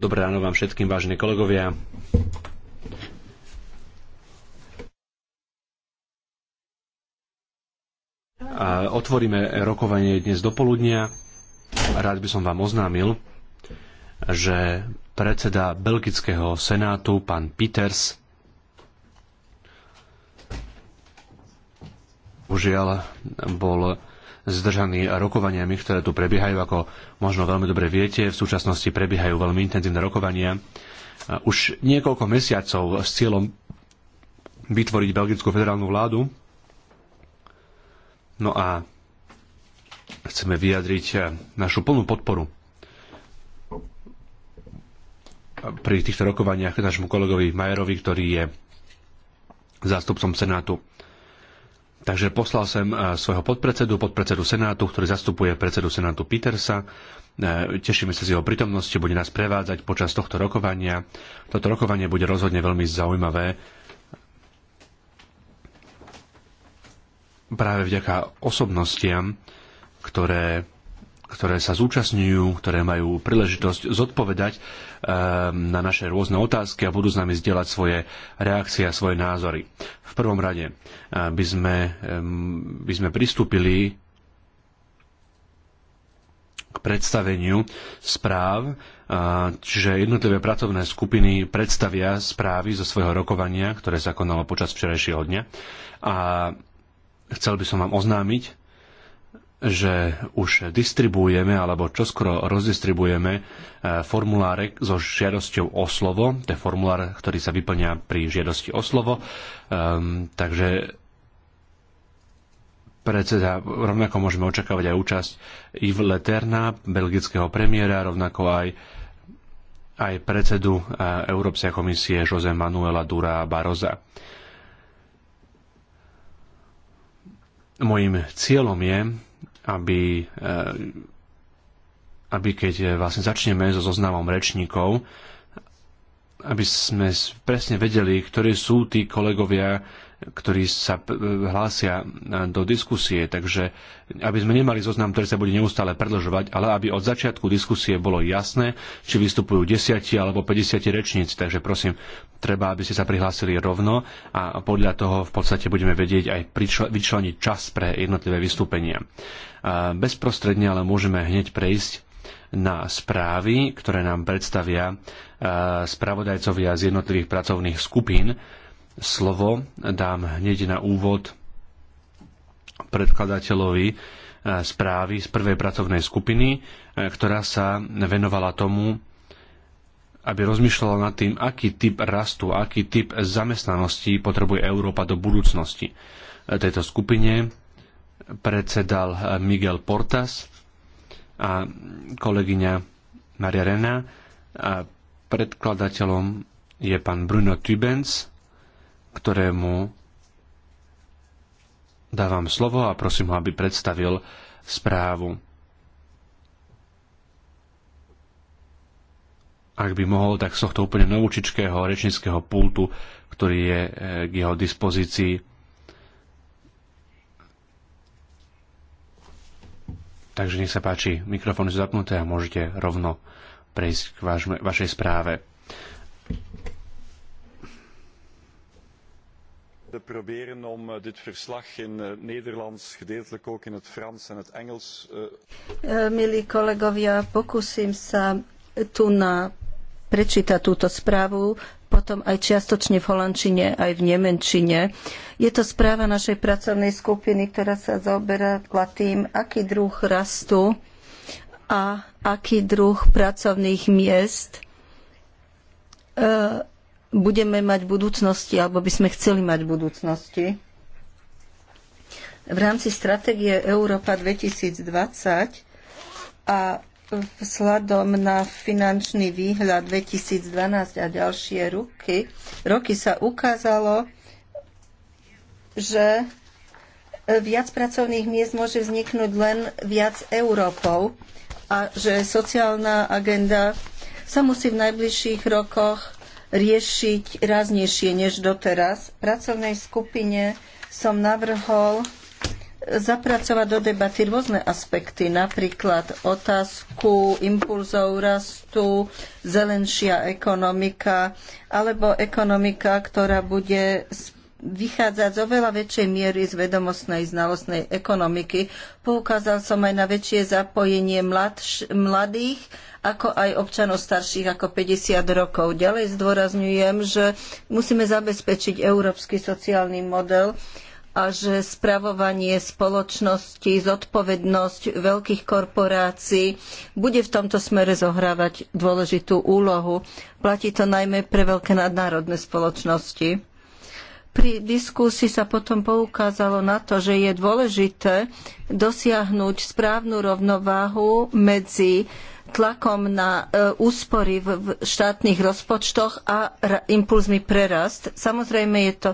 Dobré ráno vám všetkým, vážení kolegovia. A otvoríme rokovanie dnes do poludnia. Rád by som vám oznámil, že predseda Belgického senátu, pán Peters, božiaľ bol zdržaní rokovaniami, ktoré tu prebiehajú. Ako možno veľmi dobre viete, v súčasnosti prebiehajú veľmi intenzívne rokovania. Už niekoľko mesiacov s cieľom vytvoriť belgickú federálnu vládu. No a chceme vyjadriť našu plnú podporu pri týchto rokovaniach našemu kolegovi Majerovi, ktorý je zástupcom Senátu Takže poslal som e, svojho podpredsedu, podpredsedu Senátu, ktorý zastupuje predsedu Senátu Petersa. E, tešíme sa z jeho prítomnosti, bude nás prevádzať počas tohto rokovania. Toto rokovanie bude rozhodne veľmi zaujímavé. Práve vďaka osobnostiam, ktoré ktoré sa zúčastňujú, ktoré majú príležitosť zodpovedať ehm, na naše rôzne otázky a budú s nami zdieľať svoje reakcie a svoje názory. V prvom rade ehm, by sme, ehm, by sme pristúpili k predstaveniu správ, čiže jednotlivé pracovné skupiny predstavia správy zo svojho rokovania, ktoré sa konalo počas včerajšieho dňa. A chcel by som vám oznámiť, že už distribuujeme alebo čoskoro rozdistribujeme e, formuláre so žiadosťou o slovo. To je formulár, ktorý sa vyplňa pri žiadosti o slovo. Um, takže predseda, rovnako môžeme očakávať aj účasť Yves Leterna, belgického premiéra, rovnako aj aj predsedu e, Európskej komisie Jose Manuela Dura Baroza. Mojím cieľom je aby, eh, aby keď eh, vlastne začneme so zoznamom rečníkov, aby sme presne vedeli, ktorí sú tí kolegovia, ktorí sa hlásia eh, do diskusie. Takže aby sme nemali zoznam, ktorý sa bude neustále predlžovať, ale aby od začiatku diskusie bolo jasné, či vystupujú desiati alebo 50 rečníci. Takže prosím, treba, aby ste sa prihlásili rovno a podľa toho v podstate budeme vedieť aj vyčleniť čas pre jednotlivé vystúpenia. Bezprostredne ale môžeme hneď prejsť na správy, ktoré nám predstavia spravodajcovia z jednotlivých pracovných skupín. Slovo dám hneď na úvod predkladateľovi správy z prvej pracovnej skupiny, ktorá sa venovala tomu, aby rozmýšľala nad tým, aký typ rastu, aký typ zamestnanosti potrebuje Európa do budúcnosti. E, tejto skupine predsedal e, Miguel Portas a kolegyňa Maria Rena a predkladateľom je pán Bruno Tübens, ktorému dávam slovo a prosím ho, aby predstavil správu. ak by mohol, tak z tohto úplne novúčičkého rečnického pultu, ktorý je eh, k jeho dispozícii. Takže nech sa páči, mikrofón je zapnuté a môžete rovno prejsť k vaš- vašej správe. We proberen om eh, dit verslag in het eh, Nederlands, gedeeltelijk ook in het Frans en het Engels. Uh... Uh, Milí kolegovia, pokúsim sa tu na prečíta túto správu, potom aj čiastočne v holandčine, aj v nemenčine. Je to správa našej pracovnej skupiny, ktorá sa zaoberala tým, aký druh rastu a aký druh pracovných miest e, budeme mať v budúcnosti, alebo by sme chceli mať v budúcnosti. V rámci stratégie Európa 2020 a vzhľadom na finančný výhľad 2012 a ďalšie roky, roky sa ukázalo, že viac pracovných miest môže vzniknúť len viac Európov a že sociálna agenda sa musí v najbližších rokoch riešiť raznejšie než doteraz. V pracovnej skupine som navrhol zapracovať do debaty rôzne aspekty, napríklad otázku impulzov rastu, zelenšia ekonomika, alebo ekonomika, ktorá bude vychádzať z oveľa väčšej miery z vedomostnej znalostnej ekonomiky. Poukázal som aj na väčšie zapojenie mladš- mladých, ako aj občanov starších ako 50 rokov. Ďalej zdôrazňujem, že musíme zabezpečiť európsky sociálny model, a že spravovanie spoločnosti, zodpovednosť veľkých korporácií bude v tomto smere zohrávať dôležitú úlohu. Platí to najmä pre veľké nadnárodné spoločnosti. Pri diskusii sa potom poukázalo na to, že je dôležité dosiahnuť správnu rovnováhu medzi tlakom na e, úspory v štátnych rozpočtoch a impulzmi pre rast. Samozrejme je to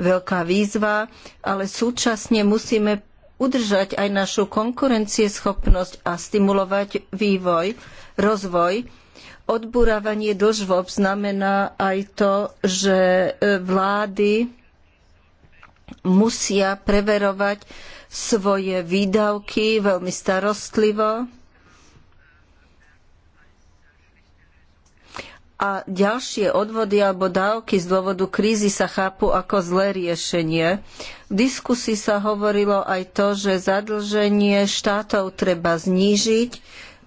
veľká výzva, ale súčasne musíme udržať aj našu konkurencieschopnosť a stimulovať vývoj, rozvoj. Odburávanie dožvob znamená aj to, že e, vlády musia preverovať svoje výdavky veľmi starostlivo, a ďalšie odvody alebo dávky z dôvodu krízy sa chápu ako zlé riešenie. V diskusii sa hovorilo aj to, že zadlženie štátov treba znížiť,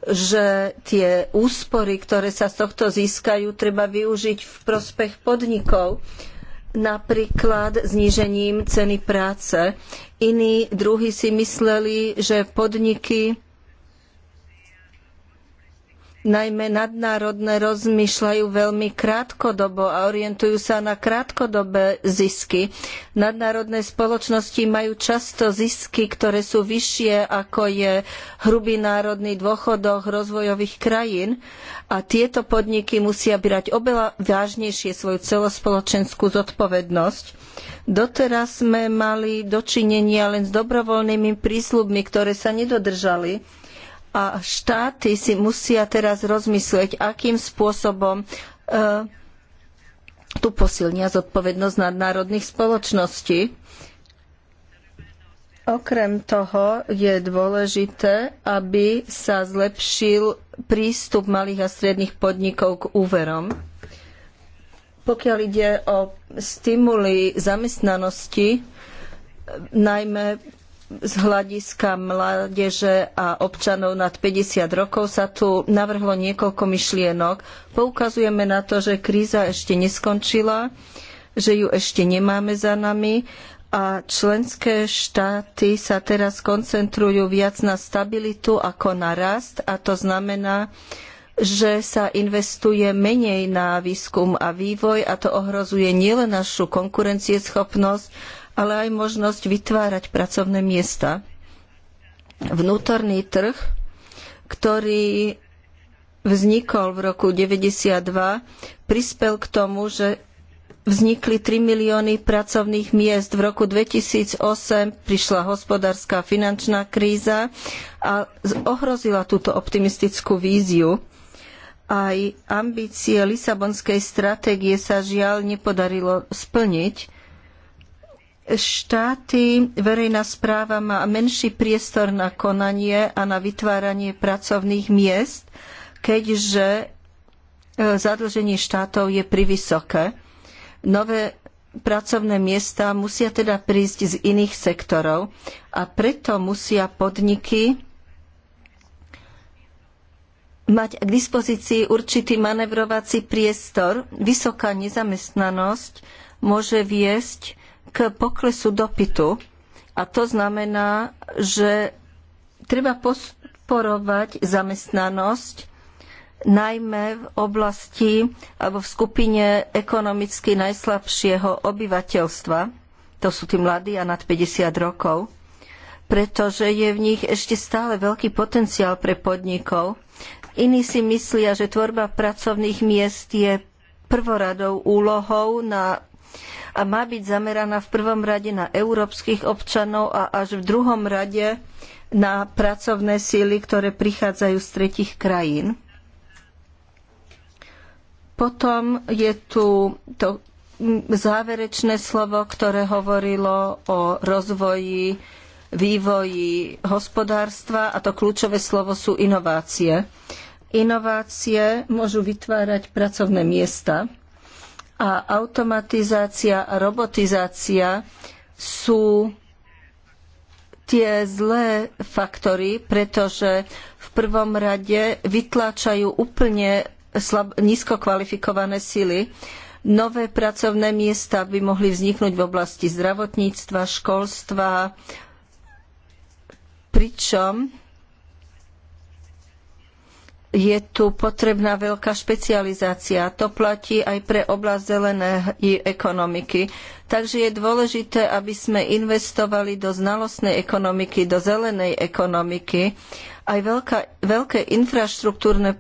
že tie úspory, ktoré sa z tohto získajú, treba využiť v prospech podnikov napríklad znížením ceny práce. Iní druhy si mysleli, že podniky najmä nadnárodné, rozmýšľajú veľmi krátkodobo a orientujú sa na krátkodobé zisky. Nadnárodné spoločnosti majú často zisky, ktoré sú vyššie ako je hrubý národný dôchodok rozvojových krajín a tieto podniky musia brať oveľa vážnejšie svoju celospoločenskú zodpovednosť. Doteraz sme mali dočinenia len s dobrovoľnými prísľubmi, ktoré sa nedodržali a štáty si musia teraz rozmyslieť, akým spôsobom e, tu posilnia zodpovednosť nadnárodných spoločností. Okrem toho je dôležité, aby sa zlepšil prístup malých a stredných podnikov k úverom. Pokiaľ ide o stimuly zamestnanosti, najmä z hľadiska mládeže a občanov nad 50 rokov sa tu navrhlo niekoľko myšlienok. Poukazujeme na to, že kríza ešte neskončila, že ju ešte nemáme za nami a členské štáty sa teraz koncentrujú viac na stabilitu ako na rast a to znamená, že sa investuje menej na výskum a vývoj a to ohrozuje nielen našu konkurencieschopnosť, ale aj možnosť vytvárať pracovné miesta. Vnútorný trh, ktorý vznikol v roku 92, prispel k tomu, že vznikli 3 milióny pracovných miest. V roku 2008 prišla hospodárska finančná kríza a ohrozila túto optimistickú víziu. Aj ambície Lisabonskej stratégie sa žiaľ nepodarilo splniť štáty, verejná správa má menší priestor na konanie a na vytváranie pracovných miest, keďže e, zadlženie štátov je privysoké. Nové pracovné miesta musia teda prísť z iných sektorov a preto musia podniky mať k dispozícii určitý manevrovací priestor. Vysoká nezamestnanosť môže viesť k poklesu dopytu. A to znamená, že treba podporovať zamestnanosť, najmä v oblasti alebo v skupine ekonomicky najslabšieho obyvateľstva, to sú tí mladí a nad 50 rokov, pretože je v nich ešte stále veľký potenciál pre podnikov. Iní si myslia, že tvorba pracovných miest je prvoradou úlohou na a má byť zameraná v prvom rade na európskych občanov a až v druhom rade na pracovné síly, ktoré prichádzajú z tretich krajín. Potom je tu to záverečné slovo, ktoré hovorilo o rozvoji, vývoji hospodárstva a to kľúčové slovo sú inovácie. Inovácie môžu vytvárať pracovné miesta, a automatizácia a robotizácia sú tie zlé faktory, pretože v prvom rade vytláčajú úplne slab, nízko kvalifikované sily. Nové pracovné miesta by mohli vzniknúť v oblasti zdravotníctva, školstva, pričom je tu potrebná veľká špecializácia. To platí aj pre oblasť zelenej ekonomiky. Takže je dôležité, aby sme investovali do znalostnej ekonomiky, do zelenej ekonomiky. Aj veľká, veľké infraštruktúrne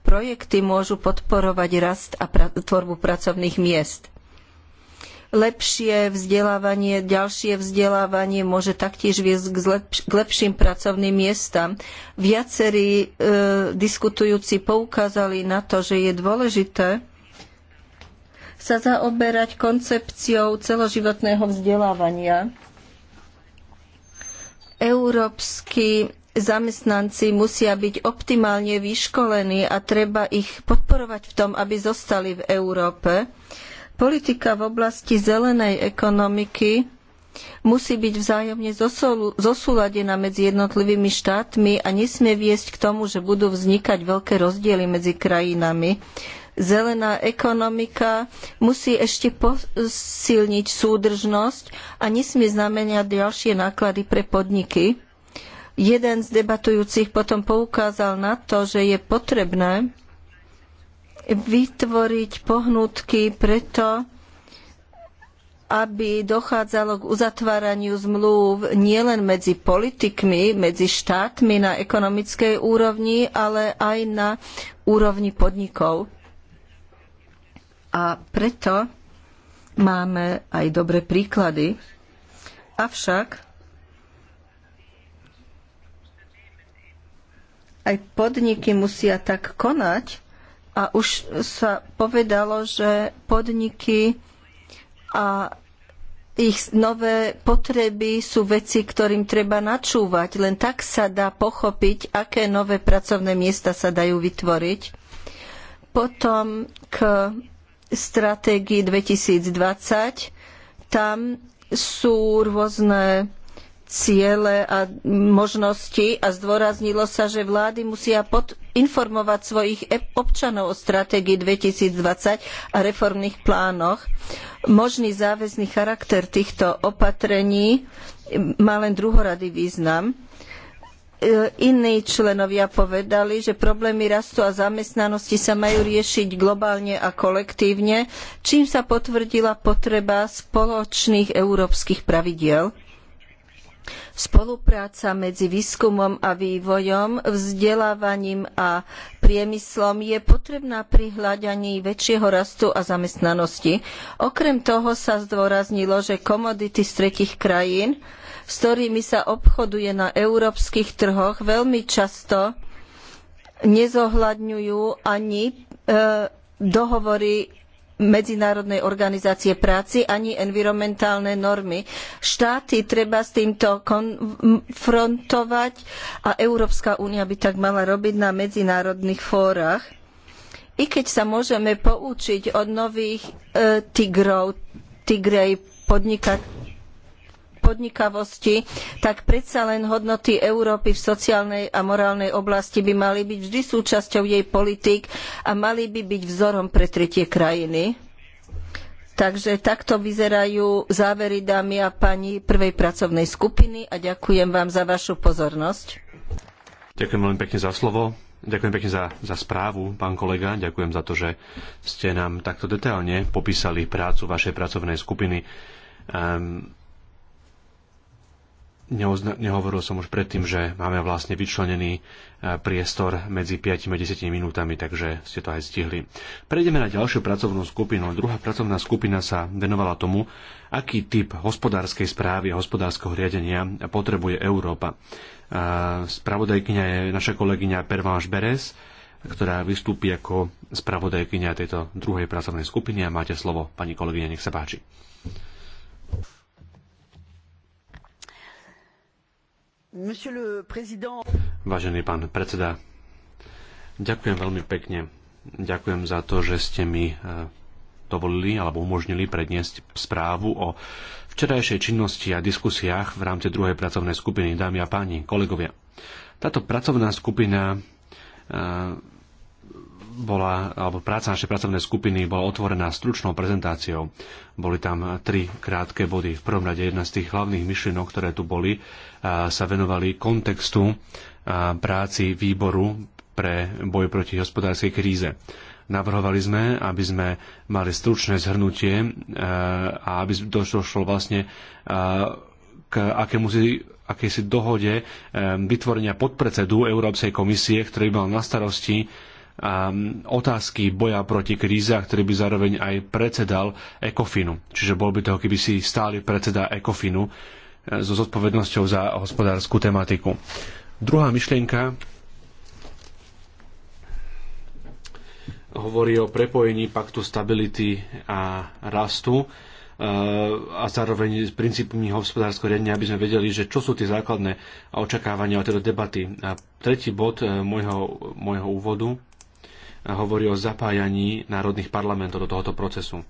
projekty môžu podporovať rast a pra tvorbu pracovných miest. Lepšie vzdelávanie, ďalšie vzdelávanie môže taktiež viesť k, lepš k lepším pracovným miestam. Viacerí e, diskutujúci poukázali na to, že je dôležité sa zaoberať koncepciou celoživotného vzdelávania. Európsky zamestnanci musia byť optimálne vyškolení a treba ich podporovať v tom, aby zostali v Európe. Politika v oblasti zelenej ekonomiky musí byť vzájomne zosúladená medzi jednotlivými štátmi a nesmie viesť k tomu, že budú vznikať veľké rozdiely medzi krajinami. Zelená ekonomika musí ešte posilniť súdržnosť a nesmie znamenať ďalšie náklady pre podniky. Jeden z debatujúcich potom poukázal na to, že je potrebné vytvoriť pohnutky preto, aby dochádzalo k uzatváraniu zmluv nielen medzi politikmi, medzi štátmi na ekonomickej úrovni, ale aj na úrovni podnikov. A preto máme aj dobré príklady. Avšak aj podniky musia tak konať, a už sa povedalo, že podniky a ich nové potreby sú veci, ktorým treba načúvať. Len tak sa dá pochopiť, aké nové pracovné miesta sa dajú vytvoriť. Potom k stratégii 2020. Tam sú rôzne ciele a možnosti a zdôraznilo sa, že vlády musia pod, informovať svojich e- občanov o stratégii 2020 a reformných plánoch. Možný záväzný charakter týchto opatrení má len druhoradý význam e, iní členovia povedali, že problémy rastu a zamestnanosti sa majú riešiť globálne a kolektívne, čím sa potvrdila potreba spoločných európskych pravidiel. Spolupráca medzi výskumom a vývojom, vzdelávaním a priemyslom je potrebná pri hľadaní väčšieho rastu a zamestnanosti. Okrem toho sa zdôraznilo, že komodity z tretich krajín, s ktorými sa obchoduje na európskych trhoch, veľmi často nezohľadňujú ani e, dohovory Medzinárodnej organizácie práci ani environmentálne normy. Štáty treba s týmto konfrontovať a Európska únia by tak mala robiť na medzinárodných fórach. I keď sa môžeme poučiť od nových e, tigrov, tigrej podnikať podnikavosti, tak predsa len hodnoty Európy v sociálnej a morálnej oblasti by mali byť vždy súčasťou jej politík a mali by byť vzorom pre tretie krajiny. Takže takto vyzerajú závery dámy a pani prvej pracovnej skupiny a ďakujem vám za vašu pozornosť. Ďakujem veľmi pekne za slovo. Ďakujem pekne za, za správu, pán kolega. Ďakujem za to, že ste nám takto detailne popísali prácu vašej pracovnej skupiny. Um, Neuzna- nehovoril som už predtým, že máme vlastne vyčlenený e, priestor medzi 5 a 10 minútami, takže ste to aj stihli. Prejdeme na ďalšiu pracovnú skupinu. Druhá pracovná skupina sa venovala tomu, aký typ hospodárskej správy a hospodárskeho riadenia potrebuje Európa. E, spravodajkyňa je naša kolegyňa Pervanš Beres, ktorá vystúpi ako spravodajkyňa tejto druhej pracovnej skupiny a máte slovo, pani kolegyňa, nech sa páči. Vážený pán predseda, ďakujem veľmi pekne. Ďakujem za to, že ste mi e, dovolili alebo umožnili predniesť správu o včerajšej činnosti a diskusiách v rámci druhej pracovnej skupiny, dámy a páni, kolegovia. Táto pracovná skupina e, bola, alebo práca našej pracovnej skupiny bola otvorená stručnou prezentáciou. Boli tam tri krátke body. V prvom rade jedna z tých hlavných myšlienok, ktoré tu boli, sa venovali kontextu a práci výboru pre boj proti hospodárskej kríze. Navrhovali sme, aby sme mali stručné zhrnutie a aby došlo vlastne k akémusi akejsi dohode e, vytvorenia podpredsedu Európskej komisie, ktorý mal na starosti otázky boja proti kríze a ktorý by zároveň aj predsedal ECOFINu. Čiže bol by to, keby si stály predseda ECOFINu so zodpovednosťou za hospodárskú tematiku. Druhá myšlienka hovorí o prepojení paktu stability a rastu e, a zároveň s princípmi hospodárskeho riadenia, aby sme vedeli, že čo sú tie základné očakávania od tejto debaty. A tretí bod e, môjho, môjho úvodu hovorí o zapájaní národných parlamentov do tohoto procesu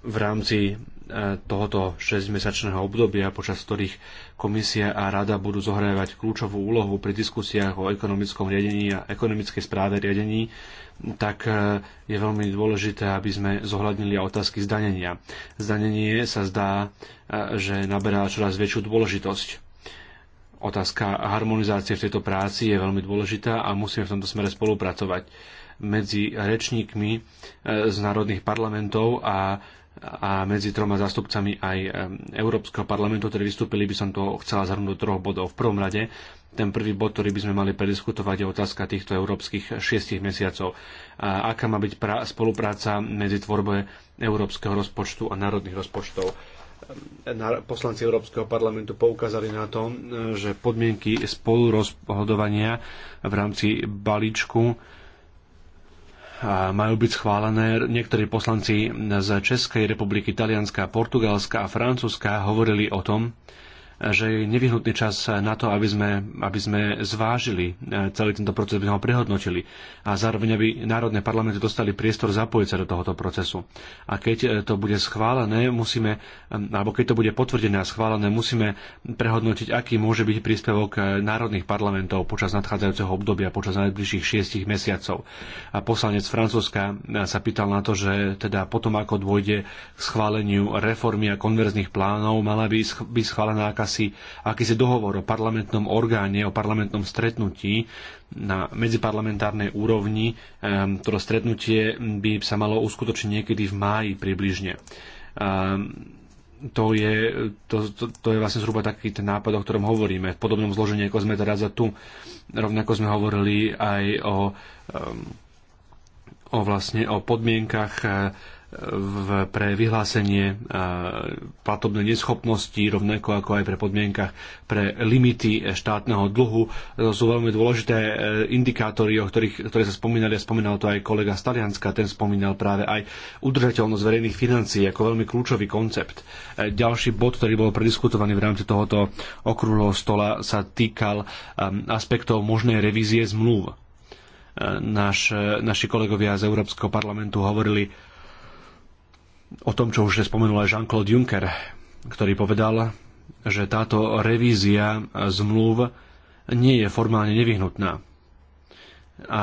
v rámci tohoto 6-mesačného obdobia, počas ktorých komisia a rada budú zohrávať kľúčovú úlohu pri diskusiách o ekonomickom riadení a ekonomickej správe riadení, tak e, je veľmi dôležité, aby sme zohľadnili otázky zdanenia. Zdanenie sa zdá, e, že naberá čoraz väčšiu dôležitosť. Otázka harmonizácie v tejto práci je veľmi dôležitá a musíme v tomto smere spolupracovať medzi rečníkmi e, z národných parlamentov a a medzi troma zástupcami aj Európskeho parlamentu, ktorí vystúpili, by som to chcela zhrnúť do troch bodov. V prvom rade, ten prvý bod, ktorý by sme mali prediskutovať, je otázka týchto európskych šiestich mesiacov. A aká má byť spolupráca medzi tvorbou európskeho rozpočtu a národných rozpočtov? poslanci Európskeho parlamentu poukázali na to, že podmienky spolurozhodovania v rámci balíčku majú byť schválené. Niektorí poslanci z Českej republiky, Talianska, Portugalska a Francúzska hovorili o tom, že je nevyhnutný čas na to, aby sme, aby sme zvážili e, celý tento proces, aby sme ho prehodnotili a zároveň, aby národné parlamenty dostali priestor zapojiť sa do tohoto procesu. A keď e, to bude schválené, musíme, alebo keď to bude potvrdené a schválené, musíme prehodnotiť, aký môže byť príspevok e, národných parlamentov počas nadchádzajúceho obdobia, počas najbližších šiestich mesiacov. A poslanec Francúzska sa pýtal na to, že teda potom, ako dôjde k schváleniu reformy a konverzných plánov, mala by byť schválená aká akýsi, akýsi dohovor o parlamentnom orgáne, o parlamentnom stretnutí na medziparlamentárnej úrovni. Ehm, toto stretnutie by sa malo uskutočniť niekedy v máji približne ehm, to je, to, to, to je vlastne zhruba taký ten nápad, o ktorom hovoríme, v podobnom zložení, ako sme teraz za tu. Rovnako sme hovorili aj o, ehm, o, vlastne, o podmienkach v, pre vyhlásenie e, platobnej neschopnosti, rovnako ako aj pre podmienkach pre limity štátneho dlhu. To sú veľmi dôležité e, indikátory, o ktorých, ktoré sa spomínali a spomínal to aj kolega Stalianska, ten spomínal práve aj udržateľnosť verejných financií ako veľmi kľúčový koncept. E, ďalší bod, ktorý bol prediskutovaný v rámci tohoto okrúhleho stola, sa týkal aspektov možnej revízie zmluv. Naš, naši kolegovia z Európskeho parlamentu hovorili o tom, čo už spomenul aj Jean-Claude Juncker, ktorý povedal, že táto revízia zmluv nie je formálne nevyhnutná, a,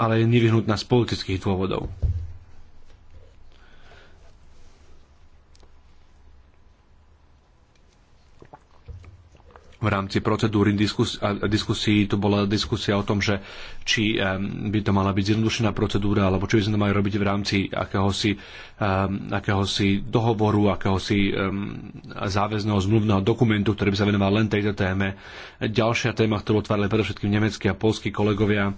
ale je nevyhnutná z politických dôvodov. v rámci procedúry diskus- a diskusí. Tu bola diskusia o tom, že či by to mala byť zjednodušená procedúra, alebo či by sme to mali robiť v rámci akéhosi, akéhosi dohovoru, akéhosi záväzného zmluvného dokumentu, ktorý by sa venoval len tejto téme. Ďalšia téma, ktorú otvárali predovšetkým nemeckí a polskí kolegovia,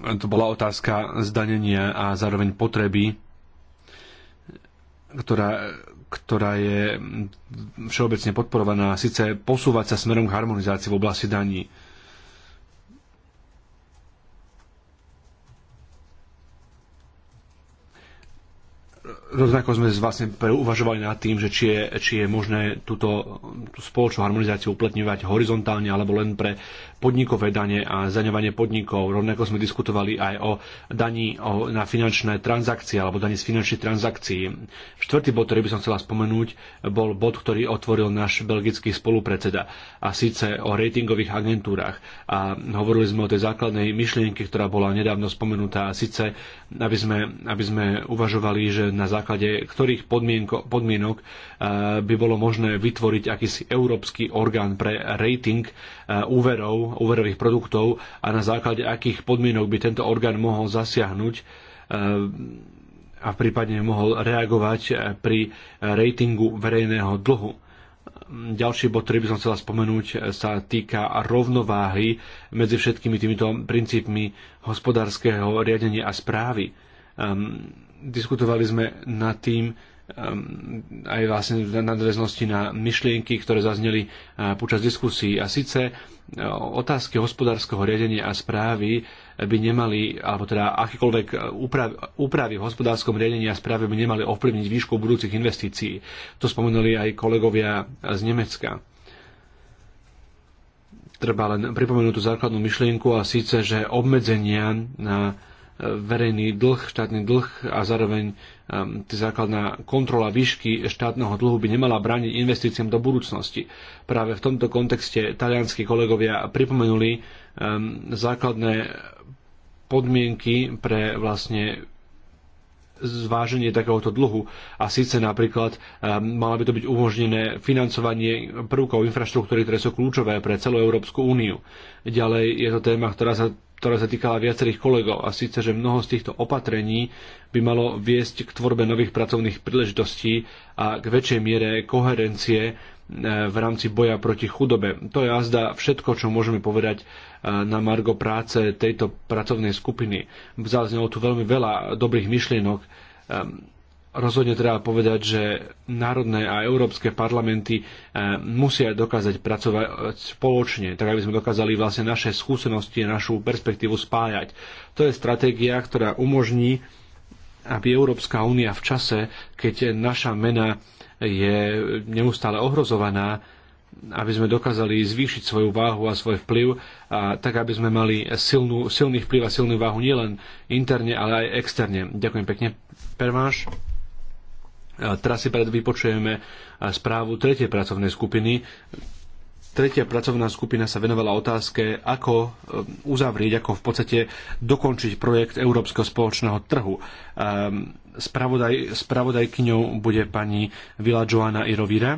to bola otázka zdanenia a zároveň potreby, ktorá ktorá je všeobecne podporovaná, síce posúvať sa smerom k harmonizácii v oblasti daní. Rovnako sme vlastne uvažovali nad tým, že či je, či je možné túto tú spoločnú harmonizáciu uplatňovať horizontálne alebo len pre podnikové dane a zdaňovanie podnikov. Rovnako sme diskutovali aj o daní na finančné transakcie alebo daní z finančných transakcií. Štvrtý bod, ktorý by som chcela spomenúť, bol bod, ktorý otvoril náš belgický spolupredseda a síce o ratingových agentúrach. A hovorili sme o tej základnej myšlienke, ktorá bola nedávno spomenutá a síce, aby sme, aby sme uvažovali, že na základe ktorých podmienok by bolo možné vytvoriť akýsi európsky orgán pre rating e, úverov, úverových produktov a na základe akých podmienok by tento orgán mohol zasiahnuť e, a prípadne mohol reagovať e, pri ratingu verejného dlhu. Ďalší bod, ktorý by som chcela spomenúť, sa týka rovnováhy medzi všetkými týmito princípmi hospodárskeho riadenia a správy. Um, diskutovali sme nad tým, Ehm, aj vlastne v nadväznosti na myšlienky, ktoré zazneli eh, počas diskusí. A síce eh, otázky hospodárskeho riadenia a správy eh, by nemali, alebo teda akékoľvek úpravy v hospodárskom riadení a správe by nemali ovplyvniť výšku budúcich investícií. To spomenuli aj kolegovia z Nemecka treba len pripomenúť tú základnú myšlienku a síce, že obmedzenia na verejný dlh, štátny dlh a zároveň um, základná kontrola výšky štátneho dlhu by nemala brániť investíciám do budúcnosti. Práve v tomto kontexte talianskí kolegovia pripomenuli um, základné podmienky pre vlastne zváženie takéhoto dlhu a síce napríklad um, mala by to byť umožnené financovanie prvkov infraštruktúry, ktoré sú kľúčové pre celú Európsku úniu. Ďalej je to téma, ktorá sa ktorá sa týkala viacerých kolegov a síce, že mnoho z týchto opatrení by malo viesť k tvorbe nových pracovných príležitostí a k väčšej miere koherencie e, v rámci boja proti chudobe. To je azda všetko, čo môžeme povedať e, na margo práce tejto pracovnej skupiny. Zaznelo tu veľmi veľa dobrých myšlienok e, rozhodne treba povedať, že národné a európske parlamenty eh, musia dokázať pracovať eh, spoločne, tak aby sme dokázali vlastne naše skúsenosti a našu perspektívu spájať. To je stratégia, ktorá umožní, aby Európska únia v čase, keď naša mena je neustále ohrozovaná, aby sme dokázali zvýšiť svoju váhu a svoj vplyv, a tak aby sme mali silnú, silný vplyv a silnú váhu nielen interne, ale aj externe. Ďakujem pekne. Permáš? Teraz si pred vypočujeme správu tretej pracovnej skupiny. Tretia pracovná skupina sa venovala otázke, ako um, uzavrieť, ako v podstate dokončiť projekt Európskeho spoločného trhu. Um, spravodaj, spravodajkyňou bude pani Vila Joana Irovira.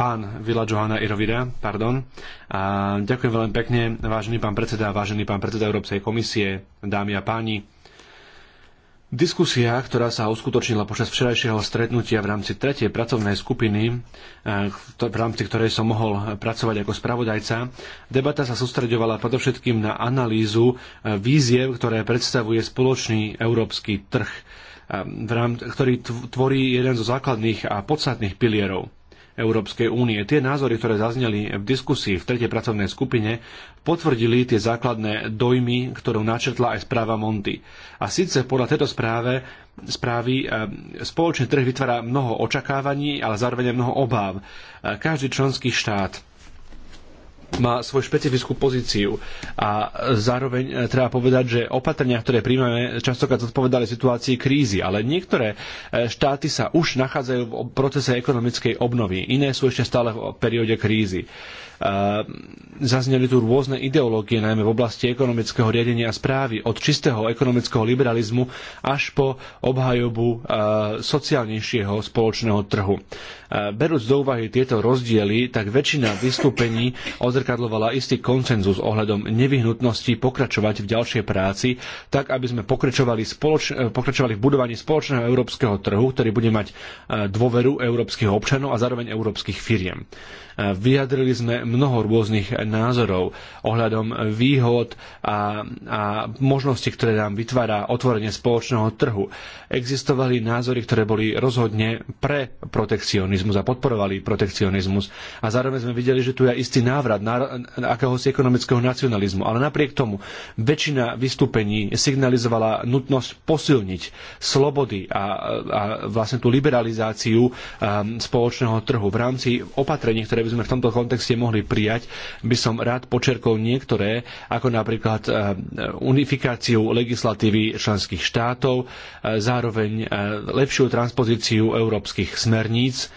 Pán Vila Johana Irovira, pardon. A ďakujem veľmi pekne, vážený pán predseda, vážený pán predseda Európskej komisie, dámy a páni. Diskusia, ktorá sa uskutočnila počas včerajšieho stretnutia v rámci tretej pracovnej skupiny, eh, v rámci ktorej som mohol pracovať ako spravodajca, debata sa sústreďovala predovšetkým na analýzu eh, víziev, ktoré predstavuje spoločný európsky trh, eh, ktorý tvorí jeden zo základných a podstatných pilierov. Európskej únie. Tie názory, ktoré zazneli v diskusii v tretej pracovnej skupine, potvrdili tie základné dojmy, ktorú načrtla aj správa Monty. A síce podľa tejto správe, správy e, spoločný trh vytvára mnoho očakávaní, ale zároveň mnoho obáv. E, každý členský štát má svoju špecifickú pozíciu. A zároveň e, treba povedať, že opatrenia, ktoré príjmame, častokrát zodpovedali situácii krízy, ale niektoré e, štáty sa už nachádzajú v procese ekonomickej obnovy, iné sú ešte stále v perióde krízy. Ehm, zazneli tu rôzne ideológie, najmä v oblasti ekonomického riadenia a správy, od čistého ekonomického liberalizmu až po obhajobu ehm, sociálnejšieho spoločného trhu. Ehm, berúc do úvahy tieto rozdiely, tak väčšina vystúpení odzrkadlovala istý koncenzus ohľadom nevyhnutnosti pokračovať v ďalšej práci, tak aby sme pokračovali, spoloč- e, pokračovali v budovaní spoločného európskeho trhu, ktorý bude mať e, dôveru európskych občanov a zároveň európskych firiem. Vyjadrili sme mnoho rôznych názorov ohľadom výhod a, a možnosti, ktoré nám vytvára otvorenie spoločného trhu. Existovali názory, ktoré boli rozhodne pre protekcionizmus a podporovali protekcionizmus. A zároveň sme videli, že tu je istý návrat na, akéhosi ekonomického nacionalizmu. Ale napriek tomu väčšina vystúpení signalizovala nutnosť posilniť slobody a, a vlastne tú liberalizáciu ehm, spoločného trhu v rámci opatrení, ktoré by sme v tomto kontexte mohli prijať, by som rád počerkol niektoré, ako napríklad eh, unifikáciu legislatívy členských štátov, eh, zároveň eh, lepšiu transpozíciu európskych smerníc,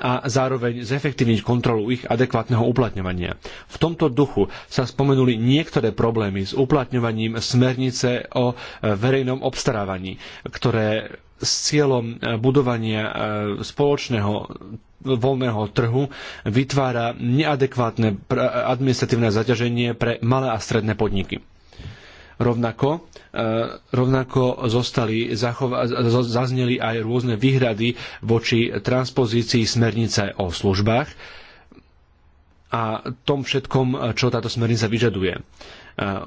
a zároveň zefektívniť kontrolu ich adekvátneho uplatňovania. V tomto duchu sa spomenuli niektoré problémy s uplatňovaním smernice o verejnom obstarávaní, ktoré s cieľom e, budovania e, spoločného voľného trhu vytvára neadekvátne administratívne zaťaženie pre malé a stredné podniky. Rovnako, e, rovnako zostali, zazneli aj rôzne výhrady voči transpozícii smernice o službách a tom všetkom, čo táto smernica vyžaduje.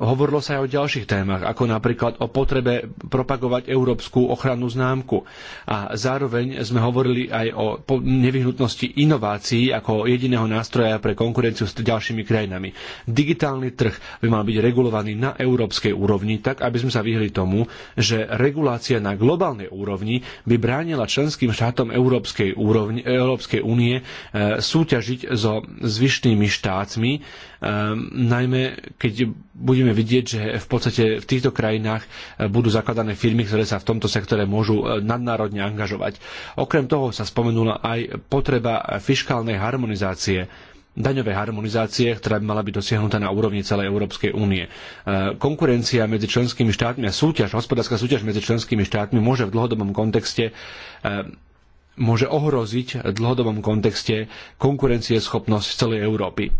Hovorilo sa aj o ďalších témach, ako napríklad o potrebe propagovať európsku ochrannú známku. A zároveň sme hovorili aj o nevyhnutnosti inovácií ako jediného nástroja pre konkurenciu s ďalšími krajinami. Digitálny trh by mal byť regulovaný na európskej úrovni, tak aby sme sa vyhli tomu, že regulácia na globálnej úrovni by bránila členským štátom Európskej, úrovni, Európskej únie e, súťažiť so zvyšnými štátmi, e, najmä keď budeme vidieť, že v podstate v týchto krajinách eh, budú zakladané firmy, ktoré sa v tomto sektore môžu eh, nadnárodne angažovať. Okrem toho sa spomenula aj potreba eh, fiskálnej harmonizácie daňové harmonizácie, ktorá by mala byť dosiahnutá na úrovni celej Európskej únie. Konkurencia medzi členskými štátmi a súťaž, hospodárska súťaž medzi členskými štátmi môže v dlhodobom kontexte môže ohroziť v dlhodobom kontexte konkurencieschopnosť celej Európy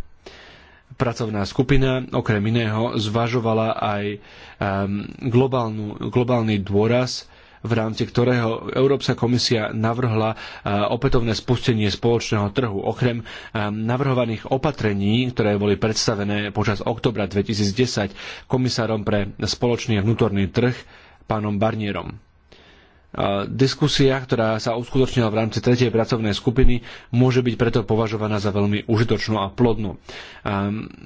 pracovná skupina okrem iného zvažovala aj ehm, globálnu, globálny dôraz v rámci ktorého Európska komisia navrhla eh, opätovné spustenie spoločného trhu. Okrem ehm, navrhovaných opatrení, ktoré boli predstavené počas oktobra 2010 komisárom pre spoločný vnútorný trh pánom Barnierom. Diskusia, ktorá sa uskutočnila v rámci tretej pracovnej skupiny, môže byť preto považovaná za veľmi užitočnú a plodnú.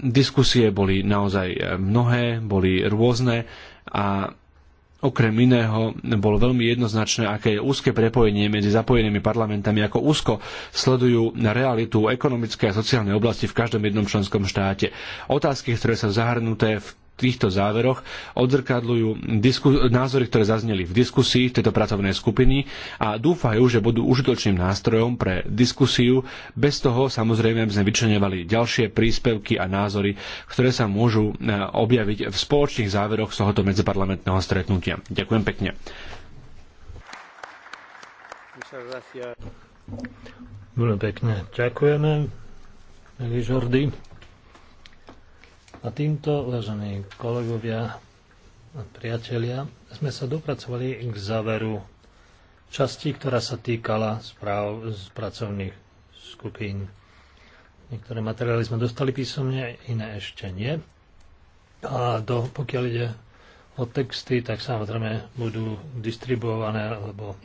Diskusie boli naozaj e, mnohé, boli rôzne a Okrem iného bolo veľmi jednoznačné, aké je úzke prepojenie medzi zapojenými parlamentami, ako úzko sledujú realitu ekonomické a sociálnej oblasti v každom jednom členskom štáte. Otázky, ktoré sú zahrnuté v týchto záveroch odzrkadľujú názory, ktoré zazneli v diskusii tejto pracovnej skupiny a dúfajú, že budú užitočným nástrojom pre diskusiu. Bez toho samozrejme sme vyčlenovali ďalšie príspevky a názory, ktoré sa môžu e, objaviť v spoločných záveroch z tohoto medziparlamentného stretnutia. Ďakujem pekne. Veľmi pekne ďakujeme, milý Žordy. A týmto, vážení kolegovia a priatelia, sme sa dopracovali k záveru časti, ktorá sa týkala správ z pracovných skupín. Niektoré materiály sme dostali písomne, iné ešte nie. A do, pokiaľ ide o texty, tak samozrejme budú distribuované, lebo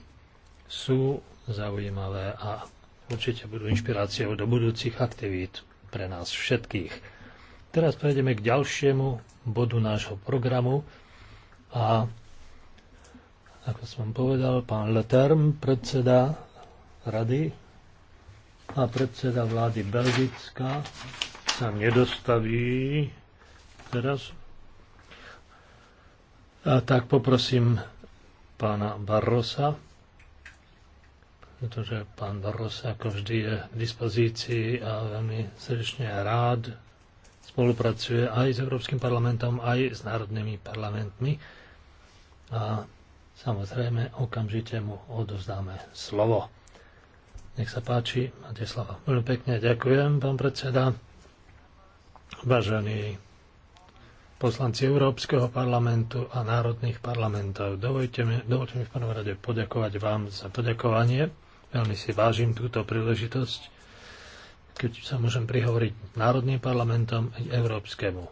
sú zaujímavé a určite budú inšpiráciou do budúcich aktivít pre nás všetkých. Teraz prejdeme k ďalšiemu bodu nášho programu a ako som povedal, pán Leterm, predseda rady a predseda vlády Belgická sa nedostaví teraz. A tak poprosím pána Barrosa, pretože pán Barrosa ako vždy je k dispozícii a veľmi srdečne rád spolupracuje aj s Európskym parlamentom, aj s národnými parlamentmi. A samozrejme, okamžite mu odovzdáme slovo. Nech sa páči, máte slovo. Veľmi pekne ďakujem, pán predseda. Vážení poslanci Európskeho parlamentu a národných parlamentov, dovolte mi, dovolte mi v prvom rade poďakovať vám za poďakovanie. Veľmi si vážim túto príležitosť keď sa môžem prihovoriť národným parlamentom aj európskemu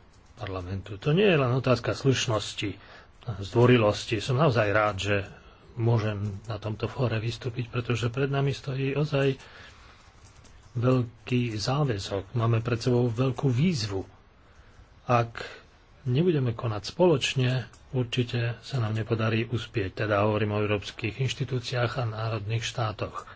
parlamentu. To nie je len otázka slušnosti, zdvorilosti. Som naozaj rád, že môžem na tomto fóre vystúpiť, pretože pred nami stojí ozaj veľký záväzok. Máme pred sebou veľkú výzvu. Ak nebudeme konať spoločne, určite sa nám nepodarí uspieť. Teda hovorím o európskych inštitúciách a národných štátoch.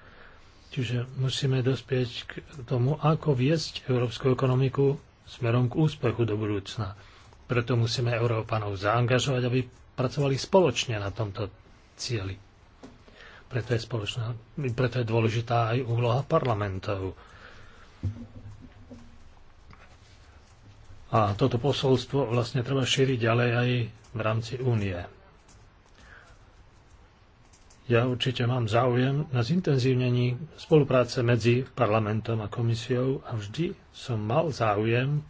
Čiže musíme dospieť k tomu, ako viesť európsku ekonomiku smerom k úspechu do budúcna. Preto musíme Európanov zaangažovať, aby pracovali spoločne na tomto cieli. Preto je, spoločná, preto je dôležitá aj úloha parlamentov. A toto posolstvo vlastne treba šíriť ďalej aj v rámci únie. Ja určite mám záujem na zintenzívnení spolupráce medzi parlamentom a komisiou a vždy som mal záujem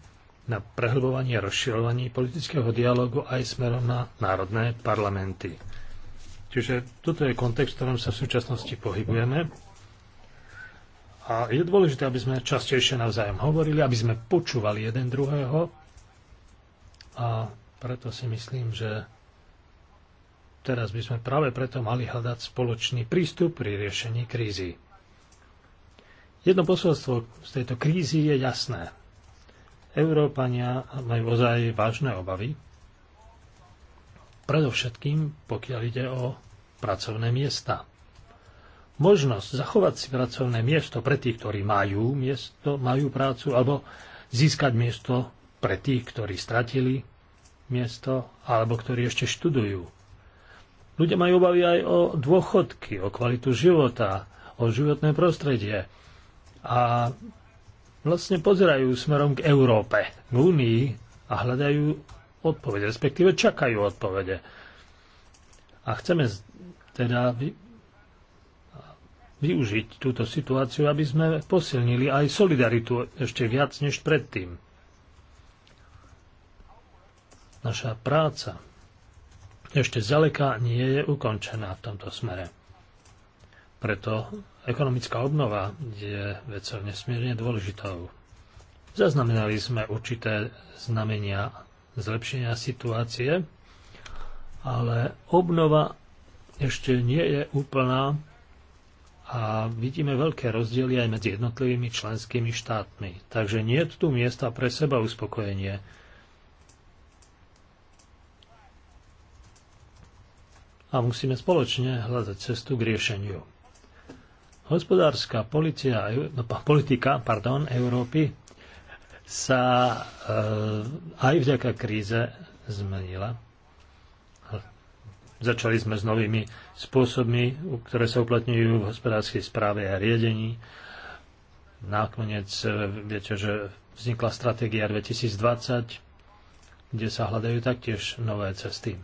na prehlbovanie a rozširovaní politického dialogu aj smerom na národné parlamenty. Čiže toto je kontext, v ktorom sa v súčasnosti pohybujeme. A je dôležité, aby sme častejšie navzájom hovorili, aby sme počúvali jeden druhého. A preto si myslím, že Teraz by sme práve preto mali hľadať spoločný prístup pri riešení krízy. Jedno posolstvo z tejto krízy je jasné. Európania majú ozaj vážne obavy, predovšetkým pokiaľ ide o pracovné miesta. Možnosť zachovať si pracovné miesto pre tých, ktorí majú miesto, majú prácu, alebo získať miesto pre tých, ktorí stratili miesto, alebo ktorí ešte študujú. Ľudia majú obavy aj o dôchodky, o kvalitu života, o životné prostredie. A vlastne pozerajú smerom k Európe, k Únii a hľadajú odpovede, respektíve čakajú odpovede. A chceme teda využiť túto situáciu, aby sme posilnili aj solidaritu ešte viac než predtým. Naša práca ešte zaleka nie je ukončená v tomto smere. Preto ekonomická obnova je vecou nesmierne dôležitou. Zaznamenali sme určité znamenia zlepšenia situácie, ale obnova ešte nie je úplná a vidíme veľké rozdiely aj medzi jednotlivými členskými štátmi. Takže nie je tu miesta pre seba uspokojenie a musíme spoločne hľadať cestu k riešeniu. Hospodárska policia, no, politika pardon, Európy sa e, aj vďaka kríze zmenila. Začali sme s novými spôsobmi, ktoré sa uplatňujú v hospodárskej správe a riadení. Nakoniec e, viete, že vznikla stratégia 2020, kde sa hľadajú taktiež nové cesty.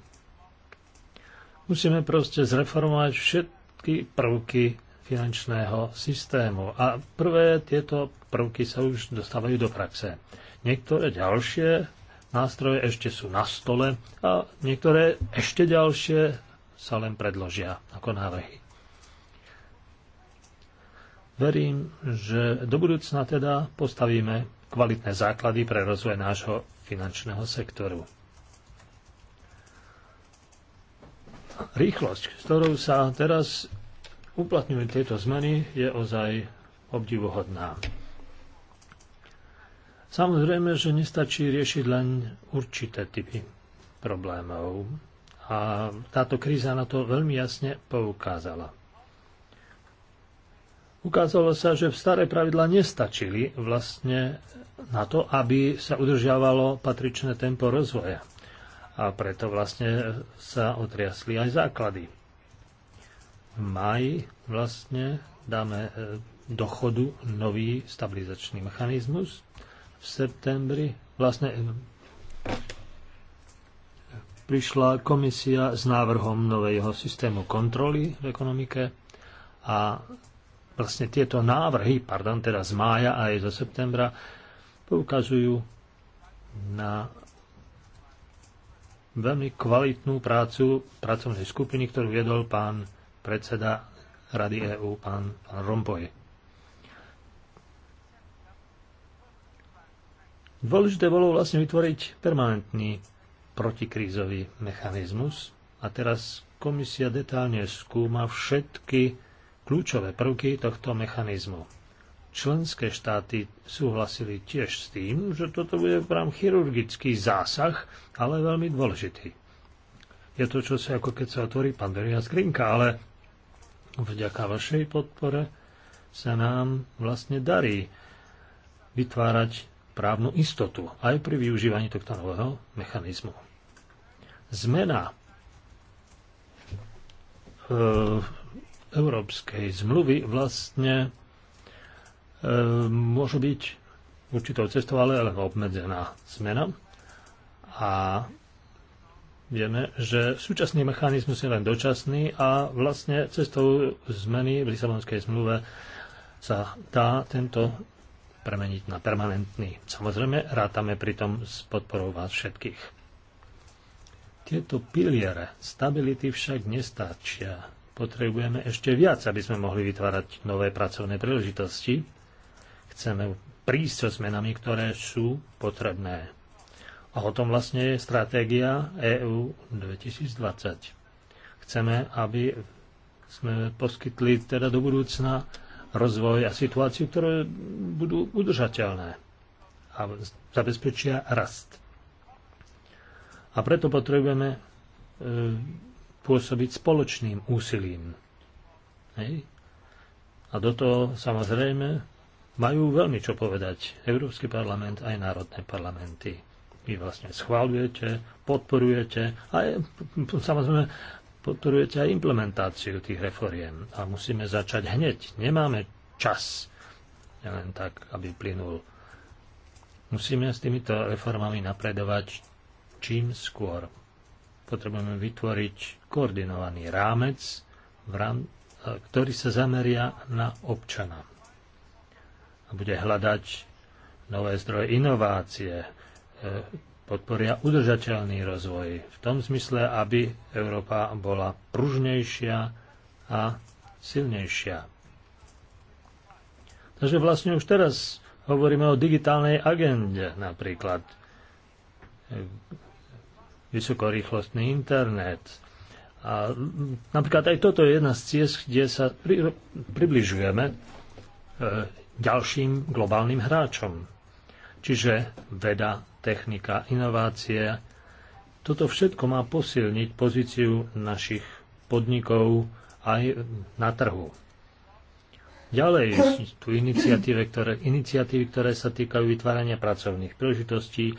Musíme proste zreformovať všetky prvky finančného systému. A prvé tieto prvky sa už dostávajú do praxe. Niektoré ďalšie nástroje ešte sú na stole a niektoré ešte ďalšie sa len predložia ako návrhy. Verím, že do budúcna teda postavíme kvalitné základy pre rozvoj nášho finančného sektoru. rýchlosť, s ktorou sa teraz uplatňujú tieto zmeny, je ozaj obdivuhodná. Samozrejme, že nestačí riešiť len určité typy problémov. A táto kríza na to veľmi jasne poukázala. Ukázalo sa, že staré pravidla nestačili vlastne na to, aby sa udržiavalo patričné tempo rozvoja a preto vlastne sa otriasli aj základy. V máji vlastne dáme e, do chodu nový stabilizačný mechanizmus. V septembri vlastne e, prišla komisia s návrhom nového systému kontroly v ekonomike a vlastne tieto návrhy, pardon, teda z mája a aj zo septembra, poukazujú na veľmi kvalitnú prácu pracovnej skupiny, ktorú viedol pán predseda Rady EÚ, pán, pán Rompoy. Dôležité bolo vlastne vytvoriť permanentný protikrízový mechanizmus a teraz komisia detálne skúma všetky kľúčové prvky tohto mechanizmu členské štáty súhlasili tiež s tým, že toto bude vám chirurgický zásah, ale veľmi dôležitý. Je to čo sa ako keď sa otvorí pandémia skrinka, ale vďaka vašej podpore sa nám vlastne darí vytvárať právnu istotu aj pri využívaní tohto nového mechanizmu. Zmena e, Európskej zmluvy vlastne Ehm, môže byť určitou cestou, ale len obmedzená zmena. A vieme, že súčasný mechanizmus je len dočasný a vlastne cestou zmeny v Lisabonskej zmluve sa dá tento premeniť na permanentný. Samozrejme, rátame pritom s podporou vás všetkých. Tieto piliere stability však nestačia. Potrebujeme ešte viac, aby sme mohli vytvárať nové pracovné príležitosti Chceme prísť so zmenami, ktoré sú potrebné. A o tom vlastne je stratégia EU 2020. Chceme, aby sme poskytli teda do budúcna rozvoj a situáciu, ktoré budú udržateľné a zabezpečia rast. A preto potrebujeme e, pôsobiť spoločným úsilím. Hej? A do toho samozrejme majú veľmi čo povedať. Európsky parlament aj národné parlamenty. Vy vlastne schváľujete, podporujete a samozrejme podporujete aj implementáciu tých reforiem. A musíme začať hneď. Nemáme čas len tak, aby plynul. Musíme s týmito reformami napredovať čím skôr. Potrebujeme vytvoriť koordinovaný rámec, ktorý sa zameria na občana bude hľadať nové zdroje inovácie, e, podporia udržateľný rozvoj v tom zmysle, aby Európa bola pružnejšia a silnejšia. Takže vlastne už teraz hovoríme o digitálnej agende napríklad. E, vysokorýchlostný internet. A napríklad aj toto je jedna z ciest, kde sa pri, približujeme e, ďalším globálnym hráčom. Čiže veda, technika, inovácie. Toto všetko má posilniť pozíciu našich podnikov aj na trhu. Ďalej sú tu iniciatívy ktoré, iniciatívy, ktoré sa týkajú vytvárania pracovných príležitostí,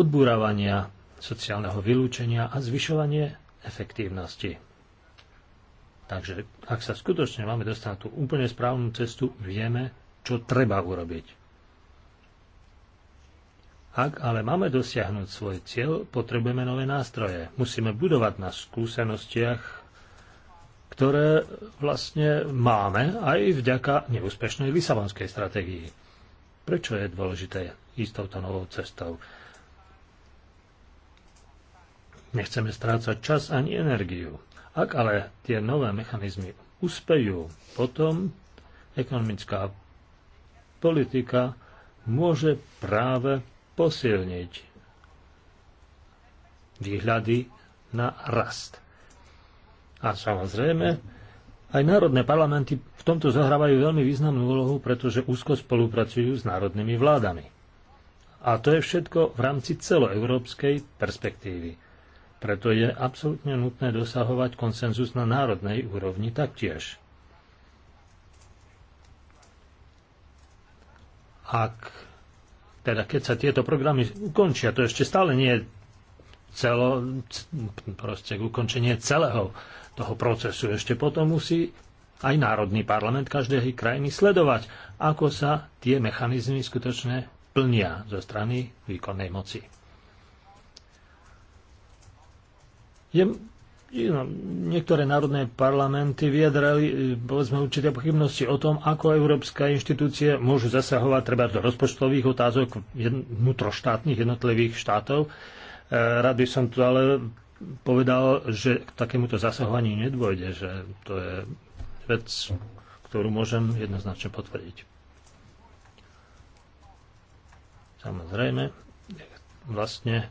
odbúravania sociálneho vylúčenia a zvyšovanie efektívnosti. Takže ak sa skutočne máme dostať na tú úplne správnu cestu, vieme čo treba urobiť. Ak ale máme dosiahnuť svoj cieľ, potrebujeme nové nástroje. Musíme budovať na skúsenostiach, ktoré vlastne máme aj vďaka neúspešnej Lisabonskej stratégii. Prečo je dôležité ísť touto novou cestou? Nechceme strácať čas ani energiu. Ak ale tie nové mechanizmy uspejú, potom ekonomická politika môže práve posilniť výhľady na rast. A samozrejme, aj národné parlamenty v tomto zohrávajú veľmi významnú úlohu, pretože úzko spolupracujú s národnými vládami. A to je všetko v rámci celoeurópskej perspektívy. Preto je absolútne nutné dosahovať konsenzus na národnej úrovni taktiež. ak teda keď sa tieto programy ukončia, to ešte stále nie je celo, proste ukončenie celého toho procesu. Ešte potom musí aj Národný parlament každej krajiny sledovať, ako sa tie mechanizmy skutočne plnia zo strany výkonnej moci. Je No, niektoré národné parlamenty vyjadrali e, povedzme určité pochybnosti o tom, ako európske inštitúcie môžu zasahovať treba do rozpočtových otázok vnútroštátnych jednotlivých štátov. E, rád by som tu ale povedal, že k takémuto zasahovaniu nedôjde, že to je vec, ktorú môžem jednoznačne potvrdiť. Samozrejme, vlastne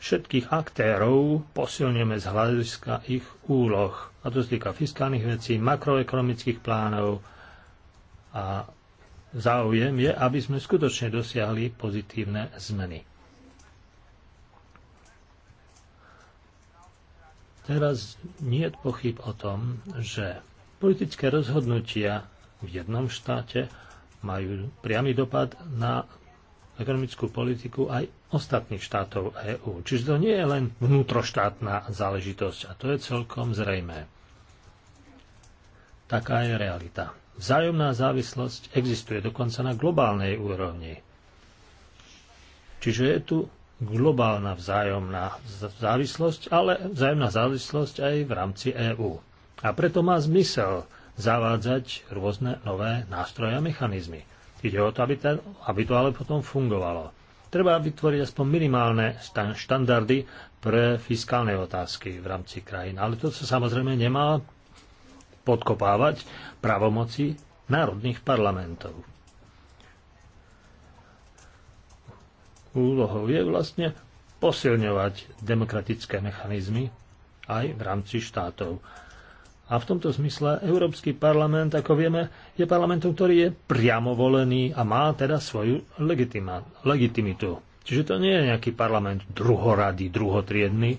všetkých aktérov posilneme z hľadiska ich úloh. A to týka fiskálnych vecí, makroekonomických plánov a záujem je, aby sme skutočne dosiahli pozitívne zmeny. Teraz nie je pochyb o tom, že politické rozhodnutia v jednom štáte majú priamy dopad na ekonomickú politiku aj ostatných štátov EÚ. Čiže to nie je len vnútroštátna záležitosť a to je celkom zrejmé. Taká je realita. Vzájomná závislosť existuje dokonca na globálnej úrovni. Čiže je tu globálna vzájomná závislosť, ale vzájomná závislosť aj v rámci EÚ. A preto má zmysel zavádzať rôzne nové nástroje a mechanizmy. Ide o to, aby, ten, aby to ale potom fungovalo. Treba vytvoriť aspoň minimálne štandardy pre fiskálne otázky v rámci krajín. Ale to sa samozrejme nemá podkopávať právomoci národných parlamentov. Úlohou je vlastne posilňovať demokratické mechanizmy aj v rámci štátov. A v tomto zmysle Európsky parlament, ako vieme, je parlamentom, ktorý je priamo volený a má teda svoju legitima, legitimitu. Čiže to nie je nejaký parlament druhorady, druhotriedny.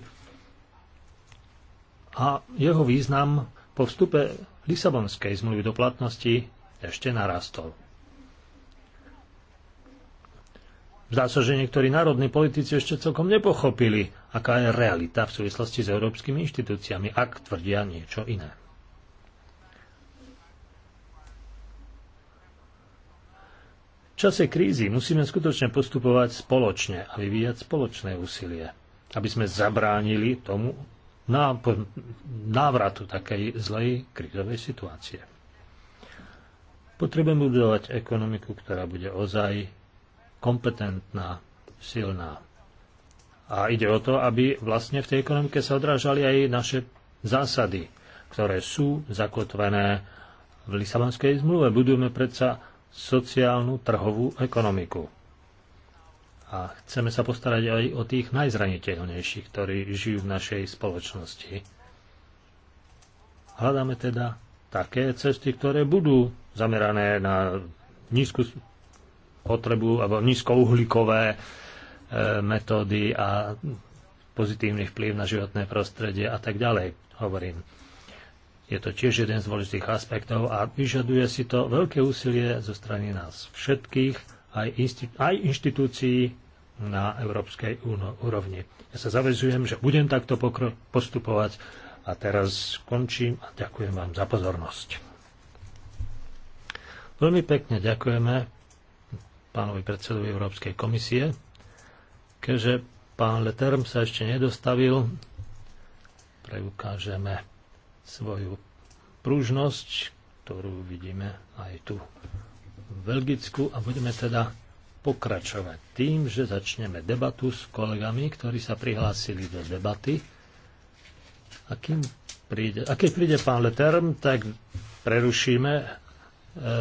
A jeho význam po vstupe Lisabonskej zmluvy do platnosti ešte narastol. Zdá sa, že niektorí národní politici ešte celkom nepochopili, aká je realita v súvislosti s európskymi inštitúciami, ak tvrdia niečo iné. čase krízy musíme skutočne postupovať spoločne a vyvíjať spoločné úsilie, aby sme zabránili tomu návratu takej zlej krízovej situácie. Potrebujeme budovať ekonomiku, ktorá bude ozaj kompetentná, silná. A ide o to, aby vlastne v tej ekonomike sa odrážali aj naše zásady, ktoré sú zakotvené v Lisabonskej zmluve. Budujeme predsa sociálnu trhovú ekonomiku. A chceme sa postarať aj o tých najzraniteľnejších, ktorí žijú v našej spoločnosti. Hľadáme teda také cesty, ktoré budú zamerané na nízku potrebu alebo nízkouhlíkové e, metódy a pozitívny vplyv na životné prostredie a tak ďalej, hovorím. Je to tiež jeden z dôležitých aspektov a vyžaduje si to veľké úsilie zo strany nás všetkých, aj, inštitú- aj inštitúcií na európskej úrovni. Ja sa zavezujem, že budem takto postupovať a teraz končím a ďakujem vám za pozornosť. Veľmi pekne ďakujeme pánovi predsedovi Európskej komisie, keďže pán Leterm sa ešte nedostavil, preukážeme svoju pružnosť, ktorú vidíme aj tu v Belgicku a budeme teda pokračovať tým, že začneme debatu s kolegami, ktorí sa prihlásili do debaty. A, kým príde, a keď príde pán Leterm, tak prerušíme e,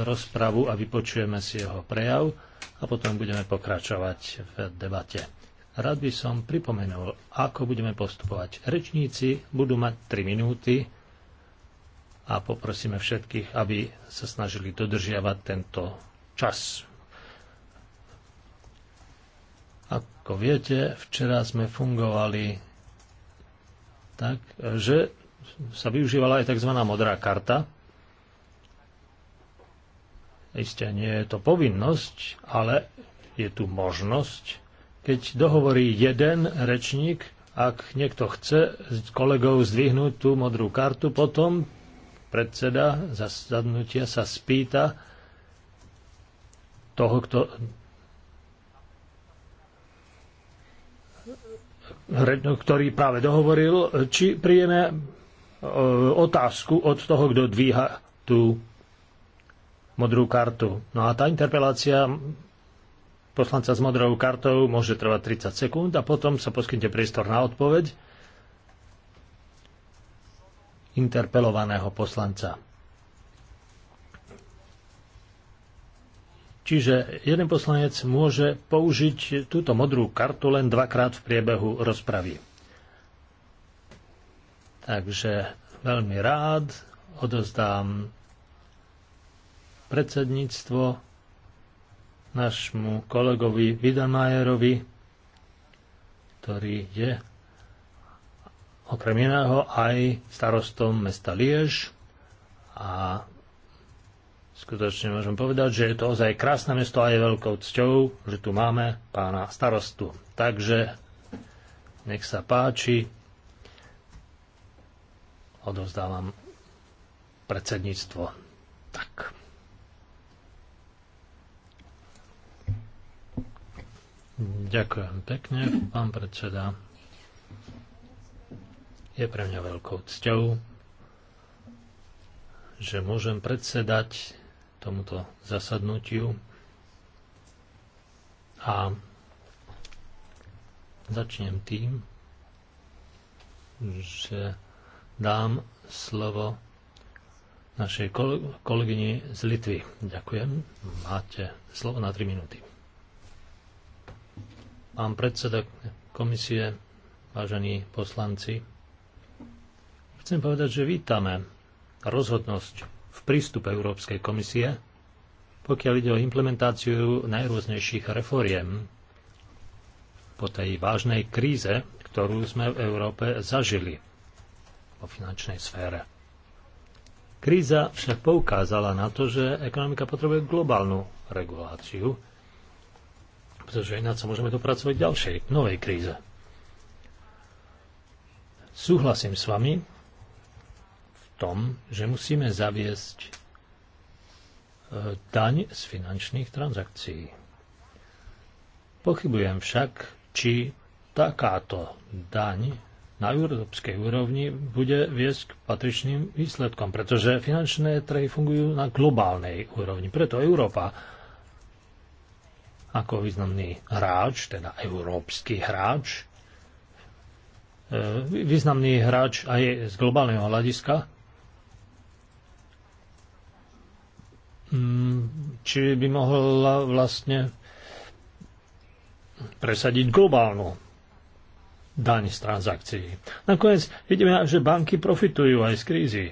rozpravu a vypočujeme si jeho prejav a potom budeme pokračovať v debate. Rád by som pripomenul, ako budeme postupovať. Rečníci budú mať 3 minúty a poprosíme všetkých, aby sa snažili dodržiavať tento čas. Ako viete, včera sme fungovali tak, že sa využívala aj tzv. modrá karta. Isté nie je to povinnosť, ale je tu možnosť, keď dohovorí jeden rečník, ak niekto chce s kolegou zdvihnúť tú modrú kartu, potom predseda zasadnutia sa spýta toho, kto ktorý práve dohovoril, či príjeme e, otázku od toho, kto dvíha tú modrú kartu. No a tá interpelácia poslanca s modrou kartou môže trvať 30 sekúnd a potom sa poskytne priestor na odpoveď interpelovaného poslanca. Čiže jeden poslanec môže použiť túto modrú kartu len dvakrát v priebehu rozpravy. Takže veľmi rád odozdám predsedníctvo našmu kolegovi Vidamajerovi, ktorý je okrem iného aj starostom mesta Liež a skutočne môžem povedať, že je to ozaj krásne mesto a je veľkou cťou, že tu máme pána starostu. Takže nech sa páči, odovzdávam predsedníctvo. Tak. Ďakujem pekne, pán predseda. Je pre mňa veľkou cťou, že môžem predsedať tomuto zasadnutiu a začnem tým, že dám slovo našej kolegyni z Litvy. Ďakujem. Máte slovo na 3 minúty. Pán predseda komisie, vážení poslanci, Chcem povedať, že vítame rozhodnosť v prístupe Európskej komisie, pokiaľ ide o implementáciu najrôznejších reforiem po tej vážnej kríze, ktorú sme v Európe zažili vo finančnej sfére. Kríza však poukázala na to, že ekonomika potrebuje globálnu reguláciu, pretože ináč sa môžeme dopracovať ďalšej, novej kríze. Súhlasím s vami, tom, že musíme zaviesť e, daň z finančných transakcií. Pochybujem však, či takáto daň na európskej úrovni bude viesť k patričným výsledkom, pretože finančné trhy fungujú na globálnej úrovni. Preto Európa ako významný hráč, teda európsky hráč, e, významný hráč aj z globálneho hľadiska, Mm, či by mohla vlastne presadiť globálnu daň z transakcií. Nakoniec vidíme, že banky profitujú aj z krízy.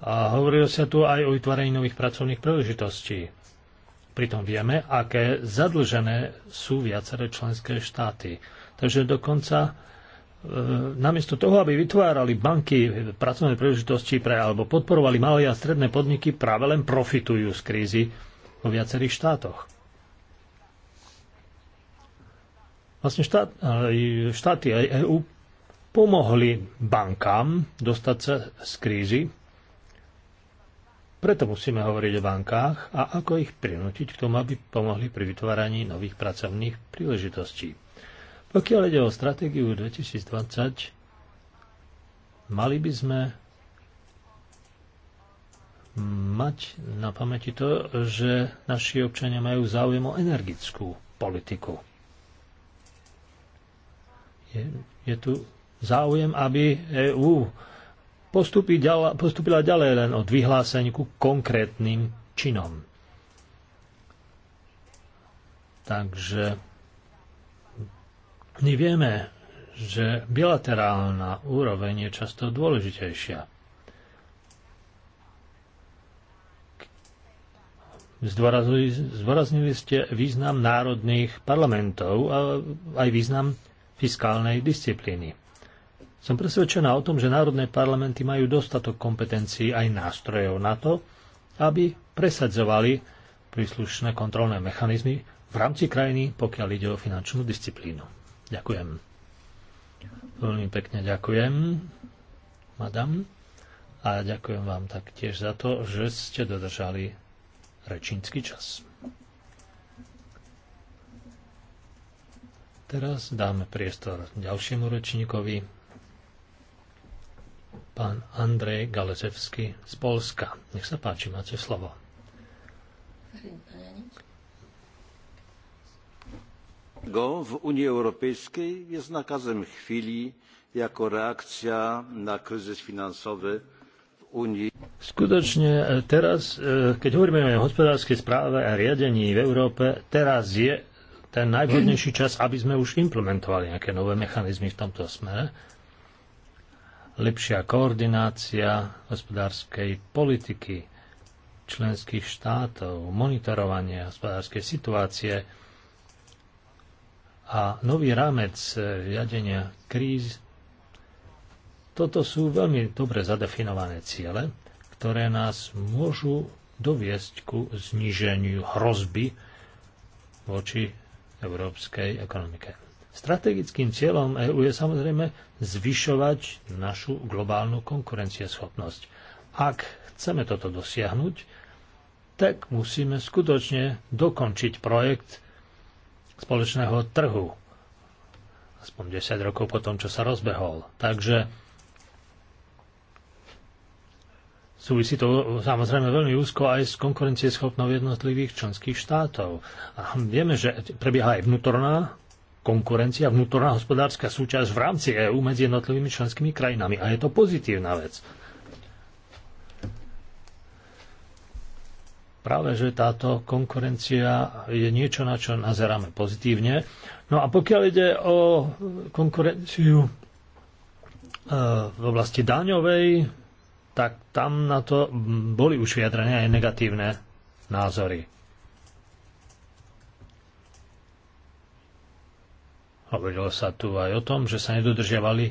A hovorilo sa tu aj o vytvorení nových pracovných príležitostí. Pritom vieme, aké zadlžené sú viaceré členské štáty. Takže dokonca E, namiesto toho, aby vytvárali banky pracovné príležitosti pre, alebo podporovali malé a stredné podniky, práve len profitujú z krízy vo viacerých štátoch. Vlastne štát, e, štáty aj EU pomohli bankám dostať sa z krízy, preto musíme hovoriť o bankách a ako ich prinútiť k tomu, aby pomohli pri vytváraní nových pracovných príležitostí. Pokiaľ ide o stratégiu 2020, mali by sme mať na pamäti to, že naši občania majú záujem o energickú politiku. Je, je tu záujem, aby EÚ postupila ďalej len od vyhlásení ku konkrétnym činom. Takže my vieme, že bilaterálna úroveň je často dôležitejšia. Zdôraznili ste význam národných parlamentov a aj význam fiskálnej disciplíny. Som presvedčená o tom, že národné parlamenty majú dostatok kompetencií aj nástrojov na to, aby presadzovali príslušné kontrolné mechanizmy v rámci krajiny, pokiaľ ide o finančnú disciplínu. Ďakujem. Veľmi pekne ďakujem, madam. A ďakujem vám taktiež za to, že ste dodržali rečínsky čas. Teraz dáme priestor ďalšiemu rečníkovi, pán Andrej Galezevský z Polska. Nech sa páči, máte slovo go w Unii Europejskiej jest nakazem chwili jako reakcja na kryzys finansowy w Unii. Skutočne e, teraz, keď hovoríme o hospodárskej správe a riadení v Európe, teraz je ten najvhodnejší čas, aby sme už implementovali nejaké nové mechanizmy v tomto smere. Lepšia koordinácia hospodárskej politiky členských štátov, monitorovanie hospodárskej situácie, a nový rámec e, riadenia kríz, toto sú veľmi dobre zadefinované ciele, ktoré nás môžu doviesť ku zníženiu hrozby voči európskej ekonomike. Strategickým cieľom EÚ je samozrejme zvyšovať našu globálnu konkurencieschopnosť. Ak chceme toto dosiahnuť, tak musíme skutočne dokončiť projekt spoločného trhu. Aspoň 10 rokov po tom, čo sa rozbehol. Takže Súvisí to samozrejme veľmi úzko aj s konkurencieschopnou jednotlivých členských štátov. A vieme, že prebieha aj vnútorná konkurencia, vnútorná hospodárska súťaž v rámci EÚ medzi jednotlivými členskými krajinami. A je to pozitívna vec. práve, že táto konkurencia je niečo, na čo nazeráme pozitívne. No a pokiaľ ide o konkurenciu e, v oblasti daňovej, tak tam na to boli už vyjadrené aj negatívne názory. Hovorilo sa tu aj o tom, že sa nedodržiavali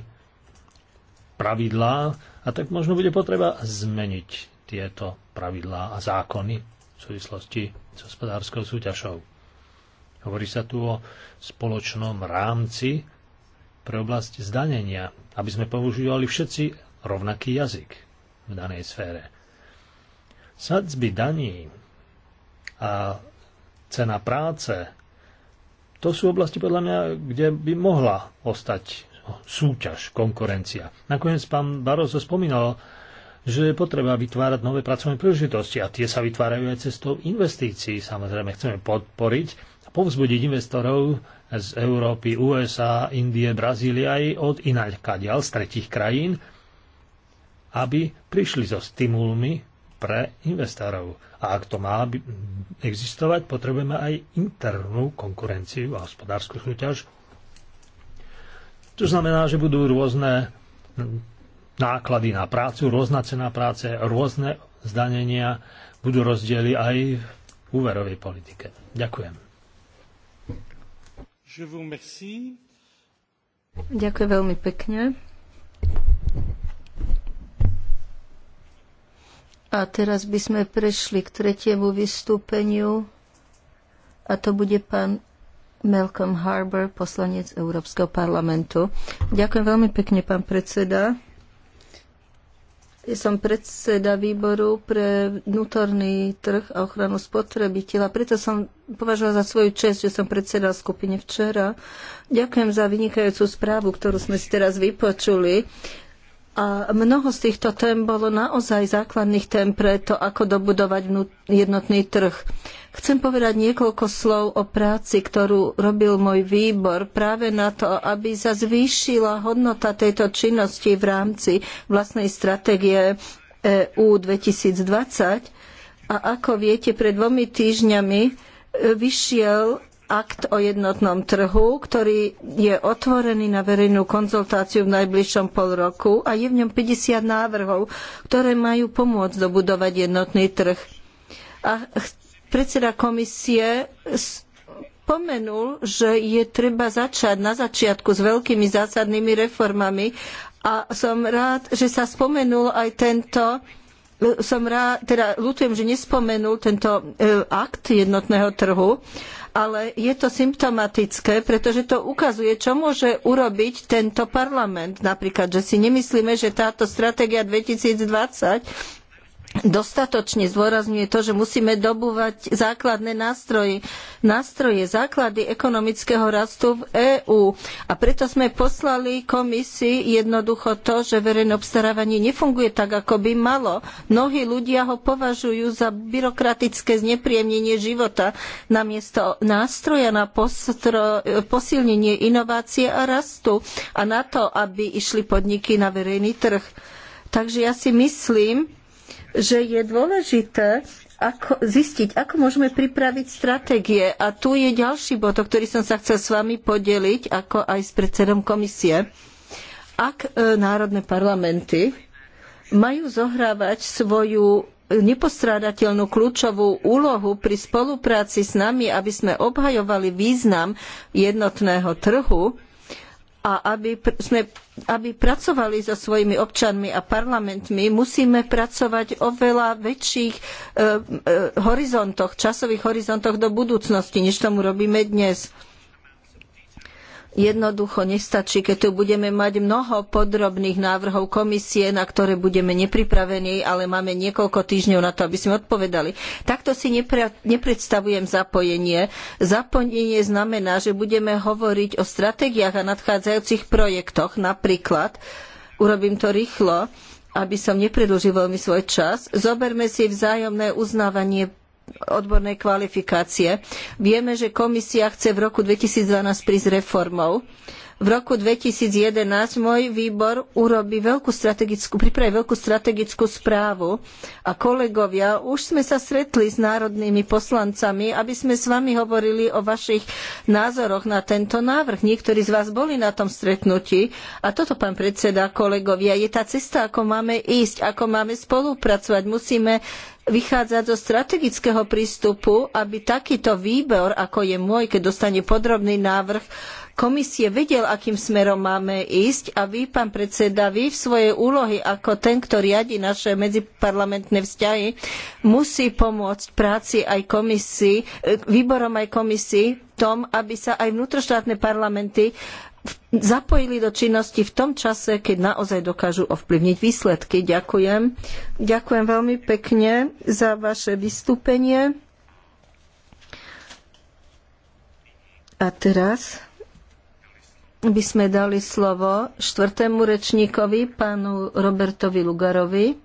pravidlá a tak možno bude potreba zmeniť tieto pravidlá a zákony v súvislosti s hospodárskou súťažou. Hovorí sa tu o spoločnom rámci pre oblasť zdanenia, aby sme používali všetci rovnaký jazyk v danej sfére. Sadzby daní a cena práce, to sú oblasti podľa mňa, kde by mohla ostať súťaž, konkurencia. Nakoniec pán Barozo spomínal že je potreba vytvárať nové pracovné príležitosti a tie sa vytvárajú aj cestou investícií. Samozrejme, chceme podporiť a povzbudiť investorov z Európy, USA, Indie, Brazílie aj od ďal z tretich krajín, aby prišli so stimulmi pre investorov. A ak to má existovať, potrebujeme aj internú konkurenciu a hospodárskú súťaž. To znamená, že budú rôzne náklady na prácu, rôzna cena práce, rôzne zdanenia, budú rozdiely aj v úverovej politike. Ďakujem. Je vous merci. Ďakujem veľmi pekne. A teraz by sme prešli k tretiemu vystúpeniu a to bude pán Malcolm Harbour, poslanec Európskeho parlamentu. Ďakujem veľmi pekne, pán predseda. Ja som predseda výboru pre vnútorný trh a ochranu spotrebiteľa, preto som považovala za svoju čest, že som predsedal skupine včera. Ďakujem za vynikajúcu správu, ktorú sme si teraz vypočuli. A mnoho z týchto tém bolo naozaj základných tém pre to, ako dobudovať jednotný trh. Chcem povedať niekoľko slov o práci, ktorú robil môj výbor práve na to, aby sa zvýšila hodnota tejto činnosti v rámci vlastnej stratégie EU 2020. A ako viete, pred dvomi týždňami e, vyšiel akt o jednotnom trhu, ktorý je otvorený na verejnú konzultáciu v najbližšom pol roku a je v ňom 50 návrhov, ktoré majú pomôcť dobudovať jednotný trh. A predseda komisie spomenul, že je treba začať na začiatku s veľkými zásadnými reformami a som rád, že sa spomenul aj tento som rád, teda ľutujem, že nespomenul tento e, akt jednotného trhu ale je to symptomatické, pretože to ukazuje, čo môže urobiť tento parlament. Napríklad, že si nemyslíme, že táto stratégia 2020 dostatočne zdôrazňuje to, že musíme dobúvať základné nástroje, nástroje základy ekonomického rastu v EÚ. A preto sme poslali komisii jednoducho to, že verejné obstarávanie nefunguje tak, ako by malo. Mnohí ľudia ho považujú za byrokratické znepríjemnenie života namiesto nástroja na postro, posilnenie inovácie a rastu a na to, aby išli podniky na verejný trh. Takže ja si myslím, že je dôležité ako, zistiť, ako môžeme pripraviť stratégie. A tu je ďalší bod, o ktorý som sa chcel s vami podeliť, ako aj s predsedom komisie. Ak e, národné parlamenty majú zohrávať svoju nepostrádateľnú kľúčovú úlohu pri spolupráci s nami, aby sme obhajovali význam jednotného trhu, a aby, sme, aby pracovali so svojimi občanmi a parlamentmi, musíme pracovať o veľa väčších e, e, horizontoch, časových horizontoch do budúcnosti, než tomu robíme dnes. Jednoducho nestačí, keď tu budeme mať mnoho podrobných návrhov komisie, na ktoré budeme nepripravení, ale máme niekoľko týždňov na to, aby sme odpovedali. Takto si nepre, nepredstavujem zapojenie. Zapojenie znamená, že budeme hovoriť o stratégiách a nadchádzajúcich projektoch. Napríklad, urobím to rýchlo, aby som nepredlžil veľmi svoj čas, zoberme si vzájomné uznávanie odbornej kvalifikácie. Vieme, že komisia chce v roku 2012 prísť reformou. V roku 2011 môj výbor urobí veľkú strategickú, pripraví veľkú strategickú správu a kolegovia, už sme sa stretli s národnými poslancami, aby sme s vami hovorili o vašich názoroch na tento návrh. Niektorí z vás boli na tom stretnutí a toto, pán predseda, kolegovia, je tá cesta, ako máme ísť, ako máme spolupracovať. Musíme vychádzať zo strategického prístupu, aby takýto výbor, ako je môj, keď dostane podrobný návrh, komisie vedel, akým smerom máme ísť a vy, pán predseda, vy v svojej úlohy ako ten, kto riadi naše medziparlamentné vzťahy, musí pomôcť práci aj komisii, eh, výborom aj komisii v tom, aby sa aj vnútroštátne parlamenty zapojili do činnosti v tom čase, keď naozaj dokážu ovplyvniť výsledky. Ďakujem. Ďakujem veľmi pekne za vaše vystúpenie. A teraz by sme dali slovo štvrtému rečníkovi, pánu Robertovi Lugarovi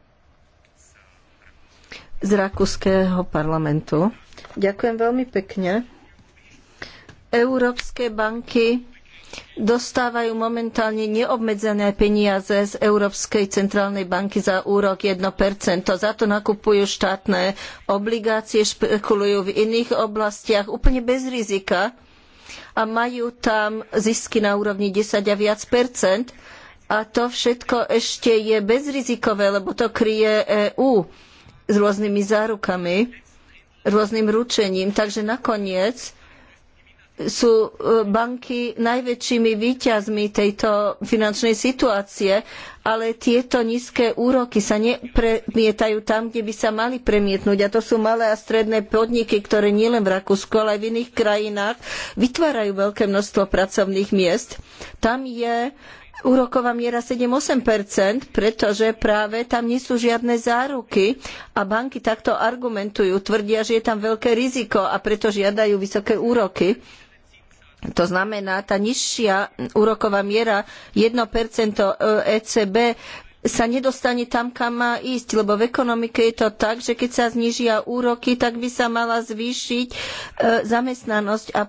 z Rakúskeho parlamentu. Ďakujem veľmi pekne. Európske banky dostávajú momentálne neobmedzené peniaze z Európskej centrálnej banky za úrok 1%. Za to nakupujú štátne obligácie, špekulujú v iných oblastiach úplne bez rizika a majú tam zisky na úrovni 10 a viac percent. A to všetko ešte je bezrizikové, lebo to kryje EÚ s rôznymi zárukami, rôznym ručením. Takže nakoniec sú e, banky najväčšími výťazmi tejto finančnej situácie ale tieto nízke úroky sa nepremietajú tam, kde by sa mali premietnúť. A to sú malé a stredné podniky, ktoré nielen v Rakúsku, ale aj v iných krajinách vytvárajú veľké množstvo pracovných miest. Tam je úroková miera 7-8%, pretože práve tam nie sú žiadne záruky a banky takto argumentujú, tvrdia, že je tam veľké riziko a preto žiadajú vysoké úroky. To znamená, tá nižšia úroková miera 1% ECB sa nedostane tam, kam má ísť, lebo v ekonomike je to tak, že keď sa znížia úroky, tak by sa mala zvýšiť e, zamestnanosť a e,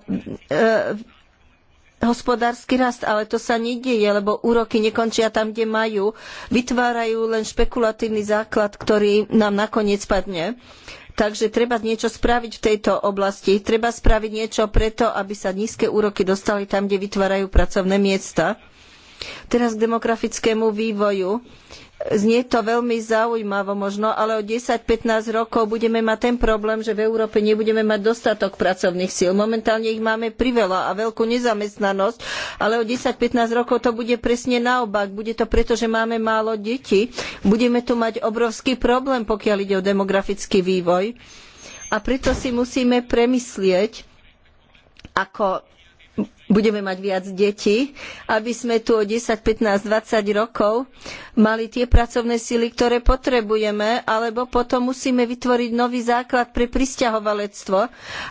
hospodársky rast, ale to sa nedieje, lebo úroky nekončia tam, kde majú. Vytvárajú len špekulatívny základ, ktorý nám nakoniec padne. Takže treba niečo spraviť v tejto oblasti. Treba spraviť niečo preto, aby sa nízke úroky dostali tam, kde vytvárajú pracovné miesta. Teraz k demografickému vývoju. Znie to veľmi zaujímavo možno, ale o 10-15 rokov budeme mať ten problém, že v Európe nebudeme mať dostatok pracovných síl. Momentálne ich máme priveľa a veľkú nezamestnanosť, ale o 10-15 rokov to bude presne naopak. Bude to preto, že máme málo detí. Budeme tu mať obrovský problém, pokiaľ ide o demografický vývoj. A preto si musíme premyslieť, ako budeme mať viac detí, aby sme tu o 10, 15, 20 rokov mali tie pracovné sily, ktoré potrebujeme, alebo potom musíme vytvoriť nový základ pre prisťahovalectvo,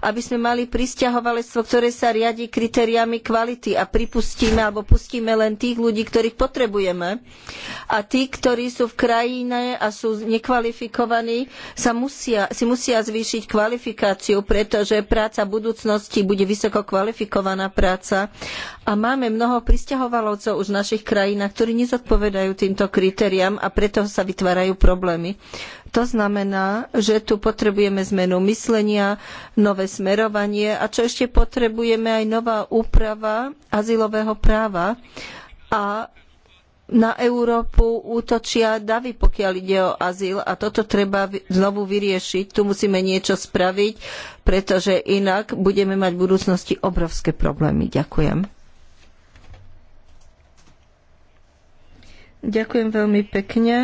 aby sme mali prisťahovalectvo, ktoré sa riadi kritériami kvality a pripustíme alebo pustíme len tých ľudí, ktorých potrebujeme. A tí, ktorí sú v krajine a sú nekvalifikovaní, sa musia, si musia zvýšiť kvalifikáciu, pretože práca budúcnosti bude vysoko kvalifikovaná práca práca. A máme mnoho pristahovalovcov už v našich krajinách, ktorí nezodpovedajú týmto kritériám a preto sa vytvárajú problémy. To znamená, že tu potrebujeme zmenu myslenia, nové smerovanie a čo ešte potrebujeme aj nová úprava azylového práva a na Európu útočia davy, pokiaľ ide o azyl a toto treba znovu vyriešiť. Tu musíme niečo spraviť, pretože inak budeme mať v budúcnosti obrovské problémy. Ďakujem. Ďakujem veľmi pekne.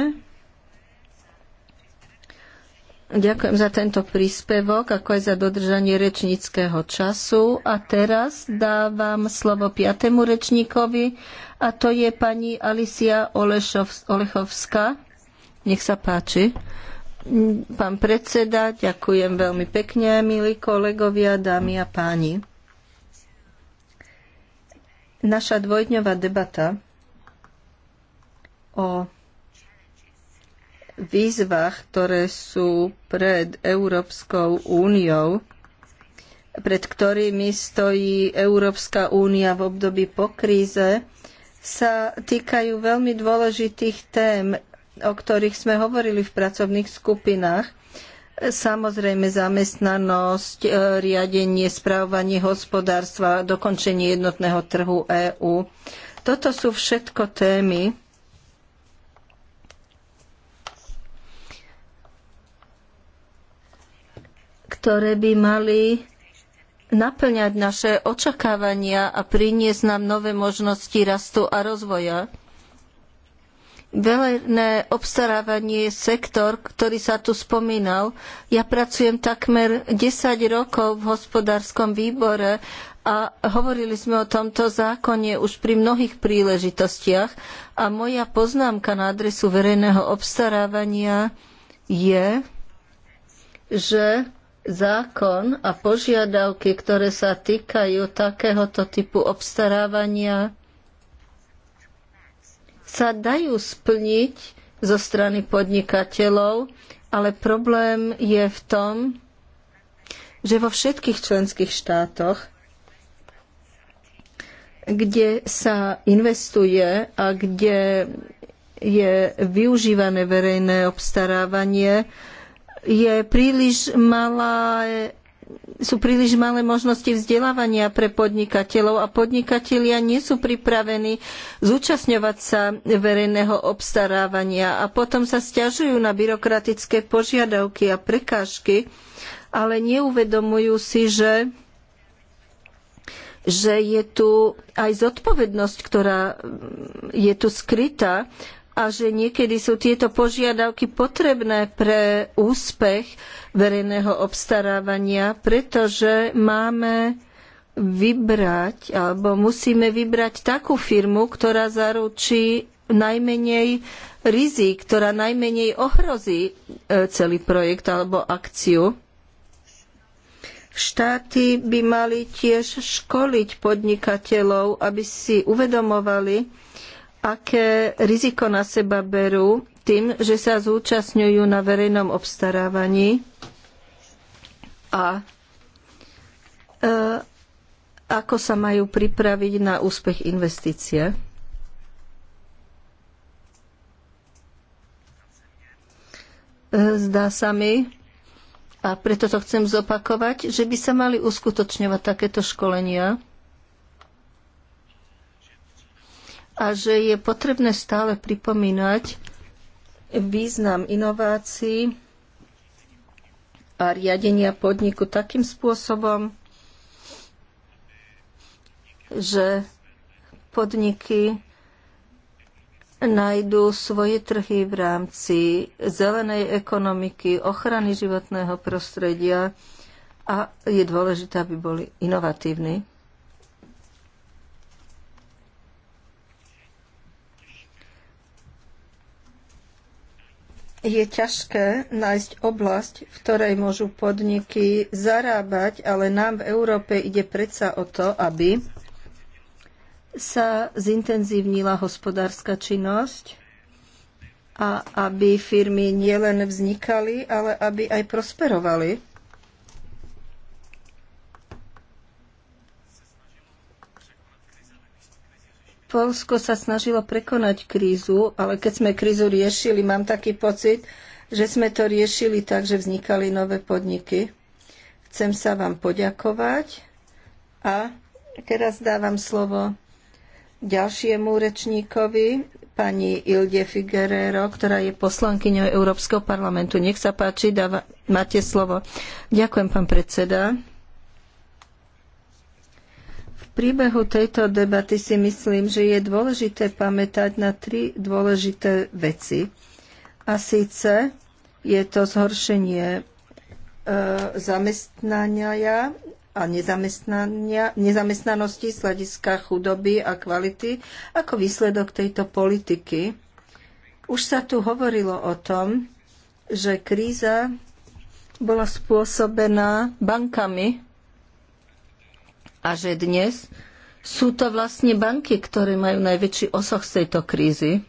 Ďakujem za tento príspevok, ako aj za dodržanie rečníckého času. A teraz dávam slovo piatému rečníkovi, a to je pani Alicia Olešov, Olechovská. Nech sa páči. Pán predseda, ďakujem veľmi pekne, milí kolegovia, dámy a páni. Naša dvojdňová debata o výzvach, ktoré sú pred Európskou úniou, pred ktorými stojí Európska únia v období po kríze, sa týkajú veľmi dôležitých tém, o ktorých sme hovorili v pracovných skupinách. Samozrejme zamestnanosť, e, riadenie, správovanie hospodárstva, dokončenie jednotného trhu EÚ. Toto sú všetko témy, ktoré by mali naplňať naše očakávania a priniesť nám nové možnosti rastu a rozvoja. Veľné obstarávanie je sektor, ktorý sa tu spomínal. Ja pracujem takmer 10 rokov v hospodárskom výbore a hovorili sme o tomto zákone už pri mnohých príležitostiach a moja poznámka na adresu verejného obstarávania je, že zákon a požiadavky, ktoré sa týkajú takéhoto typu obstarávania, sa dajú splniť zo strany podnikateľov, ale problém je v tom, že vo všetkých členských štátoch, kde sa investuje a kde je využívané verejné obstarávanie, je príliš malá sú príliš malé možnosti vzdelávania pre podnikateľov a podnikatelia nie sú pripravení zúčastňovať sa verejného obstarávania a potom sa sťažujú na byrokratické požiadavky a prekážky, ale neuvedomujú si, že že je tu aj zodpovednosť, ktorá je tu skrytá a že niekedy sú tieto požiadavky potrebné pre úspech verejného obstarávania, pretože máme vybrať alebo musíme vybrať takú firmu, ktorá zaručí najmenej rizik, ktorá najmenej ohrozí e, celý projekt alebo akciu. Štáty by mali tiež školiť podnikateľov, aby si uvedomovali, aké riziko na seba berú tým, že sa zúčastňujú na verejnom obstarávaní a e, ako sa majú pripraviť na úspech investície. E, zdá sa mi, a preto to chcem zopakovať, že by sa mali uskutočňovať takéto školenia a že je potrebné stále pripomínať význam inovácií a riadenia podniku takým spôsobom, že podniky nájdú svoje trhy v rámci zelenej ekonomiky, ochrany životného prostredia a je dôležité, aby boli inovatívni. je ťažké nájsť oblasť, v ktorej môžu podniky zarábať, ale nám v Európe ide predsa o to, aby sa zintenzívnila hospodárska činnosť a aby firmy nielen vznikali, ale aby aj prosperovali. Polsko sa snažilo prekonať krízu, ale keď sme krízu riešili, mám taký pocit, že sme to riešili tak, že vznikali nové podniky. Chcem sa vám poďakovať a teraz dávam slovo ďalšiemu rečníkovi, pani Ilde Figuerero, ktorá je poslankyňou Európskeho parlamentu. Nech sa páči, dáva, máte slovo. Ďakujem, pán predseda priebehu tejto debaty si myslím, že je dôležité pamätať na tri dôležité veci. A síce je to zhoršenie e, zamestnania a nezamestnanosti z hľadiska chudoby a kvality ako výsledok tejto politiky. Už sa tu hovorilo o tom, že kríza bola spôsobená bankami, a že dnes sú to vlastne banky, ktoré majú najväčší osoch z tejto krízy.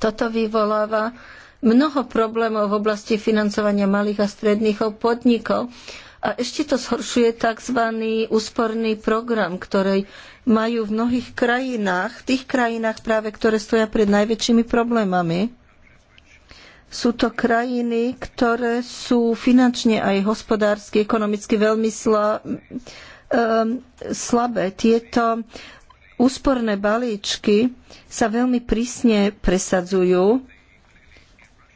Toto vyvoláva mnoho problémov v oblasti financovania malých a stredných podnikov a ešte to zhoršuje tzv. úsporný program, ktorý majú v mnohých krajinách, v tých krajinách práve, ktoré stoja pred najväčšími problémami. Sú to krajiny, ktoré sú finančne aj hospodársky, ekonomicky veľmi sla, um, slabé. Tieto úsporné balíčky sa veľmi prísne presadzujú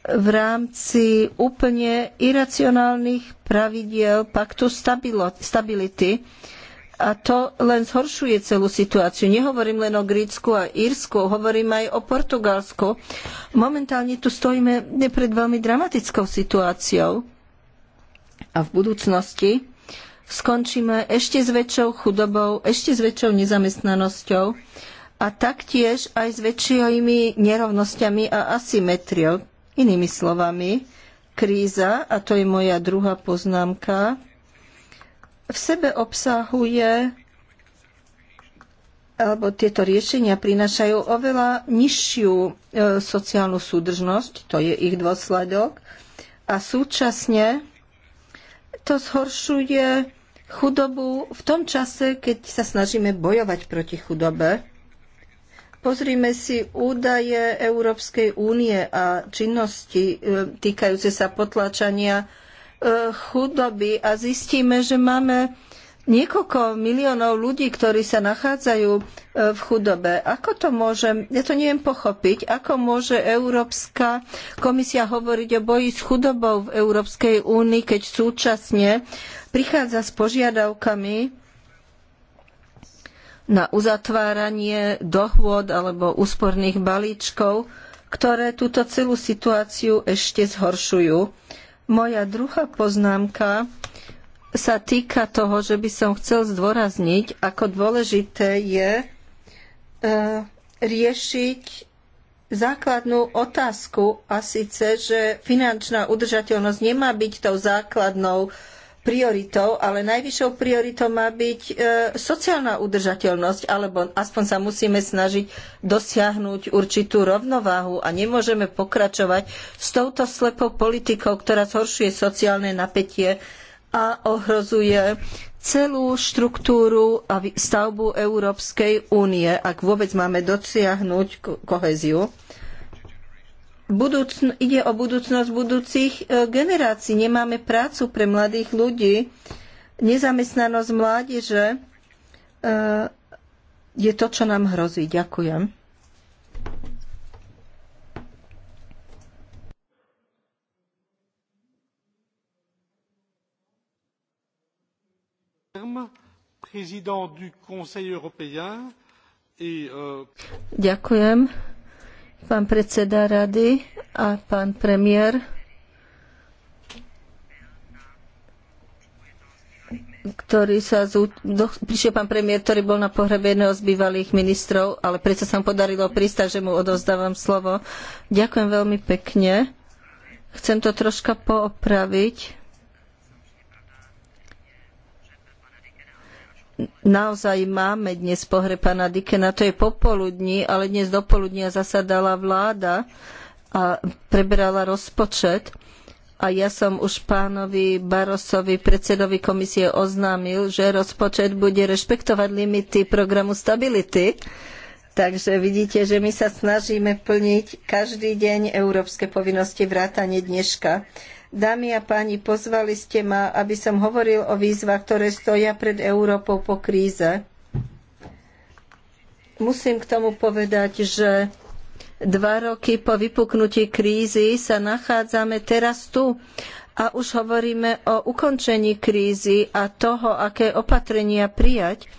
v rámci úplne iracionálnych pravidiel paktu stability a to len zhoršuje celú situáciu. Nehovorím len o Grécku a Írsku, hovorím aj o Portugalsku. Momentálne tu stojíme pred veľmi dramatickou situáciou. A v budúcnosti skončíme ešte s väčšou chudobou, ešte s väčšou nezamestnanosťou a taktiež aj s väčšími nerovnosťami a asymetriou. Inými slovami, kríza, a to je moja druhá poznámka, v sebe obsahuje alebo tieto riešenia prinášajú oveľa nižšiu e, sociálnu súdržnosť, to je ich dôsledok, a súčasne to zhoršuje chudobu v tom čase, keď sa snažíme bojovať proti chudobe. Pozrime si údaje Európskej únie a činnosti e, týkajúce sa potláčania E, chudoby a zistíme, že máme niekoľko miliónov ľudí, ktorí sa nachádzajú e, v chudobe. Ako to môže, ja to neviem pochopiť, ako môže Európska komisia hovoriť o boji s chudobou v Európskej únii, keď súčasne prichádza s požiadavkami na uzatváranie dohôd alebo úsporných balíčkov, ktoré túto celú situáciu ešte zhoršujú. Moja druhá poznámka sa týka toho, že by som chcel zdôrazniť, ako dôležité je e, riešiť základnú otázku a síce, že finančná udržateľnosť nemá byť tou základnou e, prioritou, ale najvyššou prioritou má byť e, sociálna udržateľnosť, alebo aspoň sa musíme snažiť dosiahnuť určitú rovnováhu a nemôžeme pokračovať s touto slepou politikou, ktorá zhoršuje sociálne napätie a ohrozuje celú štruktúru a stavbu Európskej únie, ak vôbec máme dosiahnuť kohéziu budúcn- ide o budúcnosť budúcich e, generácií. Nemáme prácu pre mladých ľudí, nezamestnanosť mládeže e, je to, čo nám hrozí. Ďakujem. Euh, Ďakujem pán predseda rady a pán premiér. ktorý sa zú... prišiel pán premiér, ktorý bol na pohrebe jedného z bývalých ministrov, ale predsa sa mu podarilo prísť, že mu odovzdávam slovo. Ďakujem veľmi pekne. Chcem to troška poopraviť. naozaj máme dnes pohre pána Dikena, to je popoludní, ale dnes dopoludnia zasadala vláda a preberala rozpočet a ja som už pánovi Barosovi, predsedovi komisie, oznámil, že rozpočet bude rešpektovať limity programu stability. Takže vidíte, že my sa snažíme plniť každý deň európske povinnosti vrátane dneška. Dámy a páni, pozvali ste ma, aby som hovoril o výzvach, ktoré stoja pred Európou po kríze. Musím k tomu povedať, že dva roky po vypuknutí krízy sa nachádzame teraz tu a už hovoríme o ukončení krízy a toho, aké opatrenia prijať.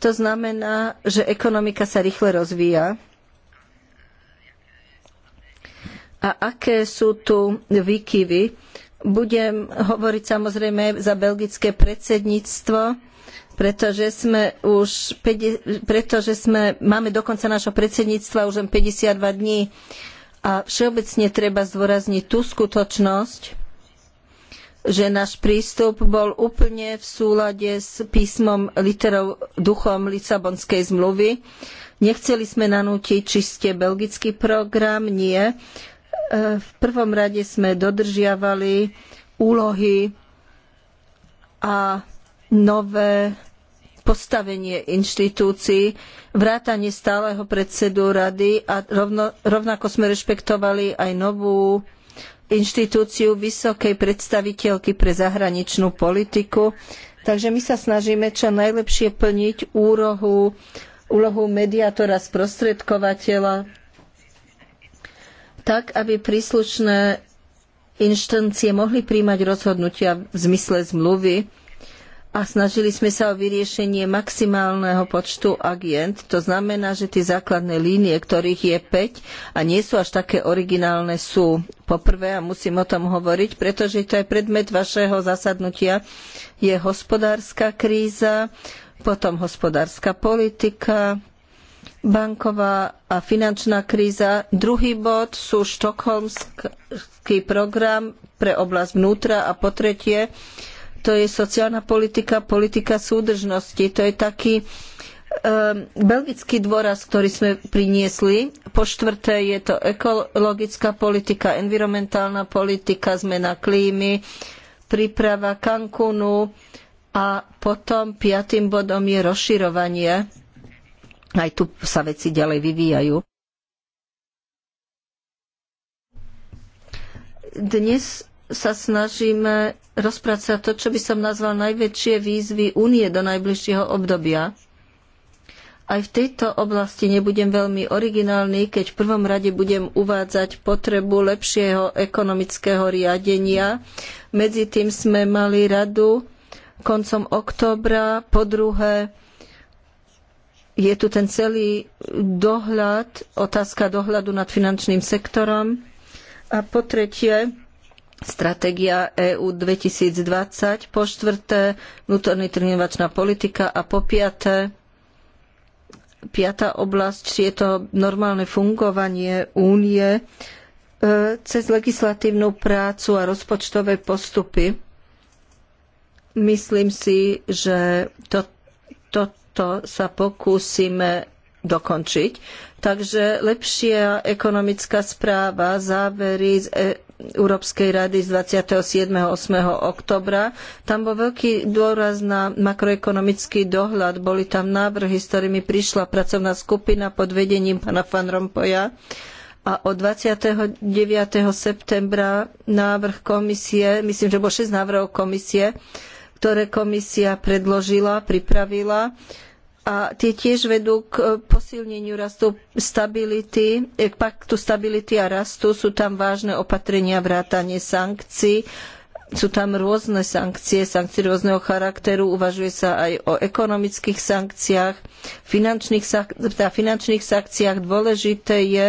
To znamená, že ekonomika sa rýchle rozvíja. a aké sú tu výkyvy. Budem hovoriť samozrejme za belgické predsedníctvo, pretože sme už pretože sme, máme do konca nášho predsedníctva už len 52 dní a všeobecne treba zdôrazniť tú skutočnosť, že náš prístup bol úplne v súlade s písmom literou duchom Lisabonskej zmluvy. Nechceli sme nanútiť čiste belgický program, nie. E, v prvom rade sme dodržiavali úlohy a nové postavenie inštitúcií, vrátanie stáleho predsedu rady a rovno, rovnako sme rešpektovali aj novú inštitúciu vysokej predstaviteľky pre zahraničnú politiku. Takže my sa snažíme čo najlepšie plniť úrohu, úlohu mediátora, sprostredkovateľa tak aby príslušné inštancie mohli príjmať rozhodnutia v zmysle zmluvy a snažili sme sa o vyriešenie maximálneho počtu agent. To znamená, že tie základné línie, ktorých je 5 a nie sú až také originálne, sú poprvé a musím o tom hovoriť, pretože to je predmet vašeho zasadnutia, je hospodárska kríza, potom hospodárska politika, banková a finančná kríza. Druhý bod sú štokholmský program pre oblasť vnútra a po tretie to je sociálna politika, politika súdržnosti. To je taký um, belgický dôraz, ktorý sme priniesli. Po štvrté je to ekologická politika, environmentálna politika, zmena klímy, príprava Cancúnu a potom piatým bodom je rozširovanie aj tu sa veci ďalej vyvíjajú. Dnes sa snažíme rozpracovať to, čo by som nazval najväčšie výzvy únie do najbližšieho obdobia. Aj v tejto oblasti nebudem veľmi originálny, keď v prvom rade budem uvádzať potrebu lepšieho ekonomického riadenia. Medzi tým sme mali radu koncom októbra, po druhé je tu ten celý dohľad, otázka dohľadu nad finančným sektorom. A po tretie, stratégia EU 2020, po štvrté, vnútorný trinovačná politika a po piaté, piata oblasť, či je to normálne fungovanie únie e, cez legislatívnu prácu a rozpočtové postupy. Myslím si, že to, to to sa pokúsime dokončiť. Takže lepšia ekonomická správa, závery z e- Európskej rady z 27. 8. oktobra. Tam bol veľký dôraz na makroekonomický dohľad. Boli tam návrhy, s ktorými prišla pracovná skupina pod vedením pána Van Rompoja. A od 29. septembra návrh komisie, myslím, že bol 6 návrhov komisie, ktoré komisia predložila, pripravila a tie tiež vedú k e, posilneniu rastu stability, e, k paktu stability a rastu. Sú tam vážne opatrenia vrátanie sankcií, sú tam rôzne sankcie, sankcie rôzneho charakteru, uvažuje sa aj o ekonomických sankciách, finančných, teda finančných sankciách. Dôležité je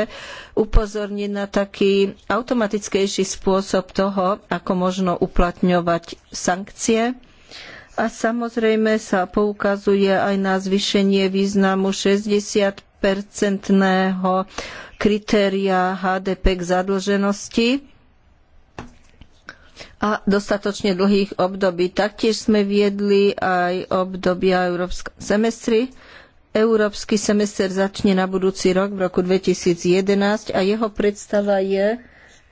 upozorniť na taký automatickejší spôsob toho, ako možno uplatňovať sankcie a samozrejme sa poukazuje aj na zvýšenie významu 60-percentného kritéria HDP k zadlženosti a dostatočne dlhých období. Taktiež sme viedli aj obdobia európskeho semestry. Európsky semester začne na budúci rok v roku 2011 a jeho predstava je,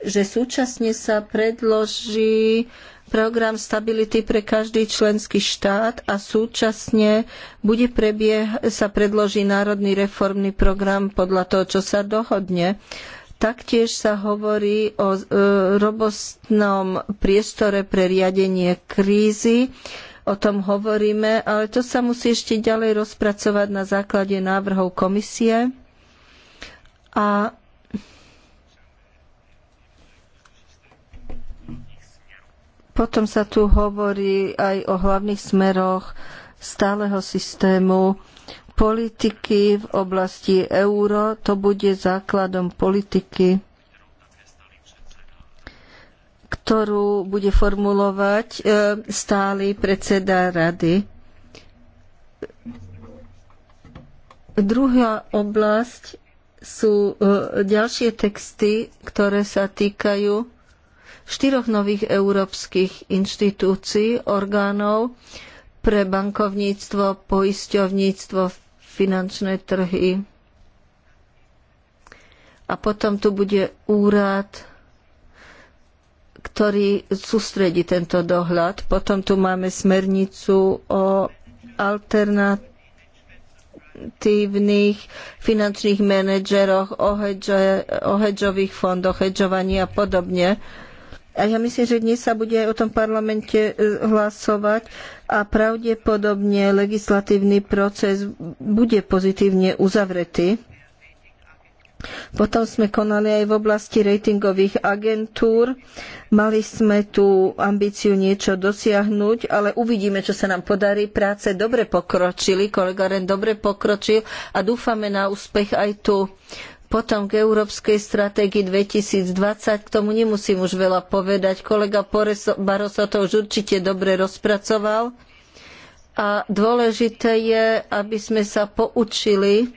že súčasne sa predloží program stability pre každý členský štát a súčasne bude prebieh, sa predloží národný reformný program podľa toho, čo sa dohodne. Taktiež sa hovorí o e, robustnom priestore pre riadenie krízy. O tom hovoríme, ale to sa musí ešte ďalej rozpracovať na základe návrhov komisie. A Potom sa tu hovorí aj o hlavných smeroch stáleho systému politiky v oblasti euro. To bude základom politiky, ktorú bude formulovať e, stály predseda rady. Druhá oblasť sú e, ďalšie texty, ktoré sa týkajú štyroch nových európskych inštitúcií, orgánov pre bankovníctvo, poisťovníctvo, finančné trhy. A potom tu bude úrad, ktorý sústredí tento dohľad. Potom tu máme smernicu o alternatívnych finančných manažeroch, o, hedžových fondoch, hedžovaní a podobne. A ja myslím, že dnes sa bude aj o tom parlamente e, hlasovať a pravdepodobne legislatívny proces bude pozitívne uzavretý. Potom sme konali aj v oblasti ratingových agentúr. Mali sme tú ambíciu niečo dosiahnuť, ale uvidíme, čo sa nám podarí. Práce dobre pokročili, kolega Ren dobre pokročil a dúfame na úspech aj tu. Potom k Európskej stratégii 2020, k tomu nemusím už veľa povedať. Kolega Barroso to už určite dobre rozpracoval. A dôležité je, aby sme sa poučili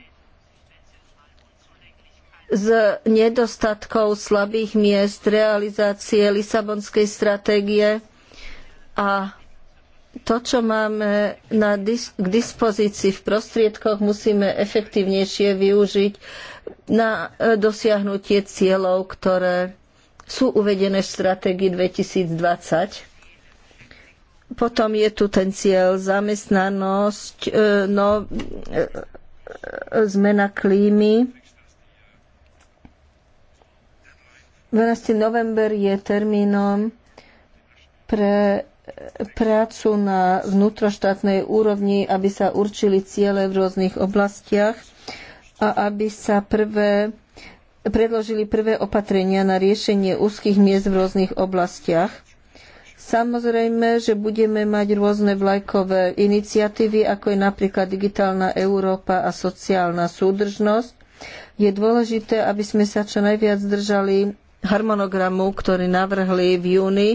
z nedostatkov slabých miest realizácie Lisabonskej stratégie a to, čo máme na dis- k dispozícii v prostriedkoch, musíme efektívnejšie využiť na e, dosiahnutie cieľov, ktoré sú uvedené v stratégii 2020. Potom je tu ten cieľ zamestnanosť, e, no, e, zmena klímy. 12. november je termínom pre prácu na vnútroštátnej úrovni, aby sa určili ciele v rôznych oblastiach a aby sa prvé, predložili prvé opatrenia na riešenie úzkých miest v rôznych oblastiach. Samozrejme, že budeme mať rôzne vlajkové iniciatívy, ako je napríklad Digitálna Európa a sociálna súdržnosť. Je dôležité, aby sme sa čo najviac držali harmonogramu, ktorý navrhli v júni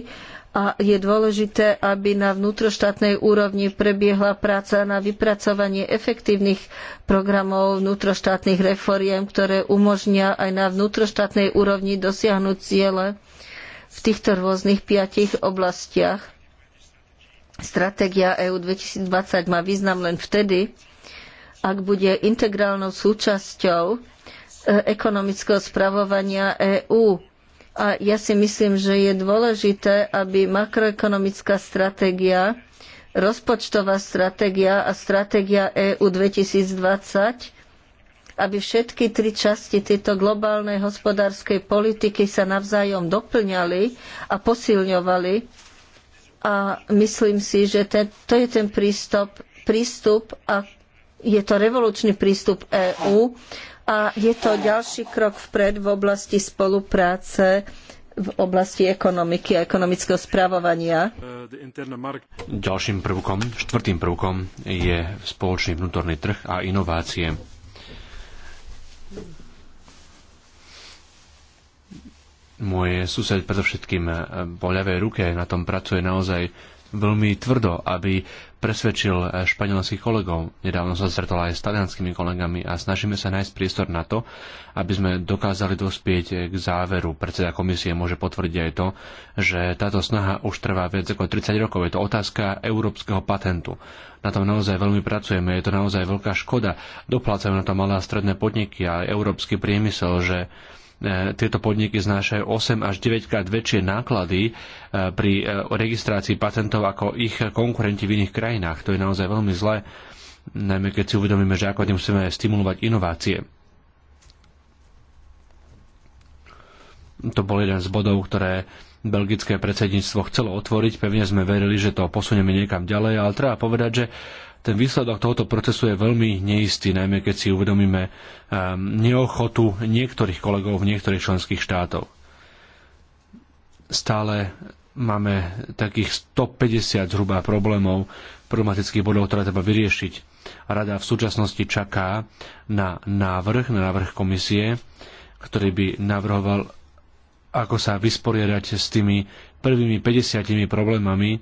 a je dôležité, aby na vnútroštátnej úrovni prebiehla práca na vypracovanie efektívnych programov vnútroštátnych reforiem, ktoré umožnia aj na vnútroštátnej úrovni dosiahnuť ciele v týchto rôznych piatich oblastiach. Stratégia EU 2020 má význam len vtedy, ak bude integrálnou súčasťou e, ekonomického spravovania EÚ a ja si myslím, že je dôležité, aby makroekonomická stratégia, rozpočtová stratégia a stratégia EU 2020 aby všetky tri časti tejto globálnej hospodárskej politiky sa navzájom doplňali a posilňovali. A myslím si, že ten, to je ten prístup, prístup a je to revolučný prístup EÚ, a je to ďalší krok vpred v oblasti spolupráce v oblasti ekonomiky a ekonomického správovania. Ďalším prvkom, štvrtým prvkom je spoločný vnútorný trh a inovácie. Môj sused predovšetkým po ľavej ruke na tom pracuje naozaj veľmi tvrdo, aby presvedčil eh, španielských kolegov. Nedávno sa stretol aj s talianskými kolegami a snažíme sa nájsť priestor na to, aby sme dokázali dospieť eh, k záveru. Predseda komisie môže potvrdiť aj to, že táto snaha už trvá viac ako 30 rokov. Je to otázka európskeho patentu. Na tom naozaj veľmi pracujeme, je to naozaj veľká škoda. Doplácajú na to malé a stredné podniky a európsky priemysel, že E, tieto podniky znášajú 8 až 9 krát väčšie náklady e, pri e, registrácii patentov ako ich konkurenti v iných krajinách. To je naozaj veľmi zlé, najmä keď si uvedomíme, že ako musíme stimulovať inovácie. To bol jeden z bodov, ktoré belgické predsedníctvo chcelo otvoriť. Pevne sme verili, že to posunieme niekam ďalej, ale treba povedať, že ten výsledok tohoto procesu je veľmi neistý, najmä keď si uvedomíme um, neochotu niektorých kolegov v niektorých členských štátov. Stále máme takých 150 zhruba problémov, problematických bodov, ktoré treba vyriešiť. Rada v súčasnosti čaká na návrh, na návrh komisie, ktorý by navrhoval, ako sa vysporiadať s tými prvými 50 problémami,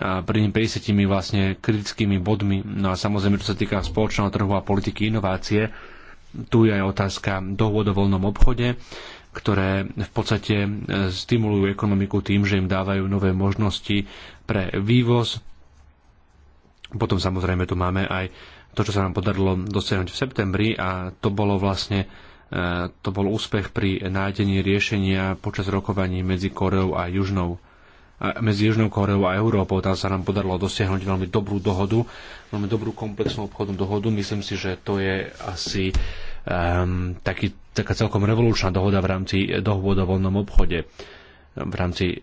50 vlastne kritickými bodmi. No a samozrejme, čo sa týka spoločného trhu a politiky inovácie, tu je aj otázka dohôd o voľnom obchode, ktoré v podstate e, stimulujú ekonomiku tým, že im dávajú nové možnosti pre vývoz. Potom samozrejme tu máme aj to, čo sa nám podarilo dosiahnuť v septembri a to bolo vlastne e, to bol úspech pri nájdení riešenia počas rokovaní medzi Koreou a Južnou medzi Južnou Koreou a Európou. Tam sa nám podarilo dosiahnuť veľmi dobrú dohodu, veľmi dobrú komplexnú obchodnú dohodu. Myslím si, že to je asi um, taký, taká celkom revolučná dohoda v rámci dohôd o voľnom obchode v rámci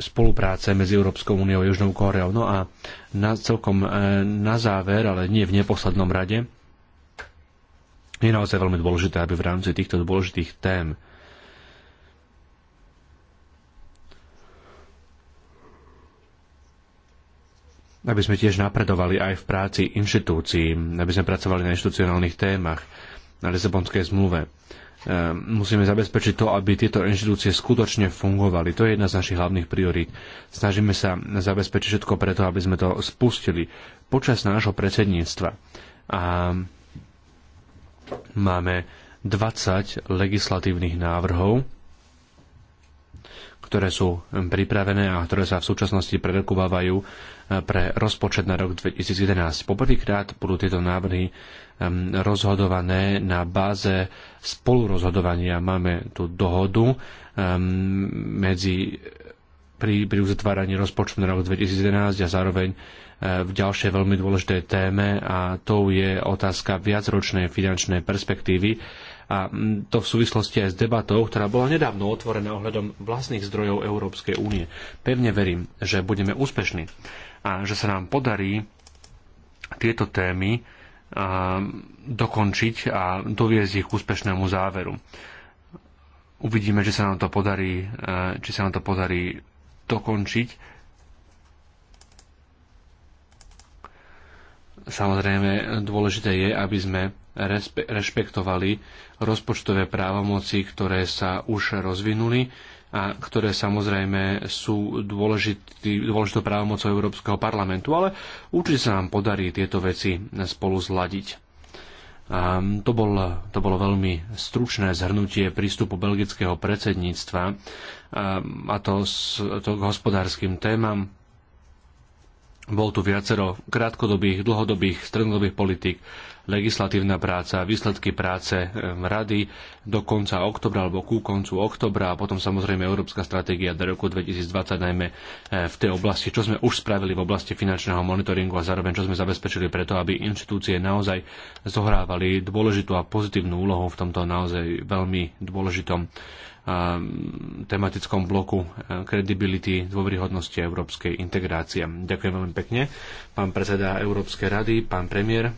spolupráce medzi Európskou úniou a Južnou Koreou. No a na, celkom e, na záver, ale nie v neposlednom rade, je naozaj veľmi dôležité, aby v rámci týchto dôležitých tém aby sme tiež napredovali aj v práci inštitúcií, aby sme pracovali na inštitucionálnych témach, na Lisabonskej zmluve. E, musíme zabezpečiť to, aby tieto inštitúcie skutočne fungovali. To je jedna z našich hlavných priorít. Snažíme sa zabezpečiť všetko preto, aby sme to spustili počas nášho predsedníctva. A máme 20 legislatívnych návrhov, ktoré sú pripravené a ktoré sa v súčasnosti prerokovávajú pre rozpočet na rok 2011. Poprvýkrát budú tieto návrhy rozhodované na báze spolurozhodovania. Máme tu dohodu medzi pri, pri uzatváraní rozpočtu na rok 2011 a zároveň e, v ďalšej veľmi dôležitej téme a to je otázka viacročnej finančnej perspektívy a to v súvislosti aj s debatou, ktorá bola nedávno otvorená ohľadom vlastných zdrojov Európskej únie. Pevne verím, že budeme úspešní a že sa nám podarí tieto témy dokončiť a doviezť ich k úspešnému záveru. Uvidíme, či sa nám to podarí, či sa nám to podarí dokončiť. Samozrejme, dôležité je, aby sme rešpektovali rozpočtové právomoci, ktoré sa už rozvinuli a ktoré samozrejme sú dôležitý, dôležitou právomocou Európskeho parlamentu, ale určite sa nám podarí tieto veci spolu zladiť. A to, bol, to bolo veľmi stručné zhrnutie prístupu belgického predsedníctva a to, s, to k hospodárskym témam. Bol tu viacero krátkodobých, dlhodobých, strednodobých politik legislatívna práca, výsledky práce rady do konca oktobra alebo ku koncu oktobra a potom samozrejme Európska stratégia do roku 2020 najmä eh, v tej oblasti, čo sme už spravili v oblasti finančného monitoringu a zároveň čo sme zabezpečili preto, aby inštitúcie naozaj zohrávali dôležitú a pozitívnu úlohu v tomto naozaj veľmi dôležitom tematickom bloku eh, kredibility, dôveryhodnosti európskej integrácie. Ďakujem veľmi pekne. Pán predseda Európskej rady, pán premiér,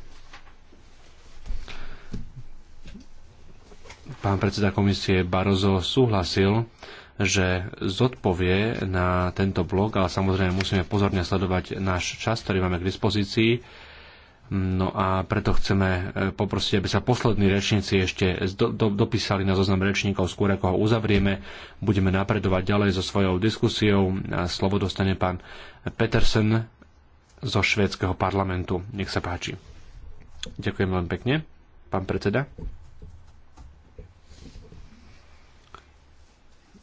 pán predseda komisie Barozo súhlasil, že zodpovie na tento blog, ale samozrejme musíme pozorne sledovať náš čas, ktorý máme k dispozícii. No a preto chceme e, poprosiť, aby sa poslední rečníci ešte do, do, dopísali na zoznam rečníkov skôr, ako ho uzavrieme. Budeme napredovať ďalej so svojou diskusiou. A slovo dostane pán Petersen zo švédskeho parlamentu. Nech sa páči. Ďakujem veľmi pekne, pán predseda.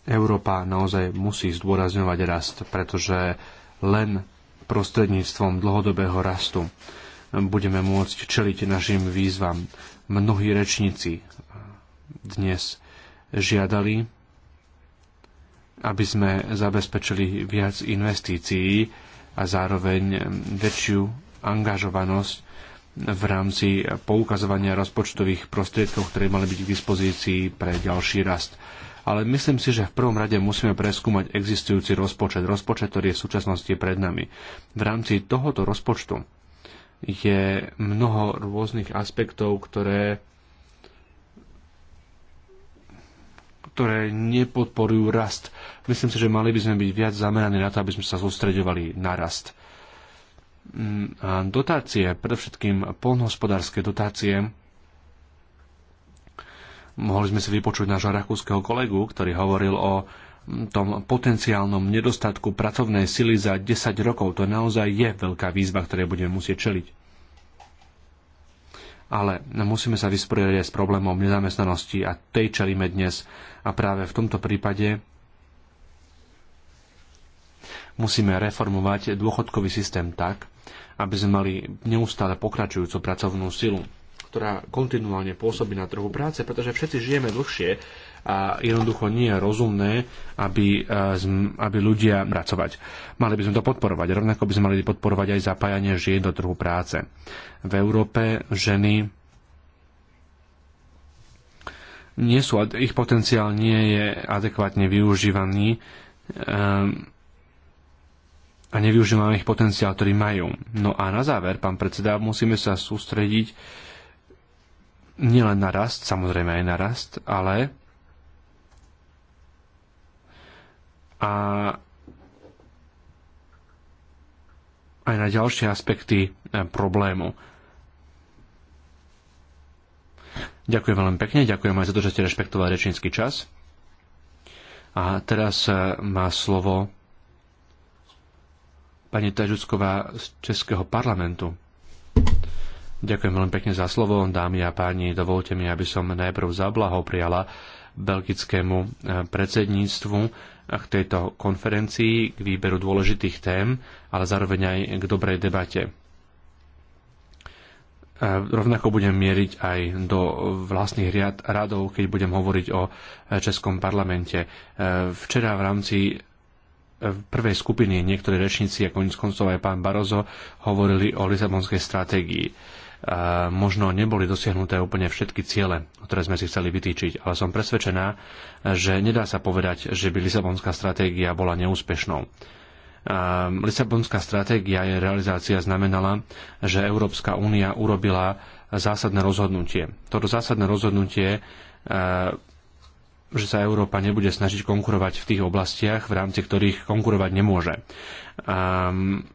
Európa naozaj musí zdôrazňovať rast, pretože len prostredníctvom dlhodobého rastu budeme môcť čeliť našim výzvam. Mnohí rečníci dnes žiadali, aby sme zabezpečili viac investícií a zároveň väčšiu angažovanosť v rámci poukazovania rozpočtových prostriedkov, ktoré mali byť k dispozícii pre ďalší rast ale myslím si, že v prvom rade musíme preskúmať existujúci rozpočet, rozpočet, ktorý je v súčasnosti pred nami. V rámci tohoto rozpočtu je mnoho rôznych aspektov, ktoré ktoré nepodporujú rast. Myslím si, že mali by sme byť viac zameraní na to, aby sme sa sústredovali na rast. Mm, a dotácie, predovšetkým polnohospodárske dotácie, Mohli sme si vypočuť nášho rakúskeho kolegu, ktorý hovoril o mm, tom potenciálnom nedostatku pracovnej sily za 10 rokov. To naozaj je veľká výzva, ktorej budeme musieť čeliť. Ale musíme sa vysporiadať aj s problémom nezamestnanosti a tej čelíme dnes. A práve v tomto prípade musíme reformovať dôchodkový systém tak, aby sme mali neustále pokračujúcu pracovnú silu ktorá kontinuálne pôsobí na trhu práce, pretože všetci žijeme dlhšie a jednoducho nie je rozumné, aby, e, aby ľudia pracovať. Mali by sme to podporovať. Rovnako by sme mali podporovať aj zapájanie žien do trhu práce. V Európe ženy nie sú, ich potenciál nie je adekvátne využívaný e, a nevyužívame ich potenciál, ktorý majú. No a na záver, pán predseda, musíme sa sústrediť nielen na rast, samozrejme aj na rast, ale a aj na ďalšie aspekty e, problému. Ďakujem veľmi pekne, ďakujem aj za to, že ste rešpektovali rečnícky čas. A teraz e, má slovo pani Tažucková z Českého parlamentu. Ďakujem veľmi pekne za slovo, dámy a páni. Dovolte mi, aby som najprv zablahopriala belgickému e, predsedníctvu k tejto konferencii, k výberu dôležitých tém, ale zároveň aj k dobrej debate. A e, rovnako budem mieriť aj do vlastných riad, radov, keď budem hovoriť o e, Českom parlamente. Včera v rámci v prvej skupiny niektorí rečníci, ako nic koncov aj pán Barozo, hovorili o Lisabonskej stratégii možno neboli dosiahnuté úplne všetky ciele, ktoré sme si chceli vytýčiť, ale som presvedčená, že nedá sa povedať, že by Lisabonská stratégia bola neúspešnou. Lisabonská stratégia jej realizácia znamenala, že Európska únia urobila zásadné rozhodnutie. Toto zásadné rozhodnutie e, že sa Európa nebude snažiť konkurovať v tých oblastiach, v rámci ktorých konkurovať nemôže. Um,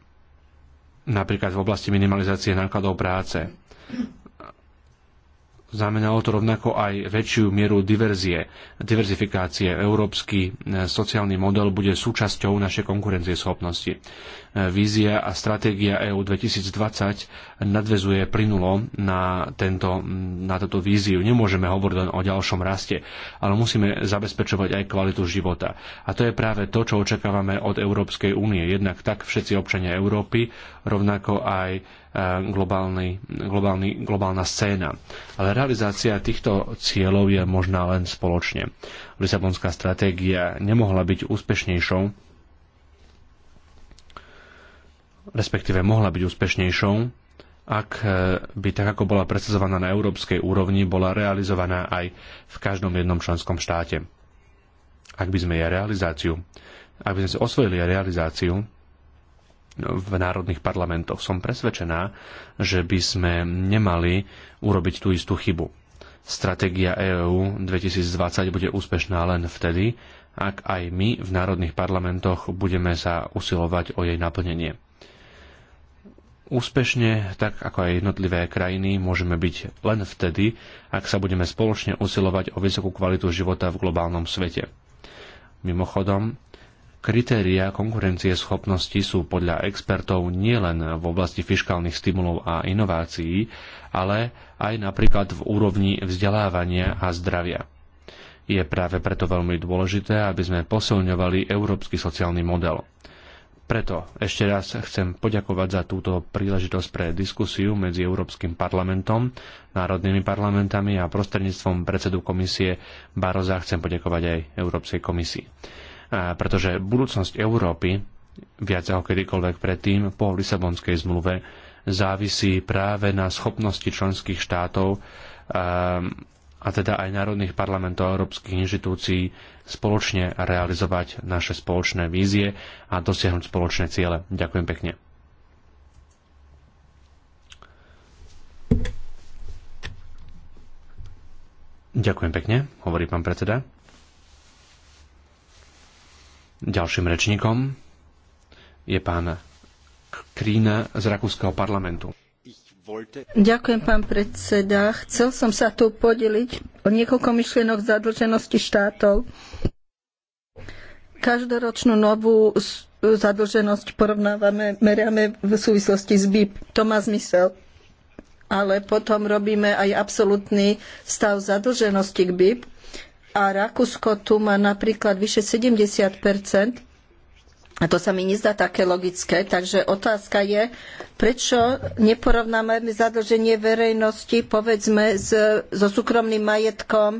napríklad v oblasti minimalizácie nákladov práce. Znamenalo to rovnako aj väčšiu mieru diverzie, diverzifikácie. Európsky e, sociálny model bude súčasťou našej konkurencieschopnosti. E, vízia a stratégia EU 2020 nadvezuje plynulo na, tento, na túto víziu. Nemôžeme hovoriť len o ďalšom raste, ale musíme zabezpečovať aj kvalitu života. A to je práve to, čo očakávame od Európskej únie. Jednak tak všetci občania Európy, rovnako aj Eh, globálny, globálny, globálna scéna. Ale realizácia týchto cieľov je možná len spoločne. Lisabonská stratégia nemohla byť úspešnejšou, respektíve mohla byť úspešnejšou, ak eh, by tak, ako bola presadzovaná na európskej úrovni, bola realizovaná aj v každom jednom členskom štáte. Ak by sme jej realizáciu, ak by sme si osvojili realizáciu, v národných parlamentoch. Som presvedčená, že by sme nemali urobiť tú istú chybu. Stratégia EÚ 2020 bude úspešná len vtedy, ak aj my v národných parlamentoch budeme sa usilovať o jej naplnenie. Úspešne, tak ako aj jednotlivé krajiny, môžeme byť len vtedy, ak sa budeme spoločne usilovať o vysokú kvalitu života v globálnom svete. Mimochodom, Kritéria konkurencie schopnosti sú podľa expertov nielen v oblasti fiskálnych stimulov a inovácií, ale aj napríklad v úrovni vzdelávania a zdravia. Je práve preto veľmi dôležité, aby sme posilňovali európsky sociálny model. Preto ešte raz chcem poďakovať za túto príležitosť pre diskusiu medzi Európskym parlamentom, národnými parlamentami a prostredníctvom predsedu komisie Baroza chcem poďakovať aj Európskej komisii pretože budúcnosť Európy viac ako kedykoľvek predtým po Lisabonskej zmluve závisí práve na schopnosti členských štátov ehm, a teda aj národných parlamentov a európskych inštitúcií spoločne realizovať naše spoločné vízie a dosiahnuť spoločné ciele. Ďakujem pekne. Ďakujem pekne, hovorí pán predseda. Ďalším rečníkom je pán Krína z Rakúskeho parlamentu. Ďakujem, pán predseda. Chcel som sa tu podeliť o niekoľko myšlienok zadlženosti štátov. Každoročnú novú zadlženosť porovnávame, meriame v súvislosti s BIP. To má zmysel. Ale potom robíme aj absolútny stav zadlženosti k BIP a Rakúsko tu má napríklad vyše 70 a to sa mi nezdá také logické, takže otázka je, prečo neporovnáme zadlženie verejnosti, povedzme, so súkromným majetkom e,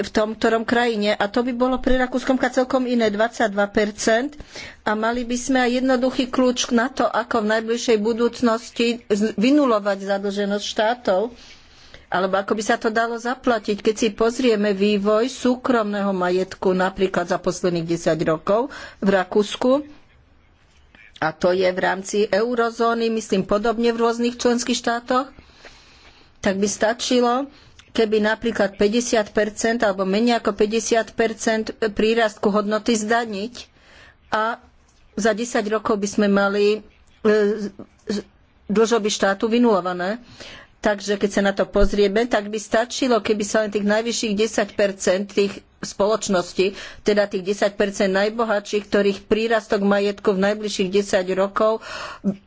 v tom ktorom krajine. A to by bolo pre Rakúskomka celkom iné, 22%. A mali by sme aj jednoduchý kľúč na to, ako v najbližšej budúcnosti vynulovať zadlženosť štátov alebo ako by sa to dalo zaplatiť, keď si pozrieme vývoj súkromného majetku napríklad za posledných 10 rokov v Rakúsku, a to je v rámci eurozóny, myslím podobne v rôznych členských štátoch, tak by stačilo, keby napríklad 50% alebo menej ako 50% prírastku hodnoty zdaniť a za 10 rokov by sme mali e, dlžoby štátu vynulované. Takže keď sa na to pozrieme, tak by stačilo, keby sa len tých najvyšších 10% tých spoločností, teda tých 10% najbohatších, ktorých prírastok majetku v najbližších 10 rokov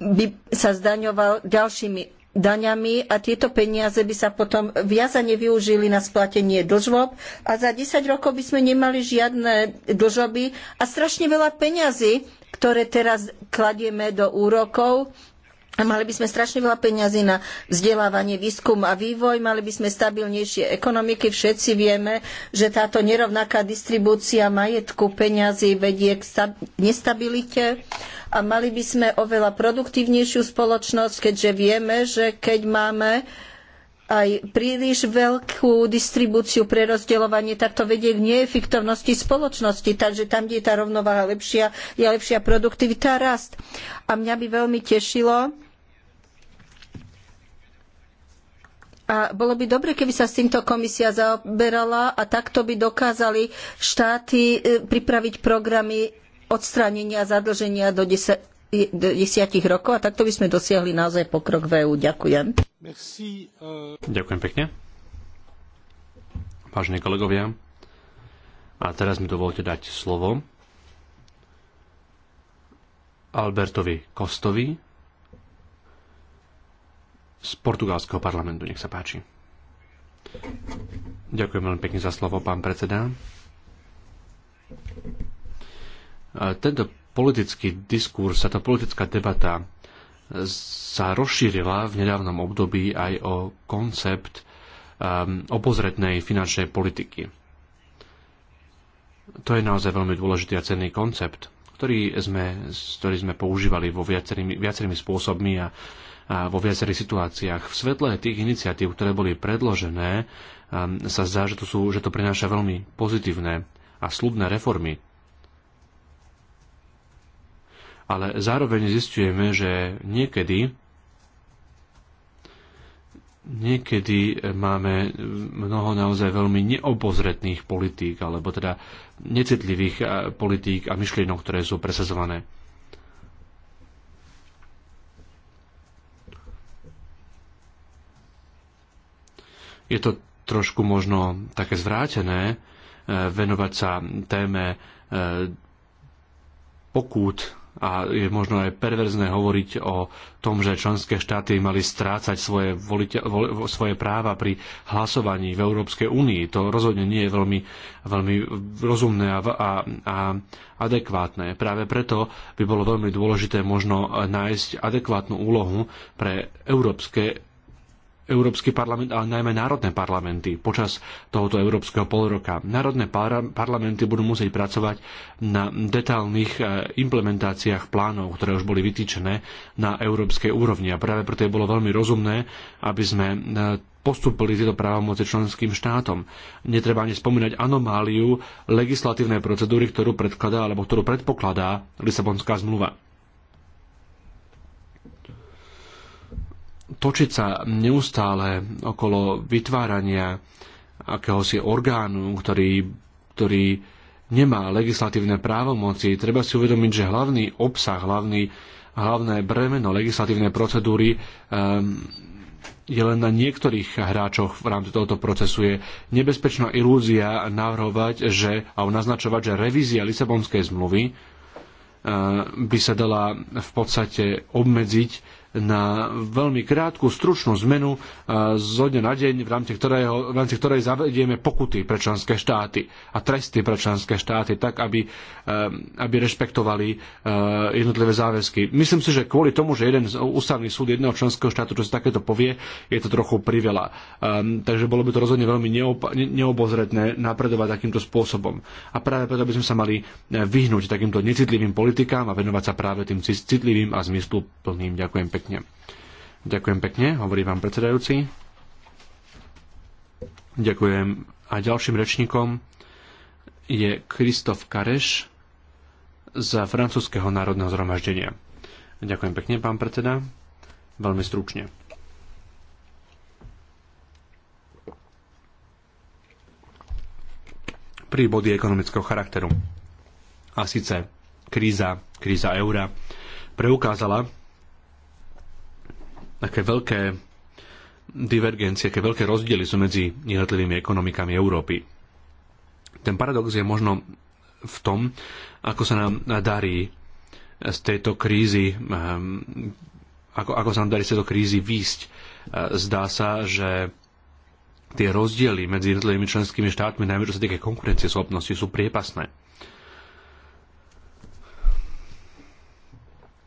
by sa zdaňoval ďalšími daňami a tieto peniaze by sa potom viazane využili na splatenie dlžob a za 10 rokov by sme nemali žiadne dlžoby a strašne veľa peňazí, ktoré teraz kladieme do úrokov, Mali by sme strašne veľa peňazí na vzdelávanie, výskum a vývoj, mali by sme stabilnejšie ekonomiky. Všetci vieme, že táto nerovnaká distribúcia majetku peňazí vedie k nestabilite a mali by sme oveľa produktívnejšiu spoločnosť, keďže vieme, že keď máme aj príliš veľkú distribúciu pre rozdeľovanie, tak to vedie k neefektovnosti spoločnosti. Takže tam, kde je tá rovnováha lepšia, je lepšia produktivita a rast. A mňa by veľmi tešilo, A bolo by dobre, keby sa s týmto komisia zaoberala a takto by dokázali štáty e, pripraviť programy odstránenia zadlženia do 10, rokov a takto by sme dosiahli naozaj pokrok v EÚ. Ďakujem. Merci, uh... Ďakujem pekne. Vážení kolegovia, a teraz mi dovolte dať slovo Albertovi Kostovi, z portugalského parlamentu. Nech sa páči. Ďakujem veľmi pekne za slovo, pán predseda. Tento politický diskurs, táto politická debata sa rozšírila v nedávnom období aj o koncept um, obozretnej finančnej politiky. To je naozaj veľmi dôležitý a cenný koncept, ktorý sme, ktorý sme používali vo viacerými, viacerými spôsobmi a vo viacerých situáciách. V svetle tých iniciatív, ktoré boli predložené, um, sa zdá, že to, sú, že to prináša veľmi pozitívne a slubné reformy. Ale zároveň zistujeme, že niekedy niekedy máme mnoho naozaj veľmi neobozretných politík, alebo teda necitlivých eh, politík a myšlienok, ktoré sú presazované. je to trošku možno také zvrátené e, venovať sa téme e, pokút a je možno aj perverzné hovoriť o tom, že členské štáty mali strácať svoje, volite, vo, svoje práva pri hlasovaní v Európskej únii. To rozhodne nie je veľmi, veľmi rozumné a, a, a adekvátne. Práve preto by bolo veľmi dôležité možno nájsť adekvátnu úlohu pre európske Európsky parlament, ale najmä národné parlamenty počas tohoto európskeho polroka. Národné parlamenty budú musieť pracovať na detálnych e, implementáciách plánov, ktoré už boli vytýčené na európskej úrovni. A práve preto je bolo veľmi rozumné, aby sme e, postupili tieto právomoci členským štátom. Netreba ani spomínať anomáliu legislatívnej procedúry, ktorú predkladá alebo ktorú predpokladá Lisabonská zmluva. točiť sa neustále okolo vytvárania akéhosi orgánu, ktorý, ktorý nemá legislatívne právomoci. Treba si uvedomiť, že hlavný obsah, hlavný, hlavné bremeno legislatívnej procedúry um, je len na niektorých hráčoch v rámci tohoto procesu. Je nebezpečná ilúzia navrhovať, že, alebo naznačovať, že revízia Lisabonskej zmluvy ehm, by sa dala v podstate obmedziť na veľmi krátku, stručnú zmenu e, zo dňa na deň, v rámci, ktorého, v rámci ktorej zavedieme pokuty pre členské štáty a tresty pre členské štáty, tak aby, e, aby rešpektovali e, jednotlivé záväzky. Myslím si, že kvôli tomu, že jeden ústavný súd jedného členského štátu, čo si takéto povie, je to trochu priveľa. Takže bolo by to rozhodne veľmi neobozretné napredovať takýmto spôsobom. A práve preto by sme sa mali vyhnúť takýmto necitlivým politikám a venovať sa práve tým citlivým a zmysluplným. Ďakujem pekne pekne. Ďakujem pekne, hovorí vám predsedajúci. Ďakujem. A ďalším rečníkom je Kristof Kareš z francúzského národného zhromaždenia. Ďakujem pekne, pán predseda. Veľmi stručne. Pri body ekonomického charakteru. A síce kríza, kríza eura, preukázala, aké veľké divergencie, aké veľké rozdiely sú medzi jednotlivými ekonomikami Európy. Ten paradox je možno v tom, ako sa nám darí z tejto krízy ehm, ako, ako sa nám darí z tejto krízy výjsť. Ehm, zdá sa, že tie rozdiely medzi jednotlivými členskými štátmi, najmä čo sa týka konkurencieschopnosti, sú priepasné.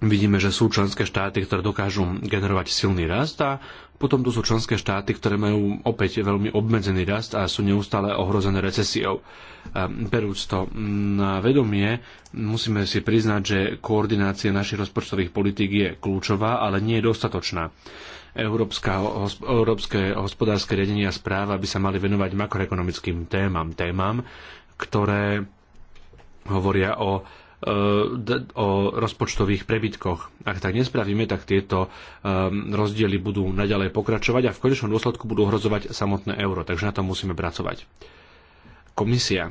vidíme, že sú členské štáty, ktoré dokážu generovať silný rast a potom tu sú členské štáty, ktoré majú opäť veľmi obmedzený rast a sú neustále ohrozené recesiou. Berúc to na vedomie, musíme si priznať, že koordinácia našich rozpočtových politík je kľúčová, ale nie je dostatočná. Európska, európske hospodárske riadenie a správa by sa mali venovať makroekonomickým témam, témam, ktoré hovoria o Eh, o rozpočtových prebytkoch. Ak tak nespravíme, tak tieto eh, rozdiely budú naďalej pokračovať a v konečnom dôsledku budú hrozovať samotné euro, takže na tom musíme pracovať. Komisia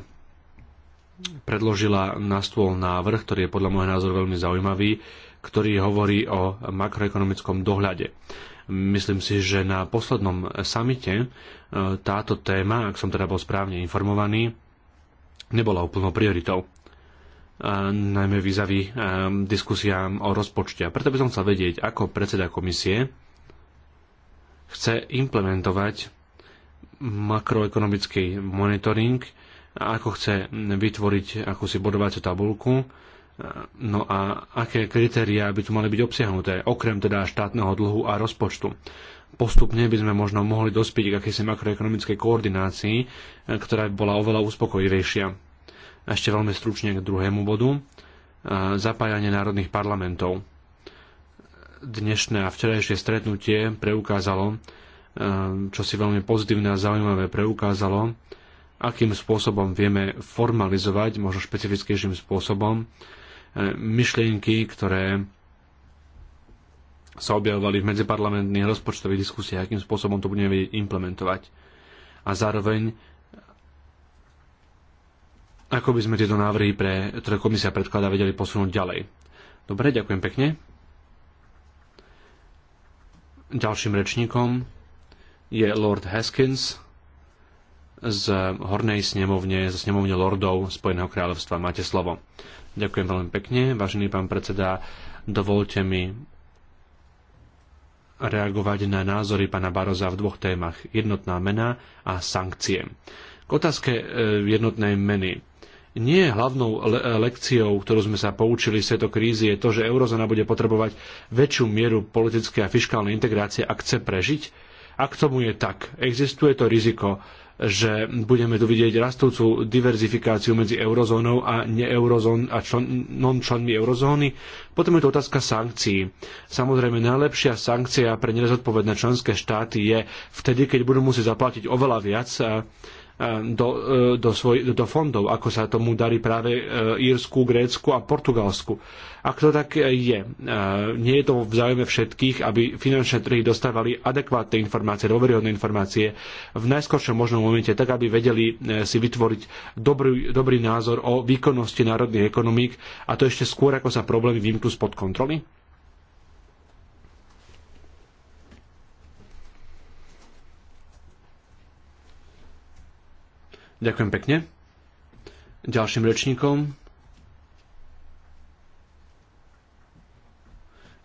predložila na stôl návrh, ktorý je podľa môjho názoru veľmi zaujímavý, ktorý hovorí o makroekonomickom dohľade. Myslím si, že na poslednom samite eh, táto téma, ak som teda bol správne informovaný, nebola úplnou prioritou najmä vizavi diskusiám o rozpočte. A preto by som chcel vedieť, ako predseda komisie chce implementovať makroekonomický monitoring, ako chce vytvoriť akúsi bodovaciu tabulku, no a aké kritériá by tu mali byť obsiahnuté, okrem teda štátneho dlhu a rozpočtu. Postupne by sme možno mohli dospieť k akejsi makroekonomickej koordinácii, ktorá by bola oveľa uspokojivejšia. Ešte veľmi stručne k druhému bodu. E, zapájanie národných parlamentov. Dnešné a včerajšie stretnutie preukázalo, e, čo si veľmi pozitívne a zaujímavé preukázalo, akým spôsobom vieme formalizovať, možno špecifickejším spôsobom, e, myšlienky, ktoré sa objavovali v medziparlamentných rozpočtových diskusiách, akým spôsobom to budeme vedieť implementovať. A zároveň ako by sme tieto návrhy, pre, ktoré komisia predkladá, vedeli posunúť ďalej. Dobre, ďakujem pekne. Ďalším rečníkom je Lord Haskins z Hornej snemovne, z snemovne Lordov Spojeného kráľovstva. Máte slovo. Ďakujem veľmi pekne. Vážený pán predseda, dovolte mi reagovať na názory pána Baroza v dvoch témach. Jednotná mena a sankcie. K otázke e, jednotnej meny. Nie hlavnou le- lekciou, ktorú sme sa poučili z tejto krízy, je to, že eurozóna bude potrebovať väčšiu mieru politickej a fiskálnej integrácie, ak chce prežiť. Ak tomu je tak, existuje to riziko, že budeme tu vidieť rastúcu diverzifikáciu medzi eurozónou a, neeurozón, a člen, non-členmi eurozóny. Potom je to otázka sankcií. Samozrejme, najlepšia sankcia pre nezodpovedné členské štáty je vtedy, keď budú musieť zaplatiť oveľa viac Eh, do, eh, do, svoj, do fondov, ako sa tomu darí práve eh, Írsku, Grécku a Portugalsku. Ak to tak je, nie je to v záujme všetkých, aby finančné trhy dostávali adekvátne informácie, dôveryhodné informácie v najskoršom možnom momente, tak aby vedeli si vytvoriť dobrý, dobrý názor o výkonnosti národných ekonomík a to ešte skôr, ako sa problémy vymknú spod kontroly? Ďakujem pekne. Ďalším rečníkom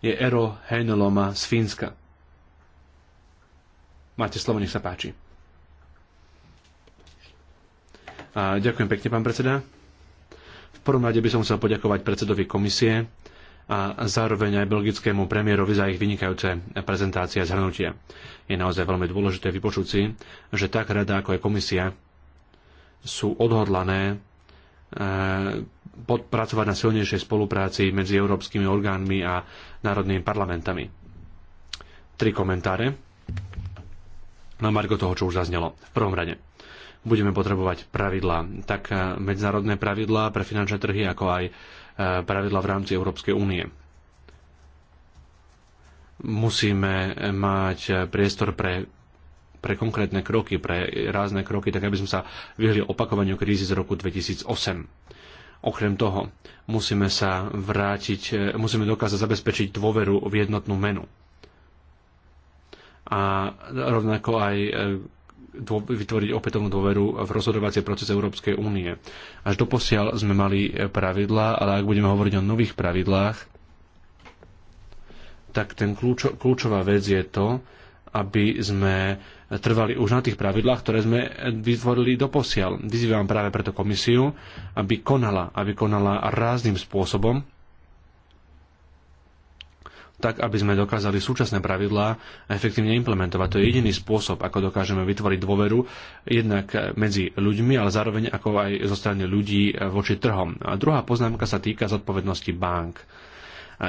je Ero Heinoloma z Fínska. Máte slovo, nech sa páči. A ďakujem pekne, pán predseda. V prvom rade by som chcel poďakovať predsedovi komisie a zároveň aj belgickému premiérovi za ich vynikajúce prezentácie a zhrnutie. Je naozaj veľmi dôležité vypočuť si, že tak rada ako aj komisia sú odhodlané e, pracovať na silnejšej spolupráci medzi európskymi orgánmi a národnými parlamentami. Tri komentáre na margo toho, čo už zaznelo. V prvom rade budeme potrebovať pravidlá, tak e, medzinárodné pravidlá pre finančné trhy, ako aj e, pravidlá v rámci Európskej únie. Musíme mať priestor pre pre konkrétne kroky, pre rázne kroky, tak aby sme sa vyhli opakovaniu krízy z roku 2008. Okrem toho, musíme sa vrátiť, musíme dokázať zabezpečiť dôveru v jednotnú menu. A rovnako aj e, vytvoriť opätovnú dôveru v rozhodovacie proces Európskej únie. Až doposiaľ sme mali pravidlá, ale ak budeme hovoriť o nových pravidlách, tak ten kľúčo, kľúčová vec je to, aby sme trvali už na tých pravidlách, ktoré sme vytvorili doposiaľ. Vyzývam práve preto komisiu, aby konala, aby konala rázným spôsobom, tak, aby sme dokázali súčasné pravidlá efektívne implementovať. To je jediný spôsob, ako dokážeme vytvoriť dôveru jednak medzi ľuďmi, ale zároveň ako aj zo strany ľudí voči trhom. A druhá poznámka sa týka zodpovednosti bank.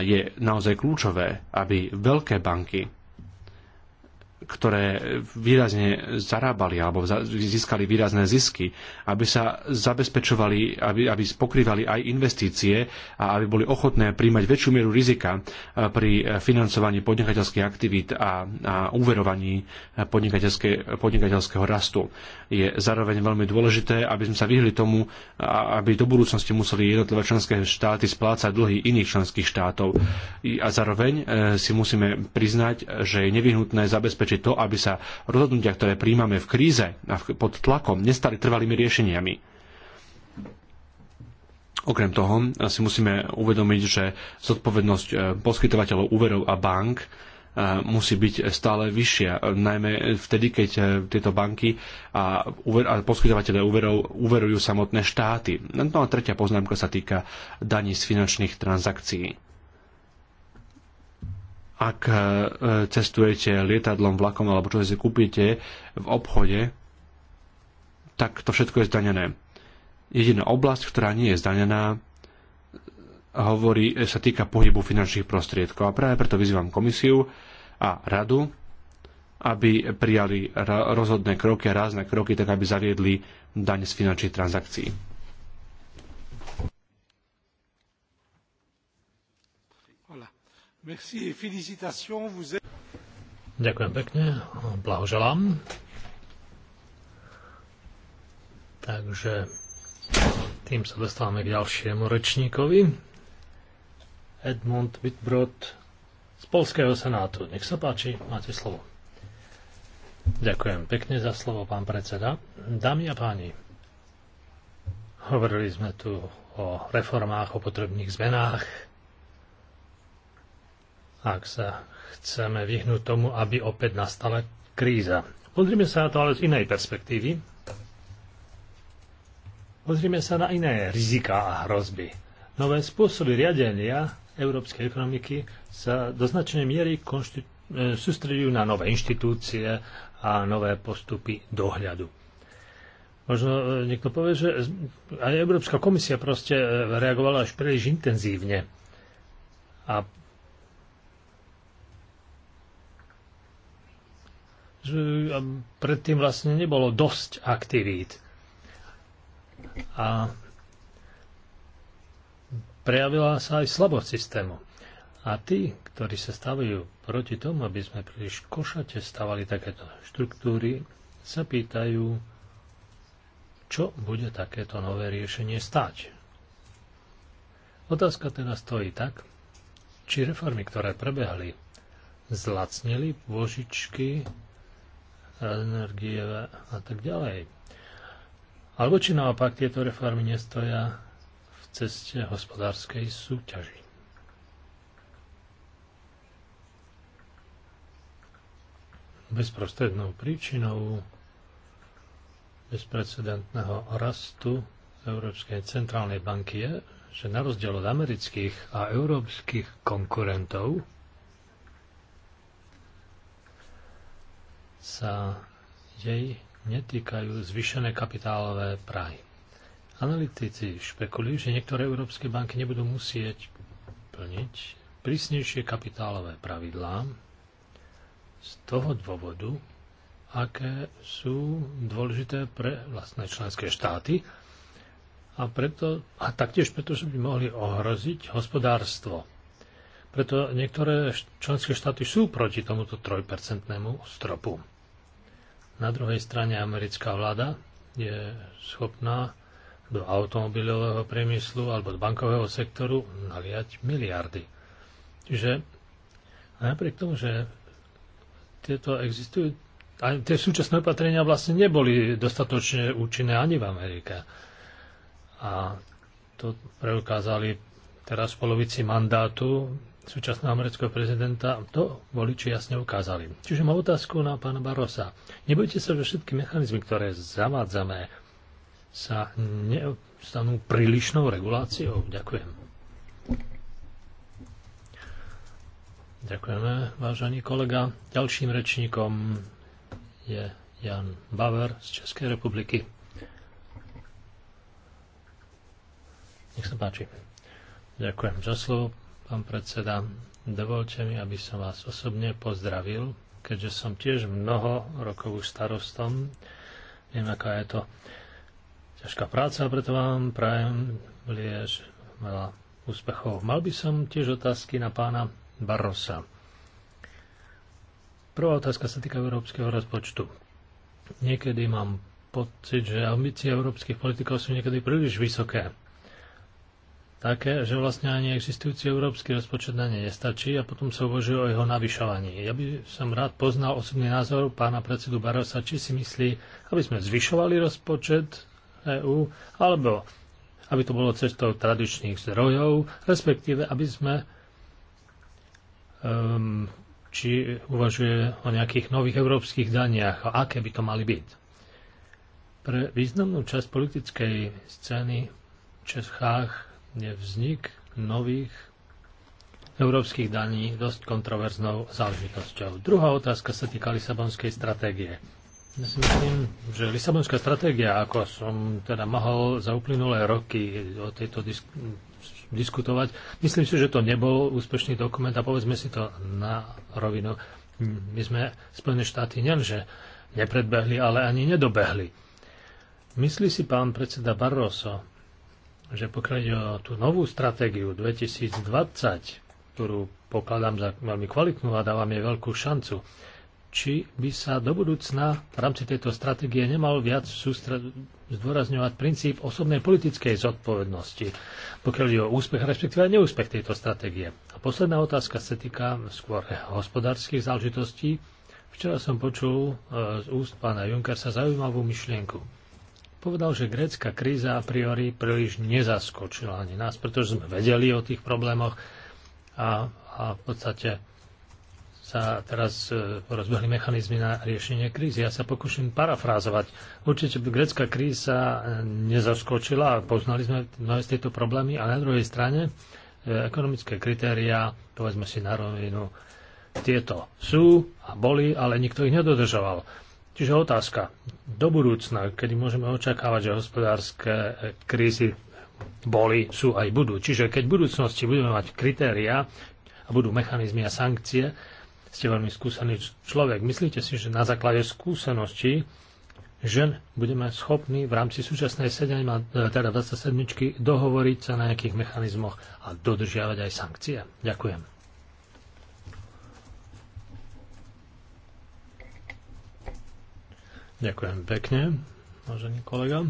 Je naozaj kľúčové, aby veľké banky ktoré výrazne zarábali alebo získali výrazné zisky, aby sa zabezpečovali, aby, aby pokrývali aj investície a aby boli ochotné príjmať väčšiu mieru rizika eh, pri financovaní podnikateľských aktivít a, a uverovaní eh, podnikateľské, podnikateľského rastu. Je zároveň veľmi dôležité, aby sme sa vyhli tomu, aby do budúcnosti museli jednotlivé členské štáty splácať dlhy iných členských štátov. A zároveň eh, si musíme priznať, že je nevyhnutné zabezpečiť dôležité to, aby sa rozhodnutia, ktoré príjmame v kríze a pod tlakom, nestali trvalými riešeniami. Okrem toho eh, si musíme uvedomiť, že zodpovednosť eh, poskytovateľov úverov a bank eh, musí byť stále vyššia, najmä vtedy, keď tieto banky a, úver, a poskytovateľe úverov úverujú samotné štáty. No a tretia poznámka sa týka daní z finančných transakcií ak e, cestujete lietadlom, vlakom alebo čo si kúpite v obchode, tak to všetko je zdanené. Jediná oblasť, ktorá nie je zdanená, hovorí, sa týka pohybu finančných prostriedkov. A práve preto vyzývam komisiu a radu, aby prijali rozhodné kroky a rázne kroky, tak aby zaviedli daň z finančných transakcií. Merci et félicitations. Vous êtes... Ďakujem pekne, blahoželám. Takže tým sa dostávame k ďalšiemu rečníkovi. Edmund Wittbrod z Polského senátu. Nech sa páči, máte slovo. Ďakujem pekne za slovo, pán predseda. Dámy a páni, hovorili sme tu o reformách, o potrebných zmenách, ak sa chceme vyhnúť tomu, aby opäť nastala kríza. Pozrime sa na to ale z inej perspektívy. Pozrime sa na iné rizika a hrozby. Nové spôsoby riadenia európskej ekonomiky sa do značnej miery konštit... E, sústredujú na nové inštitúcie a nové postupy dohľadu. Možno e, niekto povie, že aj Európska komisia proste e, reagovala až príliš intenzívne. A predtým vlastne nebolo dosť aktivít. A prejavila sa aj slabosť systému. A tí, ktorí sa stavujú proti tomu, aby sme príliš košate stavali takéto štruktúry, sa pýtajú, čo bude takéto nové riešenie stať. Otázka teda stojí tak, či reformy, ktoré prebehli, zlacnili pôžičky energie a tak ďalej. Alebo či naopak tieto reformy nestoja v ceste hospodárskej súťaži. Bezprostrednou príčinou bezprecedentného rastu Európskej centrálnej banky je, že na rozdiel od amerických a európskych konkurentov sa jej netýkajú zvyšené kapitálové prahy. Analytici špekulujú, že niektoré európske banky nebudú musieť plniť prísnejšie kapitálové pravidlá z toho dôvodu, aké sú dôležité pre vlastné členské štáty a, preto, a taktiež preto, že by mohli ohroziť hospodárstvo. Preto niektoré členské štáty sú proti tomuto trojpercentnému stropu. Na druhej strane americká vláda je schopná do automobilového priemyslu alebo do bankového sektoru naliať miliardy. Čiže napriek tomu, že tieto existujú, aj tie súčasné opatrenia vlastne neboli dostatočne účinné ani v Amerike. A to preukázali teraz v polovici mandátu súčasného amerického prezidenta, to voliči jasne ukázali. Čiže mám otázku na pána Barosa. Nebojte sa, že všetky mechanizmy, ktoré zavádzame, sa stanú prílišnou reguláciou. Ďakujem. Ďakujeme, vážený kolega. Ďalším rečníkom je Jan Baver z Českej republiky. Nech sa páči. Ďakujem za slovo pán predseda. Dovolte mi, aby som vás osobne pozdravil, keďže som tiež mnoho rokov už starostom. Viem, aká je to ťažká práca, preto vám prajem liež veľa úspechov. Mal by som tiež otázky na pána Barrosa. Prvá otázka sa týka európskeho rozpočtu. Niekedy mám pocit, že ambície európskych politikov sú niekedy príliš vysoké také, že vlastne ani existujúci európsky rozpočet na ne nestačí a potom sa uvažuje o jeho navyšovaní. Ja by som rád poznal osobný názor pána predsedu Barosa, či si myslí, aby sme zvyšovali rozpočet EÚ, alebo aby to bolo cestou tradičných zdrojov, respektíve aby sme um, či uvažuje o nejakých nových európskych daniach a aké by to mali byť. Pre významnú časť politickej scény v Čechách Vznik nových európskych daní dosť kontroverznou záležitosťou. Druhá otázka sa týka Lisabonskej stratégie. Ja si myslím, že Lisabonská stratégia, ako som teda mohol za uplynulé roky o tejto disk- diskutovať, myslím si, že to nebol úspešný dokument a povedzme si to na rovinu. My sme Spojené štáty nielenže nepredbehli, ale ani nedobehli. Myslí si pán predseda Barroso, že pokiaľ ide o tú novú stratégiu 2020, ktorú pokladám za veľmi kvalitnú a dávam jej veľkú šancu, či by sa do budúcna v rámci tejto stratégie nemal viac sústre... zdôrazňovať princíp osobnej politickej zodpovednosti, pokiaľ ide o úspech, respektíve aj neúspech tejto stratégie. A posledná otázka sa týka skôr hospodárskych záležitostí. Včera som počul eh, z úst pána Junkersa zaujímavú myšlienku povedal, že grécka kríza a priori príliš nezaskočila ani nás, pretože sme vedeli o tých problémoch a, a v podstate sa teraz e, rozbehli mechanizmy na riešenie krízy. Ja sa pokúšam parafrázovať. Určite grecká kríza e, nezaskočila, a poznali sme mnohé z tieto problémy, ale na druhej strane e, ekonomické kritéria, povedzme si na rovinu, tieto sú a boli, ale nikto ich nedodržoval. Čiže otázka. Do budúcna, kedy môžeme očakávať, že hospodárske krízy boli, sú aj budú. Čiže keď v budúcnosti budeme mať kritéria a budú mechanizmy a sankcie, ste veľmi skúsený človek. Myslíte si, že na základe skúseností žen budeme schopní v rámci súčasnej 7, teda 27 dohovoriť sa na nejakých mechanizmoch a dodržiavať aj sankcie? Ďakujem. Ďakujem pekne, vážený kolega.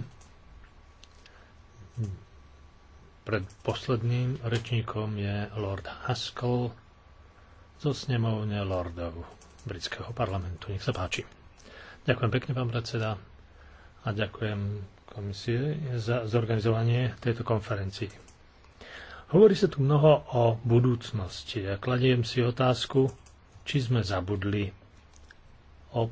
Pred posledným rečníkom je Lord Haskell zo snemovne Lordov britského parlamentu. Nech sa páči. Ďakujem pekne, pán predseda, a ďakujem komisie za zorganizovanie tejto konferencii. Hovorí sa tu mnoho o budúcnosti a ja kladiem si otázku, či sme zabudli o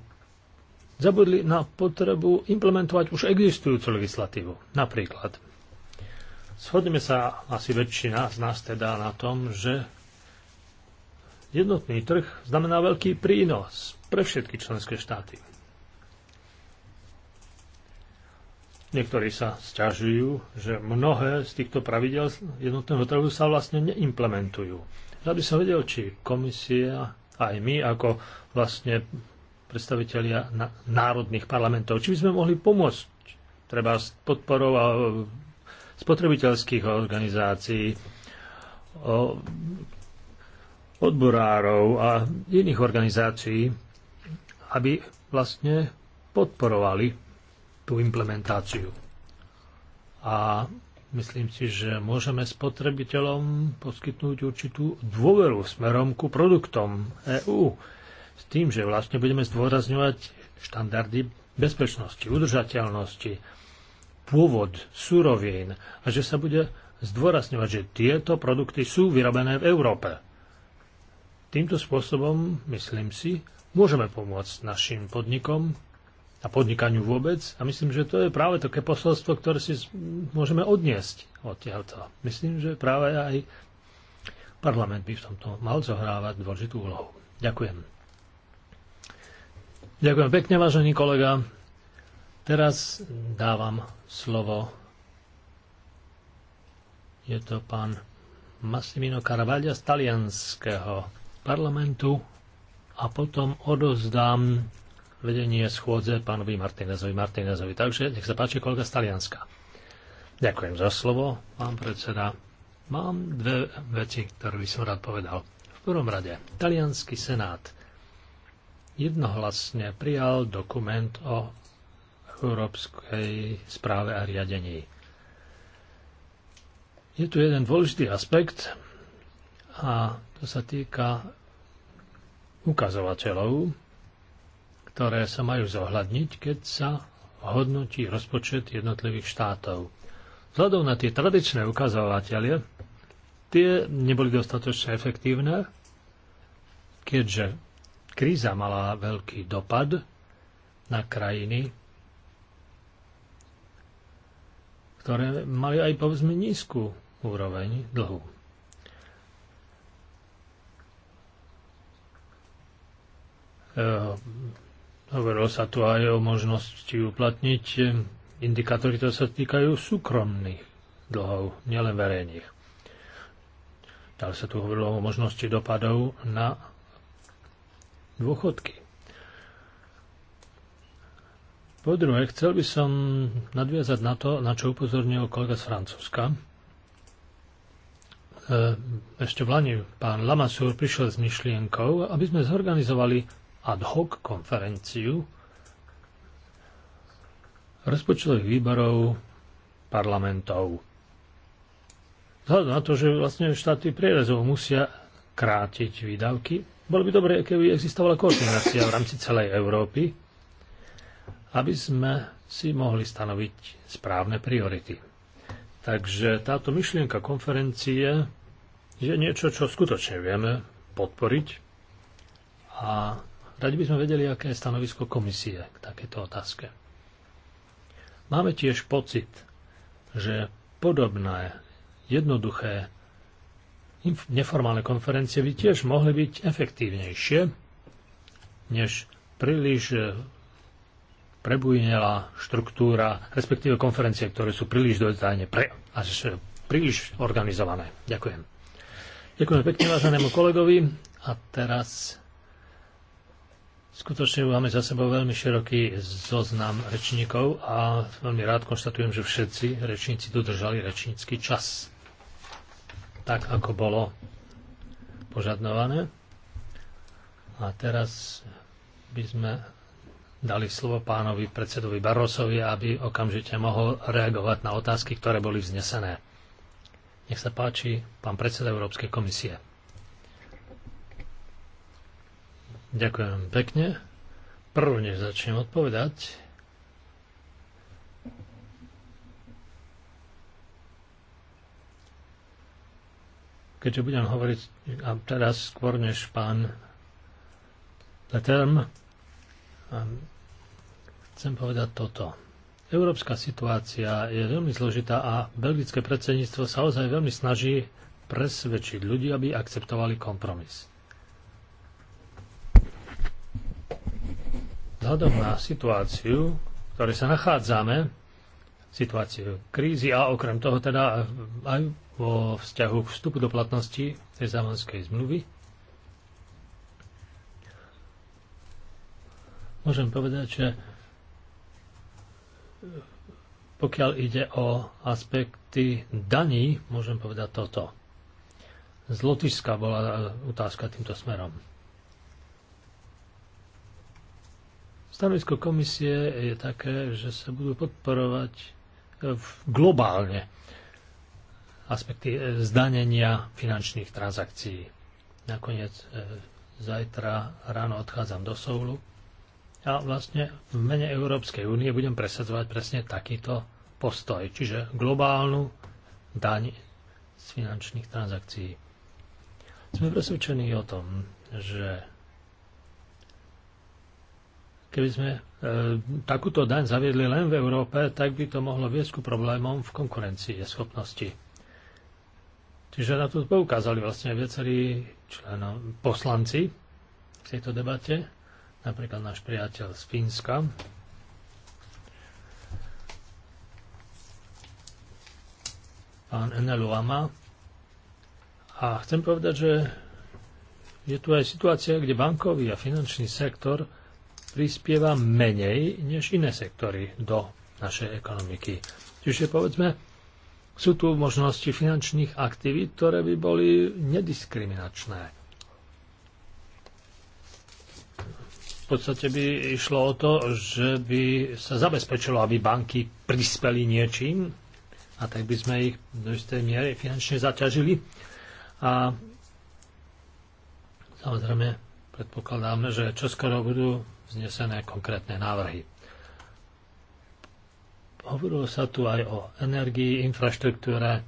zabudli na potrebu implementovať už existujúcu legislatívu. Napríklad, shodneme sa asi väčšina z nás teda na tom, že jednotný trh znamená veľký prínos pre všetky členské štáty. Niektorí sa sťažujú, že mnohé z týchto pravidel jednotného trhu sa vlastne neimplementujú. Aby sa som vedel, či komisia, aj my ako vlastne predstavitelia národných parlamentov. Či by sme mohli pomôcť treba s podporou spotrebiteľských organizácií, odborárov a iných organizácií, aby vlastne podporovali tú implementáciu. A myslím si, že môžeme spotrebiteľom poskytnúť určitú dôveru smerom ku produktom EÚ s tým, že vlastne budeme zdôrazňovať štandardy bezpečnosti, udržateľnosti, pôvod surovín a že sa bude zdôrazňovať, že tieto produkty sú vyrobené v Európe. Týmto spôsobom, myslím si, môžeme pomôcť našim podnikom a podnikaniu vôbec a myslím, že to je práve také posolstvo, ktoré si môžeme odniesť od tiaľto. Myslím, že práve aj parlament by v tomto mal zohrávať dôležitú úlohu. Ďakujem. Ďakujem pekne, vážený kolega. Teraz dávam slovo. Je to pán Massimino Caravaggio z talianského parlamentu a potom odozdám vedenie schôdze pánovi Martinezovi Martinezovi. Takže nech sa páči kolega z Talianska. Ďakujem za slovo, pán predseda. Mám dve veci, ktoré by som rád povedal. V prvom rade, talianský senát jednohlasne prijal dokument o európskej správe a riadení. Je tu jeden dôležitý aspekt a to sa týka ukazovateľov, ktoré sa majú zohľadniť, keď sa hodnotí rozpočet jednotlivých štátov. Vzhľadom na tie tradičné ukazovatele, tie neboli dostatočne efektívne, keďže Kríza mala veľký dopad na krajiny, ktoré mali aj povedzme nízku úroveň dlhu. E, hovorilo sa tu aj o možnosti uplatniť indikátory, ktoré sa týkajú súkromných dlhov, nielen verejných. Ďalej sa tu hovorilo o možnosti dopadov na dôchodky. Po druhé, chcel by som nadviazať na to, na čo upozornil kolega z Francúzska. E, ešte v Lani pán Lamassur prišiel s myšlienkou, aby sme zorganizovali ad hoc konferenciu rozpočtových výborov parlamentov. Vzhľadom na to, že vlastne štáty prierezov musia krátiť výdavky, bolo by dobre, keby existovala koordinácia v rámci celej Európy, aby sme si mohli stanoviť správne priority. Takže táto myšlienka konferencie je niečo, čo skutočne vieme podporiť a radi by sme vedeli, aké je stanovisko komisie k takéto otázke. Máme tiež pocit, že podobné jednoduché neformálne konferencie by tiež mohli byť efektívnejšie, než príliš e, prebujnela štruktúra, respektíve konferencie, ktoré sú príliš detailne pre, až e, príliš organizované. Ďakujem. Ďakujem pekne váženému kolegovi a teraz skutočne máme za sebou veľmi široký zoznam rečníkov a veľmi rád konštatujem, že všetci rečníci dodržali rečnícky čas tak, ako bolo požadované. A teraz by sme dali slovo pánovi predsedovi Barrosovi, aby okamžite mohol reagovať na otázky, ktoré boli vznesené. Nech sa páči, pán predseda Európskej komisie. Ďakujem pekne. Prvne začnem odpovedať, keďže budem hovoriť a teraz skôr než pán Leterm, chcem povedať toto. Európska situácia je veľmi zložitá a belgické predsedníctvo sa ozaj veľmi snaží presvedčiť ľudí, aby akceptovali kompromis. Vzhľadom na situáciu, v ktorej sa nachádzame, situáciu krízy a okrem toho teda aj vo vzťahu k vstupu do platnosti tej závanskej zmluvy. Môžem povedať, že pokiaľ ide o aspekty daní, môžem povedať toto. Z Lotyšska bola otázka týmto smerom. Stanovisko komisie je také, že sa budú podporovať eh, globálne aspekty e, zdanenia finančných transakcií. Nakoniec e, zajtra ráno odchádzam do Soulu a vlastne v mene Európskej únie budem presadzovať presne takýto postoj, čiže globálnu daň z finančných transakcií. Sme presvedčení o tom, že keby sme e, takúto daň zaviedli len v Európe, tak by to mohlo viesť ku problémom v konkurencii schopnosti. Čiže na to poukázali vlastne viacerí členom, poslanci v tejto debate, napríklad náš priateľ z Fínska. pán Lama. A chcem povedať, že je tu aj situácia, kde bankový a finančný sektor prispieva menej než iné sektory do našej ekonomiky. Čiže povedzme, sú tu možnosti finančných aktivít, ktoré by boli nediskriminačné. V podstate by išlo o to, že by sa zabezpečilo, aby banky prispeli niečím a tak by sme ich do istej miery finančne zaťažili. A samozrejme predpokladáme, že čoskoro budú vznesené konkrétne návrhy. Hovorilo sa tu aj o energii, infraštruktúre.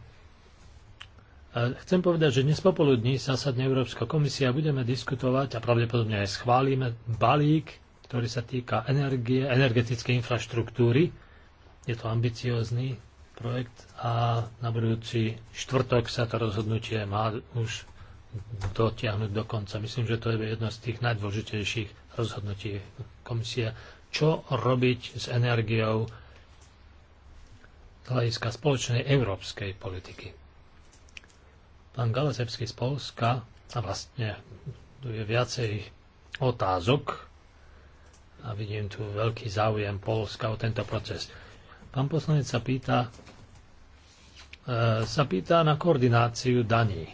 Chcem povedať, že dnes popoludní sa sadne Európska komisia a budeme diskutovať a pravdepodobne aj schválime balík, ktorý sa týka energie, energetickej infraštruktúry. Je to ambiciózny projekt a na budúci štvrtok sa to rozhodnutie má už dotiahnuť do konca. Myslím, že to je jedno z tých najdôležitejších rozhodnutí komisie, čo robiť s energiou z hľadiska spoločnej európskej politiky. Pán Galasevský z Polska, a vlastne tu je viacej otázok a vidím tu veľký záujem Polska o tento proces. Pán poslanec sa pýta, e, sa pýta na koordináciu daní.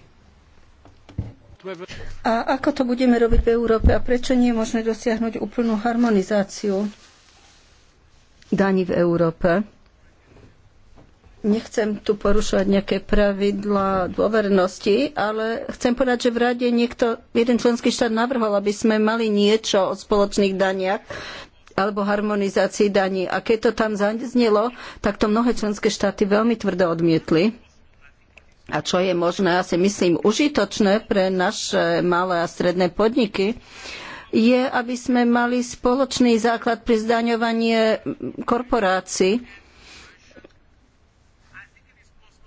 A ako to budeme robiť v Európe a prečo nie je možné dosiahnuť úplnú harmonizáciu daní v Európe? Nechcem tu porušovať nejaké pravidla dôvernosti, ale chcem povedať, že v rade niekto, jeden členský štát navrhol, aby sme mali niečo o spoločných daniach alebo harmonizácii daní. A keď to tam zaznelo, tak to mnohé členské štáty veľmi tvrdo odmietli. A čo je možné, asi myslím, užitočné pre naše malé a stredné podniky, je, aby sme mali spoločný základ pri zdaňovanie korporácií,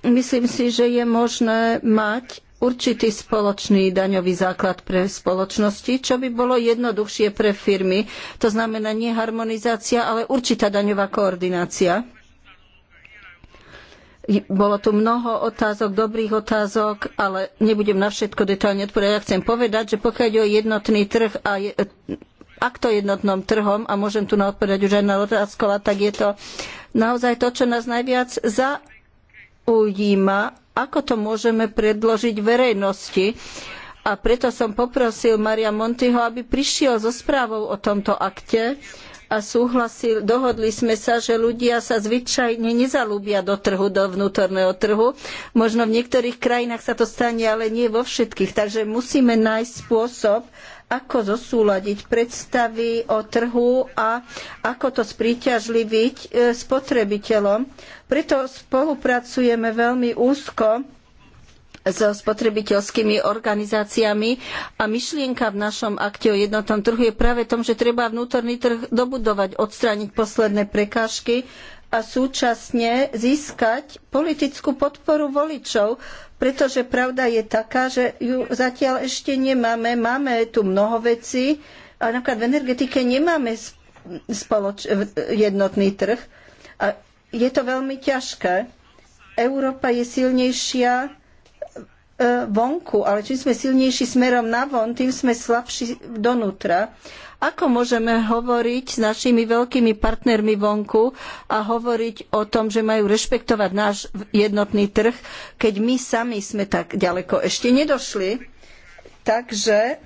Myslím si, že je možné mať určitý spoločný daňový základ pre spoločnosti, čo by bolo jednoduchšie pre firmy. To znamená nie harmonizácia, ale určitá daňová koordinácia. Bolo tu mnoho otázok, dobrých otázok, ale nebudem na všetko detailne odpovedať. Ja chcem povedať, že pokiaľ je o jednotný trh a je, akto jednotnom trhom, a môžem tu odpovedať už aj na otázku, tak je to naozaj to, čo nás najviac za ujíma, ako to môžeme predložiť verejnosti. A preto som poprosil Maria Montiho, aby prišiel so správou o tomto akte a súhlasil, dohodli sme sa, že ľudia sa zvyčajne nezalúbia do trhu, do vnútorného trhu. Možno v niektorých krajinách sa to stane, ale nie vo všetkých. Takže musíme nájsť spôsob, ako zosúľadiť predstavy o trhu a ako to spríťažliviť e, spotrebiteľom. Preto spolupracujeme veľmi úzko so spotrebiteľskými organizáciami a myšlienka v našom akte o jednotnom trhu je práve tom, že treba vnútorný trh dobudovať, odstrániť posledné prekážky a súčasne získať politickú podporu voličov, pretože pravda je taká, že ju zatiaľ ešte nemáme. Máme tu mnoho vecí, ale napríklad v energetike nemáme spoloč- jednotný trh. A je to veľmi ťažké. Európa je silnejšia e, vonku, ale čím sme silnejší smerom navon, tým sme slabší donútra. Ako môžeme hovoriť s našimi veľkými partnermi vonku a hovoriť o tom, že majú rešpektovať náš jednotný trh, keď my sami sme tak ďaleko ešte nedošli? Takže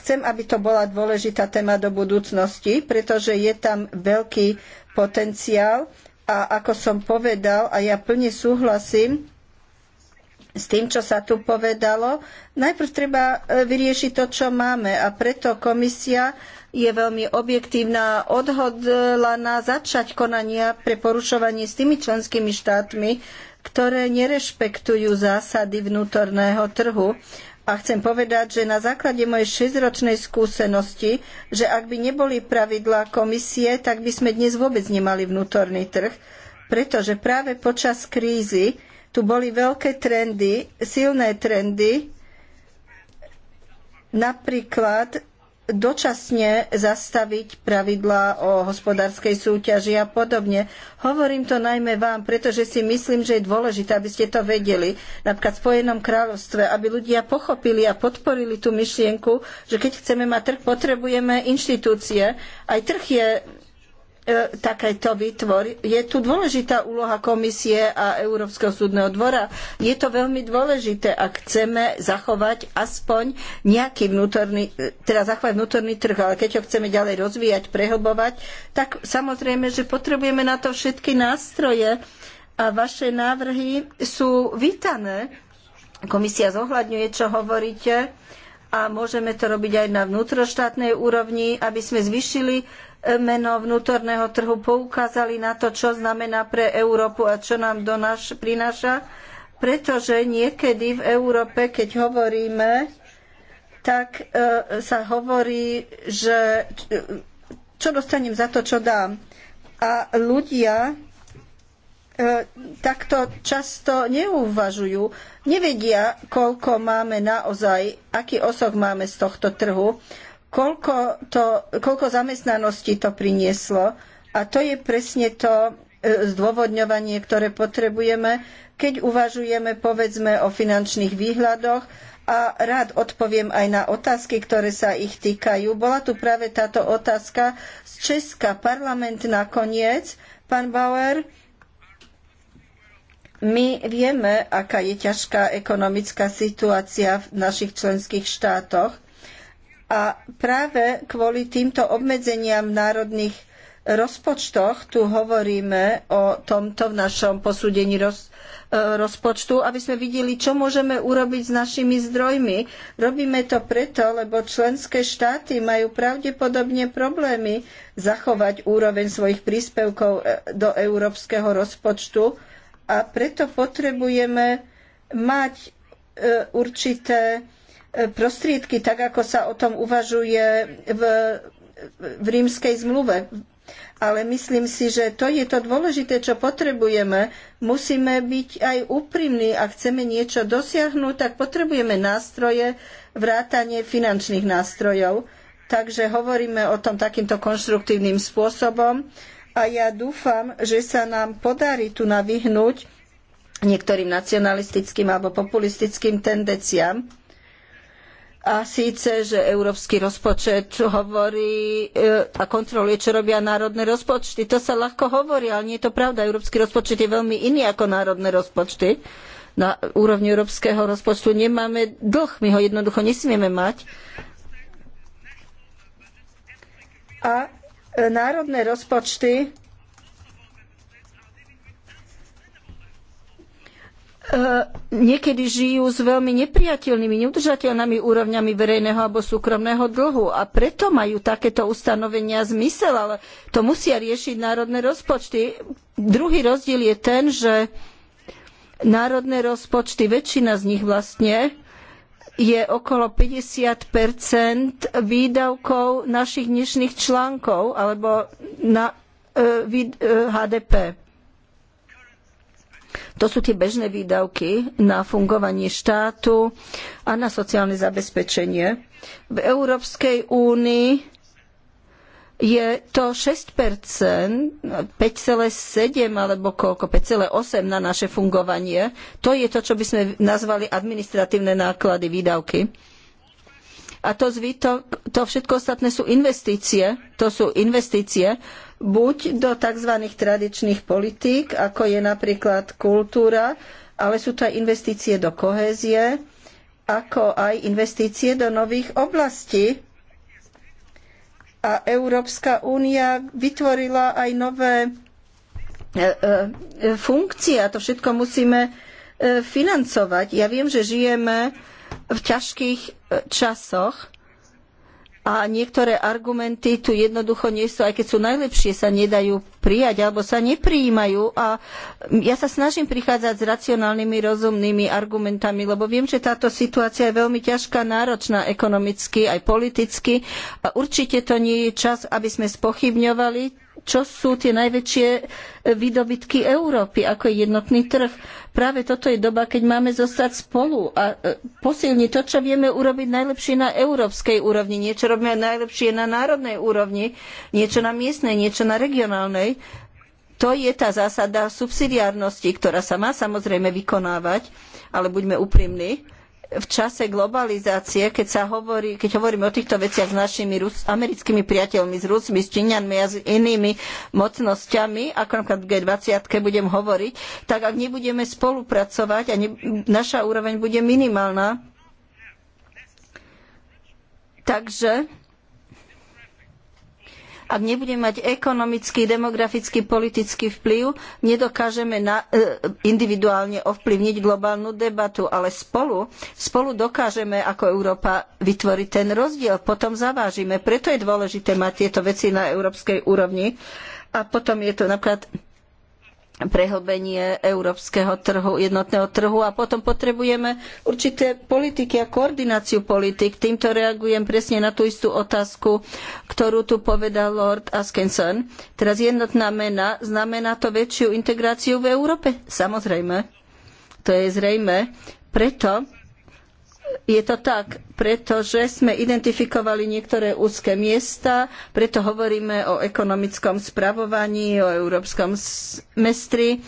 chcem, aby to bola dôležitá téma do budúcnosti, pretože je tam veľký potenciál a ako som povedal, a ja plne súhlasím, s tým, čo sa tu povedalo. Najprv treba e, vyriešiť to, čo máme a preto komisia je veľmi objektívna a odhodlaná začať konania pre porušovanie s tými členskými štátmi, ktoré nerešpektujú zásady vnútorného trhu. A chcem povedať, že na základe mojej šesťročnej skúsenosti, že ak by neboli pravidlá komisie, tak by sme dnes vôbec nemali vnútorný trh, pretože práve počas krízy tu boli veľké trendy, silné trendy, napríklad dočasne zastaviť pravidlá o hospodárskej súťaži a podobne. Hovorím to najmä vám, pretože si myslím, že je dôležité, aby ste to vedeli. Napríklad v Spojenom kráľovstve, aby ľudia pochopili a podporili tú myšlienku, že keď chceme mať trh, potrebujeme inštitúcie. Aj trh je E, takéto vytvor. Je tu dôležitá úloha komisie a Európskeho súdneho dvora. Je to veľmi dôležité, ak chceme zachovať aspoň nejaký vnútorný, e, teda zachovať vnútorný trh, ale keď ho chceme ďalej rozvíjať, prehlbovať, tak samozrejme, že potrebujeme na to všetky nástroje a vaše návrhy sú vítané. Komisia zohľadňuje, čo hovoríte a môžeme to robiť aj na vnútroštátnej úrovni, aby sme zvyšili e, meno vnútorného trhu, poukázali na to, čo znamená pre Európu a čo nám prináša, pretože niekedy v Európe, keď hovoríme, tak e, sa hovorí, že e, čo dostanem za to, čo dám. A ľudia E, takto často neuvažujú, nevedia, koľko máme naozaj, aký osoch máme z tohto trhu, koľko, to, koľko zamestnanosti to prinieslo. A to je presne to e, zdôvodňovanie, ktoré potrebujeme, keď uvažujeme, povedzme, o finančných výhľadoch a rád odpoviem aj na otázky, ktoré sa ich týkajú. Bola tu práve táto otázka z Česka. Parlament nakoniec, pán Bauer, my vieme, aká je ťažká ekonomická situácia v našich členských štátoch a práve kvôli týmto obmedzeniam v národných rozpočtoch tu hovoríme o tomto v našom posúdení roz, e, rozpočtu, aby sme videli, čo môžeme urobiť s našimi zdrojmi. Robíme to preto, lebo členské štáty majú pravdepodobne problémy zachovať úroveň svojich príspevkov e, do európskeho rozpočtu a preto potrebujeme mať e, určité e, prostriedky, tak ako sa o tom uvažuje v, v rímskej zmluve. Ale myslím si, že to je to dôležité, čo potrebujeme. Musíme byť aj úprimní. Ak chceme niečo dosiahnuť, tak potrebujeme nástroje, vrátanie finančných nástrojov. Takže hovoríme o tom takýmto konštruktívnym spôsobom a ja dúfam, že sa nám podarí tu navyhnúť niektorým nacionalistickým alebo populistickým tendenciám. A síce, že európsky rozpočet hovorí e, a kontroluje, čo robia národné rozpočty. To sa ľahko hovorí, ale nie je to pravda. Európsky rozpočet je veľmi iný ako národné rozpočty. Na úrovni európskeho rozpočtu nemáme dlh, my ho jednoducho nesmieme mať. A národné rozpočty e, niekedy žijú s veľmi neprijateľnými, neudržateľnými úrovňami verejného alebo súkromného dlhu a preto majú takéto ustanovenia zmysel, ale to musia riešiť národné rozpočty. Druhý rozdiel je ten, že národné rozpočty, väčšina z nich vlastne, je okolo 50 výdavkov našich dnešných článkov alebo na e, e, HDP. To sú tie bežné výdavky na fungovanie štátu a na sociálne zabezpečenie. V Európskej únii je to 6%, 5,7 alebo koľko, 5,8 na naše fungovanie. To je to, čo by sme nazvali administratívne náklady, výdavky. A to to všetko ostatné sú investície. To sú investície buď do tzv. tradičných politík, ako je napríklad kultúra, ale sú to aj investície do kohézie, ako aj investície do nových oblastí, a Európska únia vytvorila aj nové e, e, funkcie a to všetko musíme e, financovať. Ja viem, že žijeme v ťažkých časoch, a niektoré argumenty tu jednoducho nie sú, aj keď sú najlepšie, sa nedajú prijať alebo sa neprijímajú a ja sa snažím prichádzať s racionálnymi, rozumnými argumentami, lebo viem, že táto situácia je veľmi ťažká, náročná ekonomicky, aj politicky a určite to nie je čas, aby sme spochybňovali čo sú tie najväčšie e, výdobytky Európy, ako je jednotný trh. Práve toto je doba, keď máme zostať spolu a e, posilniť to, čo vieme urobiť najlepšie na európskej úrovni. Niečo robíme najlepšie na národnej úrovni, niečo na miestnej, niečo na regionálnej. To je tá zásada subsidiárnosti, ktorá sa má samozrejme vykonávať, ale buďme úprimní v čase globalizácie, keď, sa hovorí, keď hovoríme o týchto veciach s našimi Rus, americkými priateľmi, s Rusmi, s Číňanmi a s inými mocnosťami, ako napríklad v G20 budem hovoriť, tak ak nebudeme spolupracovať a ne, naša úroveň bude minimálna, takže ak nebudeme mať ekonomický, demografický, politický vplyv, nedokážeme na, e, individuálne ovplyvniť globálnu debatu, ale spolu, spolu dokážeme ako Európa vytvoriť ten rozdiel, potom zavážime. Preto je dôležité mať tieto veci na európskej úrovni. A potom je to napríklad prehlbenie európskeho trhu, jednotného trhu a potom potrebujeme určité politiky a koordináciu politik. Týmto reagujem presne na tú istú otázku, ktorú tu povedal Lord Askinson. Teraz jednotná mena, znamená to väčšiu integráciu v Európe? Samozrejme. To je zrejme. Preto je to tak, pretože sme identifikovali niektoré úzke miesta, preto hovoríme o ekonomickom spravovaní, o európskom semestri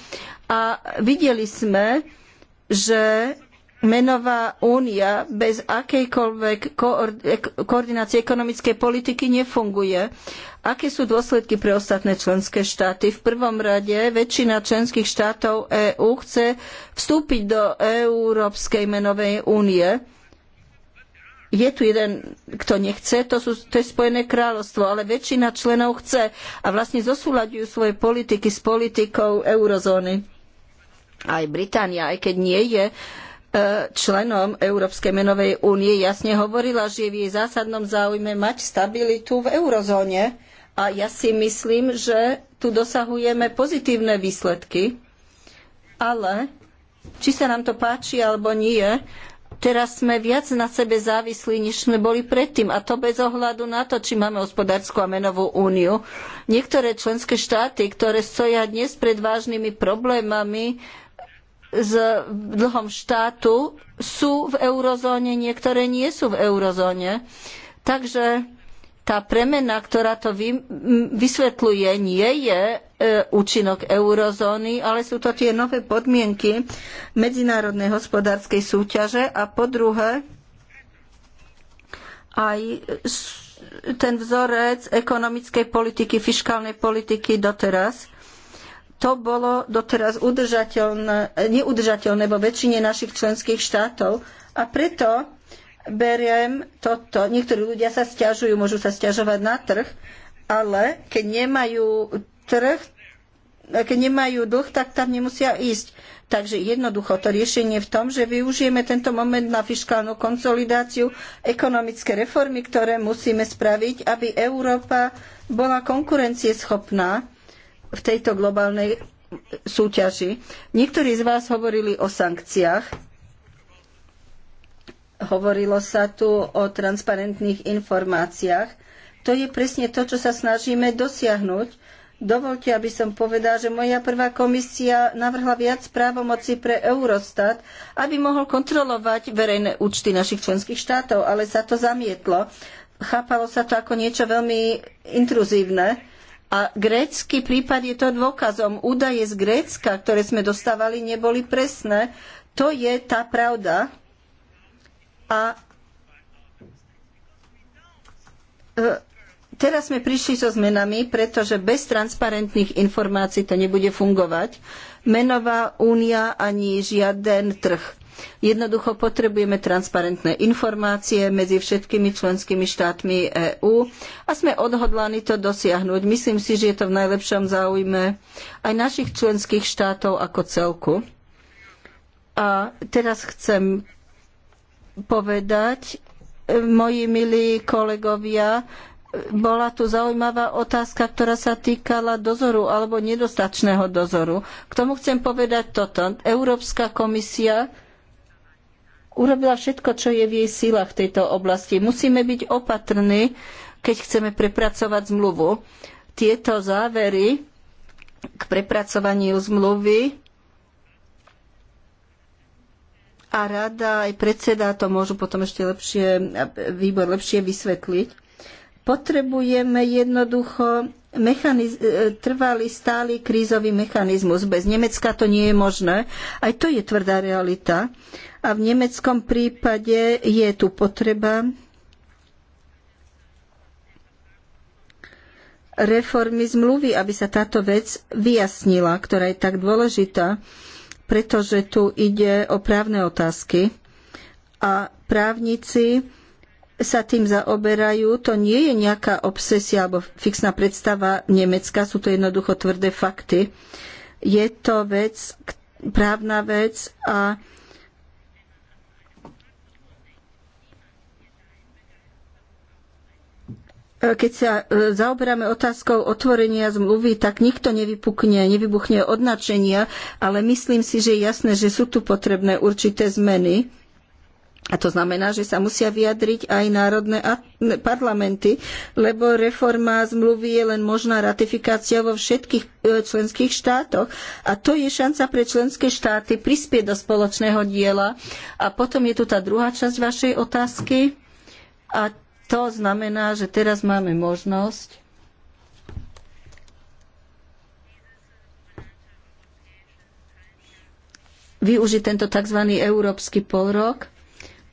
a videli sme, že menová únia bez akejkoľvek e- koordinácie ekonomickej politiky nefunguje. Aké sú dôsledky pre ostatné členské štáty? V prvom rade väčšina členských štátov EÚ chce vstúpiť do Európskej menovej únie. Je tu jeden, kto nechce, to, sú, to je Spojené kráľovstvo, ale väčšina členov chce a vlastne zosúľaďujú svoje politiky s politikou eurozóny. Aj Británia, aj keď nie je e, členom Európskej menovej únie, jasne hovorila, že je v jej zásadnom záujme mať stabilitu v eurozóne a ja si myslím, že tu dosahujeme pozitívne výsledky, ale či sa nám to páči alebo nie, teraz sme viac na sebe závislí, než sme boli predtým. A to bez ohľadu na to, či máme hospodárskú a menovú úniu. Niektoré členské štáty, ktoré stoja dnes pred vážnymi problémami, s dlhom štátu sú v eurozóne, niektoré nie sú v eurozóne. Takže tá premena, ktorá to vysvetľuje, nie je e, účinok eurozóny, ale sú to tie nové podmienky medzinárodnej hospodárskej súťaže a po druhé aj ten vzorec ekonomickej politiky, fiškálnej politiky doteraz to bolo doteraz udržateľné, neudržateľné vo väčšine našich členských štátov a preto beriem toto, niektorí ľudia sa stiažujú, môžu sa stiažovať na trh, ale keď nemajú trh, keď nemajú dlh, tak tam nemusia ísť. Takže jednoducho to riešenie v tom, že využijeme tento moment na fiškálnu konsolidáciu, ekonomické reformy, ktoré musíme spraviť, aby Európa bola konkurencieschopná v tejto globálnej súťaži. Niektorí z vás hovorili o sankciách Hovorilo sa tu o transparentných informáciách. To je presne to, čo sa snažíme dosiahnuť. Dovolte, aby som povedal, že moja prvá komisia navrhla viac právomoci pre Eurostat, aby mohol kontrolovať verejné účty našich členských štátov, ale sa to zamietlo. Chápalo sa to ako niečo veľmi intruzívne. A grécky prípad je to dôkazom. Údaje z Grécka, ktoré sme dostávali, neboli presné. To je tá pravda, a e, teraz sme prišli so zmenami, pretože bez transparentných informácií to nebude fungovať. Menová únia ani žiaden trh. Jednoducho potrebujeme transparentné informácie medzi všetkými členskými štátmi EÚ a sme odhodlani to dosiahnuť. Myslím si, že je to v najlepšom záujme aj našich členských štátov ako celku. A teraz chcem povedať, e, moji milí kolegovia, e, bola tu zaujímavá otázka, ktorá sa týkala dozoru alebo nedostačného dozoru. K tomu chcem povedať toto. Európska komisia urobila všetko, čo je v jej silách v tejto oblasti. Musíme byť opatrní, keď chceme prepracovať zmluvu. Tieto závery k prepracovaniu zmluvy a rada aj predseda to môžu potom ešte lepšie, výbor lepšie vysvetliť. Potrebujeme jednoducho mechaniz- e, trvalý stály krízový mechanizmus. Bez Nemecka to nie je možné. Aj to je tvrdá realita. A v nemeckom prípade je tu potreba reformy zmluvy, aby sa táto vec vyjasnila, ktorá je tak dôležitá pretože tu ide o právne otázky a právnici sa tým zaoberajú. To nie je nejaká obsesia alebo fixná predstava Nemecka, sú to jednoducho tvrdé fakty. Je to vec, právna vec a E, keď sa e, zaoberáme otázkou otvorenia zmluvy, tak nikto nevypukne, nevybuchne od nadšenia, ale myslím si, že je jasné, že sú tu potrebné určité zmeny. A to znamená, že sa musia vyjadriť aj národné parlamenty, lebo reforma zmluvy je len možná ratifikácia vo všetkých e, členských štátoch. A to je šanca pre členské štáty prispieť do spoločného diela. A potom je tu tá druhá časť vašej otázky. A to znamená, že teraz máme možnosť využiť tento tzv. európsky polrok,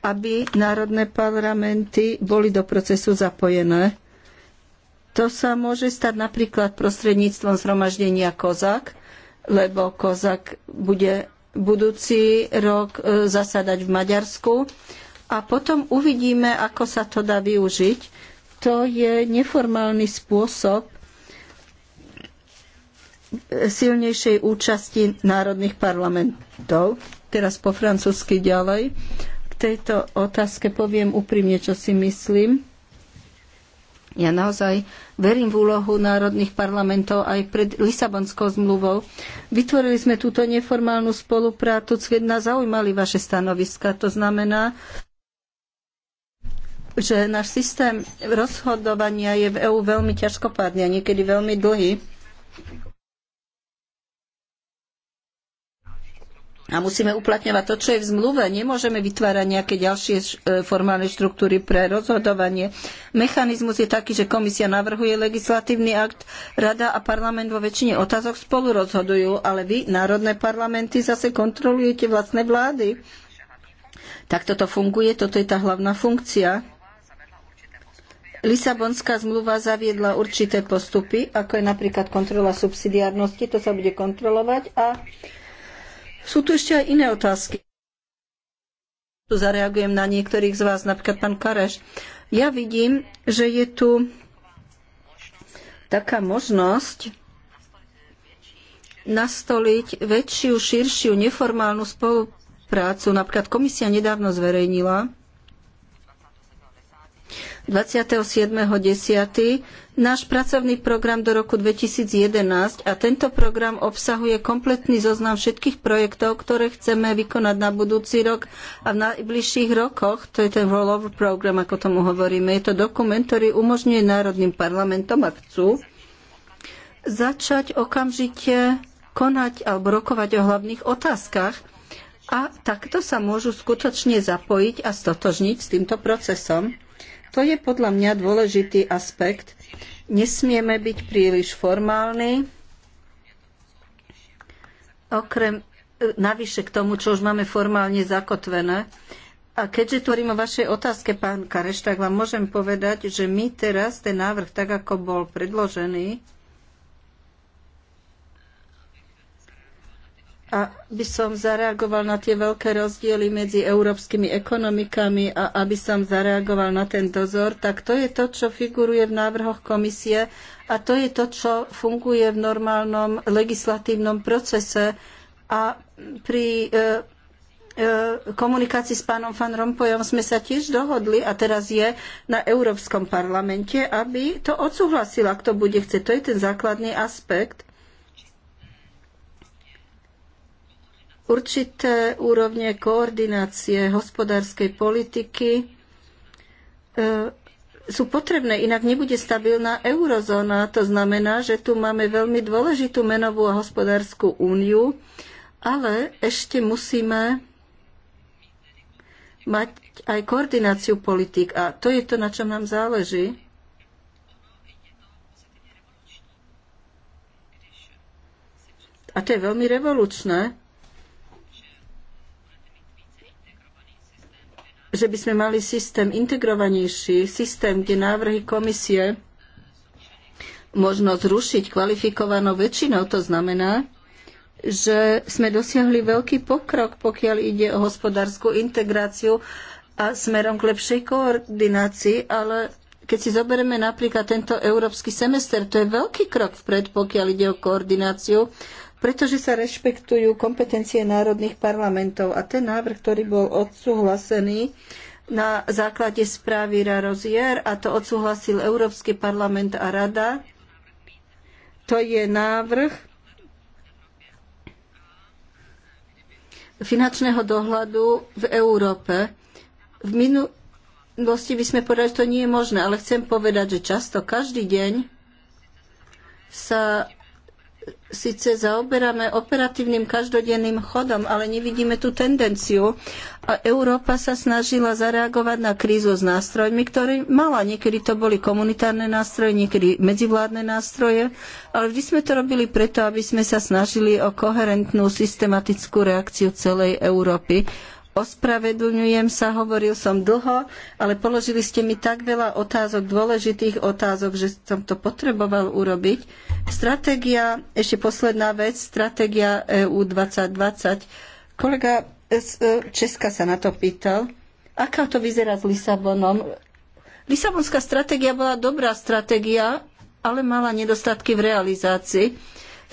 aby národné parlamenty boli do procesu zapojené. To sa môže stať napríklad prostredníctvom zhromaždenia COZAK, lebo COZAK bude budúci rok e, zasadať v Maďarsku a potom uvidíme, ako sa to dá využiť. To je neformálny spôsob silnejšej účasti národných parlamentov. Teraz po francúzsky ďalej. K tejto otázke poviem úprimne, čo si myslím. Ja naozaj verím v úlohu národných parlamentov aj pred Lisabonskou zmluvou. Vytvorili sme túto neformálnu spoluprácu, keď nás zaujímali vaše stanoviska. To znamená, že náš systém rozhodovania je v EÚ veľmi ťažkopádny a niekedy veľmi dlhý. A musíme uplatňovať to, čo je v zmluve. Nemôžeme vytvárať nejaké ďalšie e, formálne štruktúry pre rozhodovanie. Mechanizmus je taký, že komisia navrhuje legislatívny akt, rada a parlament vo väčšine otázok spolu rozhodujú, ale vy, národné parlamenty, zase kontrolujete vlastné vlády. Tak toto funguje, toto je tá hlavná funkcia. Lisabonská zmluva zaviedla určité postupy, ako je napríklad kontrola subsidiárnosti, to sa bude kontrolovať a sú tu ešte aj iné otázky. Tu zareagujem na niektorých z vás, napríklad pán Kareš. Ja vidím, že je tu taká možnosť nastoliť väčšiu, širšiu neformálnu spoluprácu. Napríklad komisia nedávno zverejnila 27.10. náš pracovný program do roku 2011 a tento program obsahuje kompletný zoznam všetkých projektov, ktoré chceme vykonať na budúci rok a v najbližších rokoch. To je ten rollover program, ako tomu hovoríme. Je to dokument, ktorý umožňuje národným parlamentom, ak chcú, začať okamžite konať alebo rokovať o hlavných otázkach a takto sa môžu skutočne zapojiť a stotožniť s týmto procesom. To je podľa mňa dôležitý aspekt. Nesmieme byť príliš formálni. Okrem, e, navyše k tomu, čo už máme formálne zakotvené. A keďže tu o vašej otázke, pán Kareš, tak vám môžem povedať, že my teraz ten návrh, tak ako bol predložený, a by som zareagoval na tie veľké rozdiely medzi európskymi ekonomikami a aby som zareagoval na ten dozor, tak to je to, čo figuruje v návrhoch komisie a to je to, čo funguje v normálnom legislatívnom procese a pri e, e, komunikácii s pánom Van Rompuyom sme sa tiež dohodli a teraz je na Európskom parlamente, aby to odsúhlasila, kto bude chcieť. To je ten základný aspekt. určité úrovne koordinácie hospodárskej politiky e, sú potrebné, inak nebude stabilná eurozóna. To znamená, že tu máme veľmi dôležitú menovú a hospodárskú úniu, ale ešte musíme mať aj koordináciu politik a to je to, na čom nám záleží. A to je veľmi revolučné, že by sme mali systém integrovanejší, systém, kde návrhy komisie možno zrušiť kvalifikovanou väčšinou. To znamená, že sme dosiahli veľký pokrok, pokiaľ ide o hospodárskú integráciu a smerom k lepšej koordinácii, ale keď si zoberieme napríklad tento európsky semester, to je veľký krok vpred, pokiaľ ide o koordináciu pretože sa rešpektujú kompetencie národných parlamentov. A ten návrh, ktorý bol odsúhlasený na základe správy Rarozier, a to odsúhlasil Európsky parlament a Rada, to je návrh finančného dohľadu v Európe. V minulosti by sme povedali, že to nie je možné, ale chcem povedať, že často každý deň sa síce zaoberáme operatívnym každodenným chodom, ale nevidíme tú tendenciu. A Európa sa snažila zareagovať na krízu s nástrojmi, ktoré mala. Niekedy to boli komunitárne nástroje, niekedy medzivládne nástroje, ale vždy sme to robili preto, aby sme sa snažili o koherentnú, systematickú reakciu celej Európy. Ospravedlňujem sa, hovoril som dlho, ale položili ste mi tak veľa otázok, dôležitých otázok, že som to potreboval urobiť. Stratégia, ešte posledná vec, stratégia EU 2020. Kolega z e, Česka sa na to pýtal. Aká to vyzerá s Lisabonom? Lisabonská stratégia bola dobrá stratégia, ale mala nedostatky v realizácii.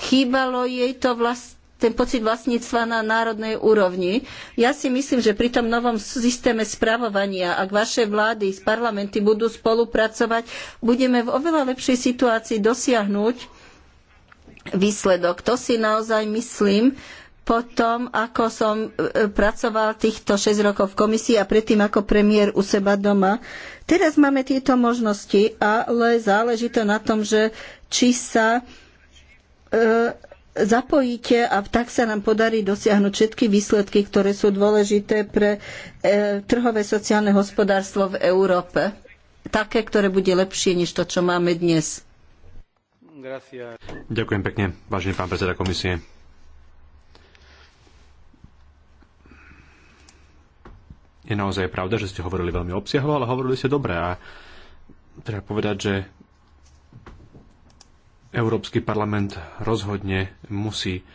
Chýbalo jej to vlastne ten pocit vlastníctva na národnej úrovni. Ja si myslím, že pri tom novom systéme spravovania, ak vaše vlády s parlamenty budú spolupracovať, budeme v oveľa lepšej situácii dosiahnuť výsledok. To si naozaj myslím, po tom, ako som e, pracoval týchto 6 rokov v komisii a predtým ako premiér u seba doma. Teraz máme tieto možnosti, ale záleží to na tom, že či sa e, zapojíte a tak sa nám podarí dosiahnuť všetky výsledky, ktoré sú dôležité pre e, trhové sociálne hospodárstvo v Európe. Také, ktoré bude lepšie než to, čo máme dnes. Ďakujem pekne, vážený pán predseda komisie. Je naozaj pravda, že ste hovorili veľmi obsiahlo, ale hovorili ste dobre a treba povedať, že Európsky parlament rozhodne musí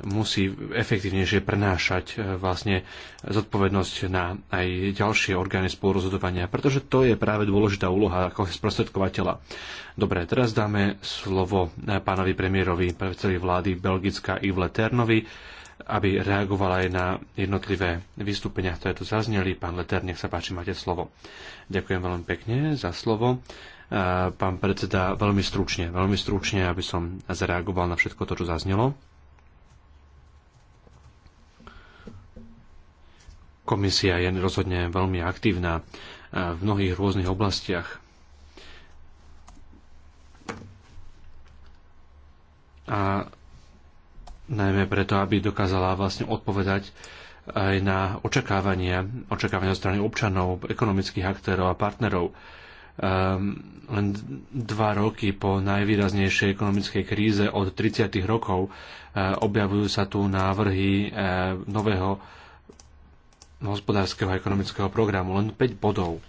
musí efektívnejšie prenášať e, vlastne zodpovednosť na aj ďalšie orgány spolurozhodovania, pretože to je práve dôležitá úloha ako sprostredkovateľa. Dobre, teraz dáme slovo e, pánovi premiérovi, predsedovi vlády Belgická Ivle Ternovi, aby reagovala aj na jednotlivé vystúpenia, ktoré tu zazneli. Pán Leter, nech sa páči, máte slovo. Ďakujem veľmi pekne za slovo. Pán predseda, veľmi stručne, veľmi stručne, aby som zareagoval na všetko to, čo zaznelo. Komisia je rozhodne veľmi aktívna v mnohých rôznych oblastiach. A najmä preto, aby dokázala vlastne odpovedať aj na očakávania, očakávania strany občanov, ekonomických aktérov a partnerov. Ehm, len dva roky po najvýraznejšej ekonomickej kríze od 30. rokov eh, objavujú sa tu návrhy eh, nového hospodárskeho a ekonomického programu. Len 5 bodov.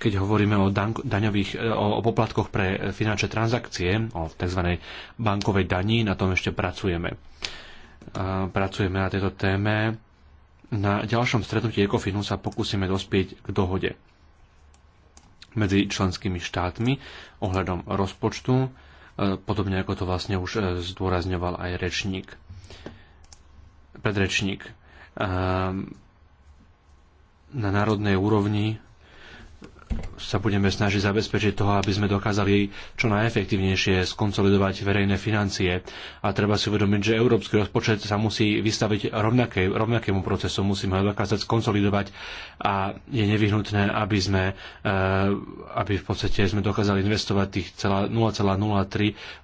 Keď hovoríme o, daňových, eh, o, o poplatkoch pre finančné transakcie, o tzv. bankovej daní, na tom ešte pracujeme. Pracujeme na tejto téme. Na ďalšom stretnutí Ekofinu sa pokúsime dospieť k dohode medzi členskými štátmi ohľadom rozpočtu, e, podobne ako to vlastne už e, zdôrazňoval aj rečník, predrečník. Ehm, na národnej úrovni sa budeme snažiť zabezpečiť toho, aby sme dokázali čo najefektívnejšie skonsolidovať verejné financie. A treba si uvedomiť, že európsky rozpočet sa musí vystaviť rovnaké, rovnakému procesu, musíme ho dokázať skonsolidovať a je nevyhnutné, aby sme eh, aby v podstate sme dokázali investovať tých 0,03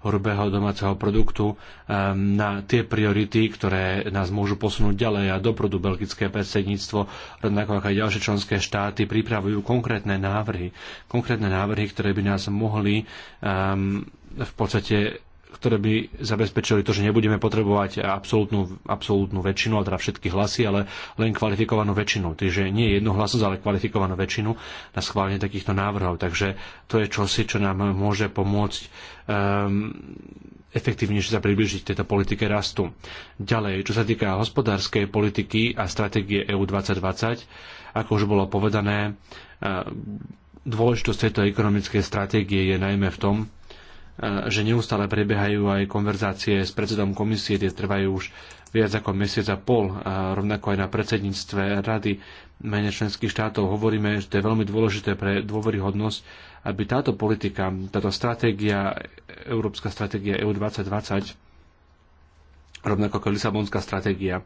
hrubého domáceho produktu Um, na tie priority, ktoré nás môžu posunúť ďalej a dopredu belgické predsedníctvo, rovnako ako aj ďalšie členské štáty, pripravujú konkrétne návrhy. Konkrétne návrhy, ktoré by nás mohli um, v podstate ktoré by zabezpečili to, že nebudeme potrebovať absolútnu, absolútnu väčšinu, ale teda všetky hlasy, ale len kvalifikovanú väčšinu. Čiže nie jednu hlasu, ale kvalifikovanú väčšinu na schválenie takýchto návrhov. Takže to je čosi, čo nám môže pomôcť um, efektívnejšie sa približiť tejto politike rastu. Ďalej, čo sa týka hospodárskej politiky a stratégie EU 2020, ako už bolo povedané, eh, dôležitosť tejto ekonomickej stratégie je najmä v tom, E, že neustále prebiehajú aj konverzácie s predsedom komisie, tie trvajú už viac ako mesiac a pol, a e, rovnako aj na predsedníctve rady mene členských štátov hovoríme, že to je veľmi dôležité pre dôveryhodnosť, aby táto politika, táto stratégia, európska stratégia EU 2020, rovnako ako Lisabonská stratégia,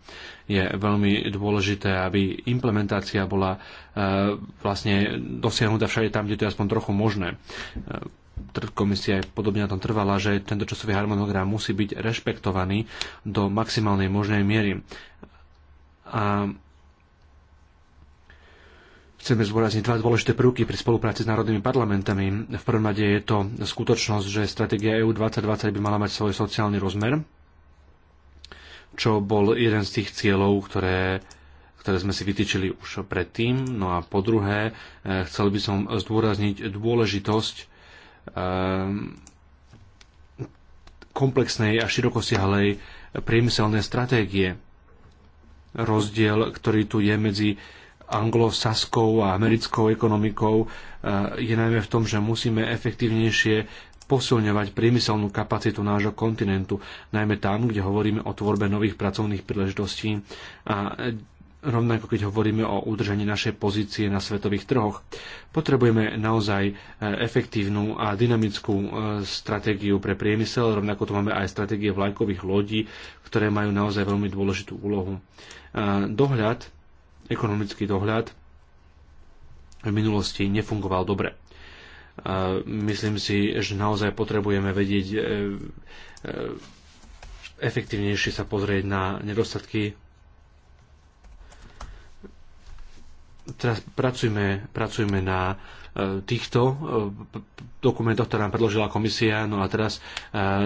je veľmi dôležité, aby implementácia bola e, vlastne dosiahnutá všade tam, kde to je aspoň trochu možné komisia je podobne na tom trvala, že tento časový harmonogram musí byť rešpektovaný do maximálnej možnej miery. A Chceme zdôrazniť dva dôležité prvky pri spolupráci s národnými parlamentami. V prvom rade je to skutočnosť, že stratégia EU 2020 by mala mať svoj sociálny rozmer, čo bol jeden z tých cieľov, ktoré ktoré sme si vytýčili už predtým. No a po druhé, eh, chcel by som zdôrazniť dôležitosť Ehm, komplexnej a širokosiahlej priemyselnej stratégie. Rozdiel, ktorý tu je medzi anglosaskou a americkou ekonomikou, eh, je najmä v tom, že musíme efektívnejšie posilňovať priemyselnú kapacitu nášho kontinentu, najmä tam, kde hovoríme o tvorbe nových pracovných príležitostí a rovnako keď hovoríme o udržaní našej pozície na svetových trhoch. Potrebujeme naozaj e, efektívnu a dynamickú e, stratégiu pre priemysel, rovnako tu máme aj stratégie vlajkových lodí, ktoré majú naozaj veľmi dôležitú úlohu. E, dohľad, ekonomický dohľad v minulosti nefungoval dobre. Myslím si, že naozaj potrebujeme vedieť efektívnejšie sa pozrieť na nedostatky teraz pracujme, pracujme na e, týchto e, dokumentoch, ktoré nám predložila komisia. No a teraz e,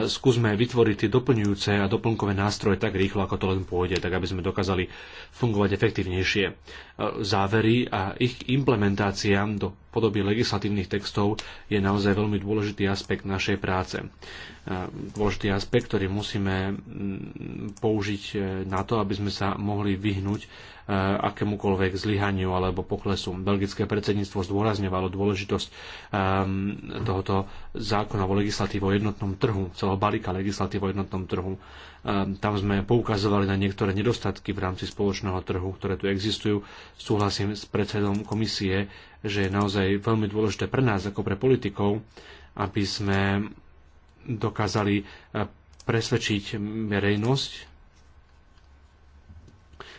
skúsme vytvoriť tie doplňujúce a doplnkové nástroje tak rýchlo, ako to len pôjde, tak aby sme dokázali fungovať efektívnejšie. Závery a ich implementácia do podoby legislatívnych textov je naozaj veľmi dôležitý aspekt našej práce dôležitý aspekt, ktorý musíme mm, použiť e, na to, aby sme sa mohli vyhnúť e, akémukoľvek zlyhaniu alebo poklesu. Belgické predsedníctvo zdôrazňovalo dôležitosť ehm, tohoto zákona o legislatíve o jednotnom trhu, celého balíka legislatíve o jednotnom trhu. Ehm, tam sme poukazovali na niektoré nedostatky v rámci spoločného trhu, ktoré tu existujú. Súhlasím s predsedom komisie, že je naozaj veľmi dôležité pre nás ako pre politikov, aby sme dokázali e, presvedčiť verejnosť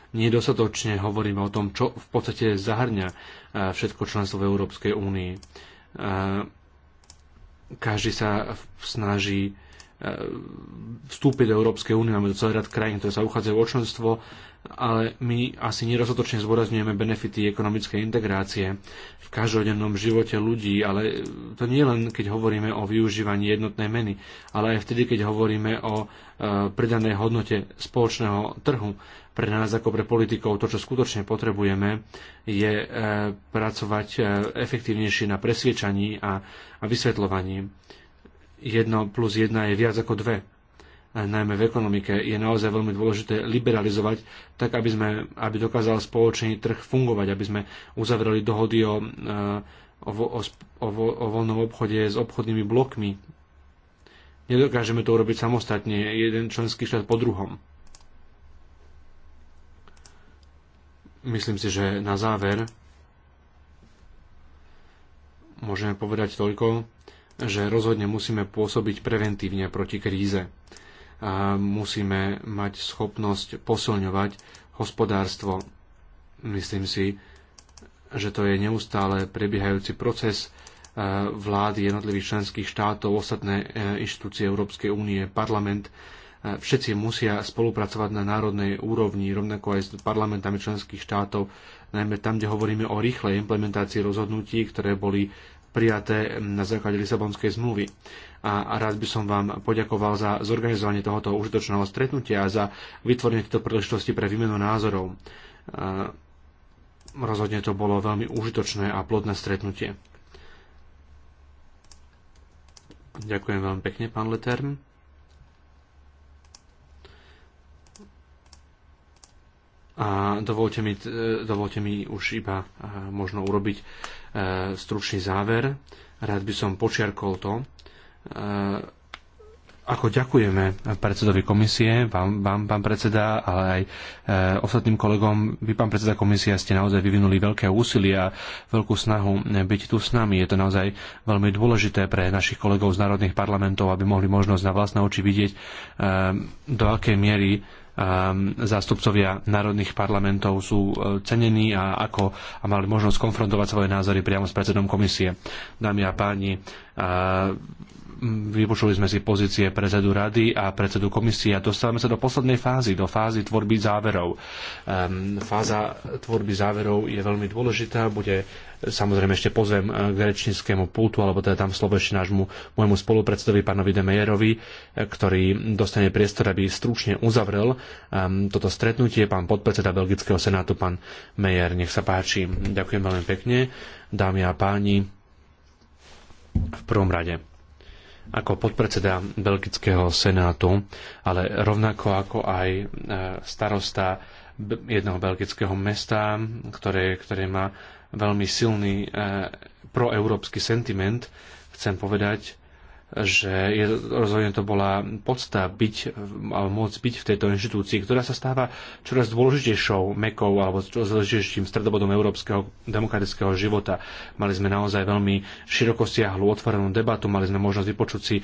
nedostatočne hovoríme o tom, čo v podstate zahrňa e, všetko členstvo v Európskej únii. E, každý sa snaží vstúpiť do Európskej únie, máme celý rad krajín, ktoré sa uchádzajú o členstvo ale my asi nerozhotočne zdôrazňujeme benefity ekonomickej integrácie v každodennom živote ľudí, ale to nie len keď hovoríme o využívaní jednotnej meny, ale aj vtedy, keď hovoríme o e, pridanej hodnote spoločného trhu. Pre nás ako pre politikov to, čo skutočne potrebujeme, je e, pracovať e, efektívnejšie na presviečaní a vysvetľovaní. 1 plus jedna je viac ako dve najmä v ekonomike, je naozaj veľmi dôležité liberalizovať, tak aby, sme, aby dokázal spoločný trh fungovať, aby sme uzavreli dohody o, e, o, o, o, o voľnom obchode s obchodnými blokmi. Nedokážeme to urobiť samostatne, jeden členský štát po druhom. Myslím si, že na záver môžeme povedať toľko, že rozhodne musíme pôsobiť preventívne proti kríze musíme mať schopnosť posilňovať hospodárstvo. Myslím si, že to je neustále prebiehajúci proces e, vlády jednotlivých členských štátov, ostatné e, inštitúcie Európskej únie, parlament. E, všetci musia spolupracovať na národnej úrovni, rovnako aj s parlamentami členských štátov, najmä tam, kde hovoríme o rýchlej implementácii rozhodnutí, ktoré boli prijaté na základe Lisabonskej zmluvy a raz by som vám poďakoval za zorganizovanie tohoto užitočného stretnutia a za vytvorenie tejto príležitosti pre výmenu názorov. Rozhodne to bolo veľmi užitočné a plodné stretnutie. Ďakujem veľmi pekne, pán Leterm. A dovolte mi, dovolte mi už iba e, možno urobiť e, stručný záver. Rád by som počiarkol to, E, ako ďakujeme predsedovi komisie, vám, vám pán predseda, ale aj e, ostatným kolegom. Vy, pán predseda komisia, ste naozaj vyvinuli veľké úsilie a veľkú snahu byť tu s nami. Je to naozaj veľmi dôležité pre našich kolegov z národných parlamentov, aby mohli možnosť na vlastné oči vidieť, e, do akej miery e, zástupcovia národných parlamentov sú e, cenení a ako a mali možnosť konfrontovať svoje názory priamo s predsedom komisie. Dámy a páni, vypočuli sme si pozície predsedu rady a predsedu komisie a dostávame sa do poslednej fázy, do fázy tvorby záverov. Ehm, fáza tvorby záverov je veľmi dôležitá, bude samozrejme ešte pozvem e, k rečníckému pultu, alebo teda tam slovo ešte nášmu môjmu spolupredsedovi pánovi Demejerovi, e, ktorý dostane priestor, aby stručne uzavrel ehm, toto stretnutie. Pán podpredseda Belgického senátu, pán Mejer, nech sa páči. Ďakujem veľmi pekne, dámy a páni v prvom rade ako podpredseda Belgického senátu, ale rovnako ako aj e, starosta jedného belgického mesta, ktoré, ktoré má veľmi silný e, proeurópsky sentiment, chcem povedať, že je, rozhodne to bola podsta byť, alebo môcť byť v tejto inštitúcii, ktorá sa stáva čoraz dôležitejšou mekou alebo dôležitejším stredobodom európskeho demokratického života. Mali sme naozaj veľmi širokosiahlu otvorenú debatu, mali sme možnosť vypočuť si e,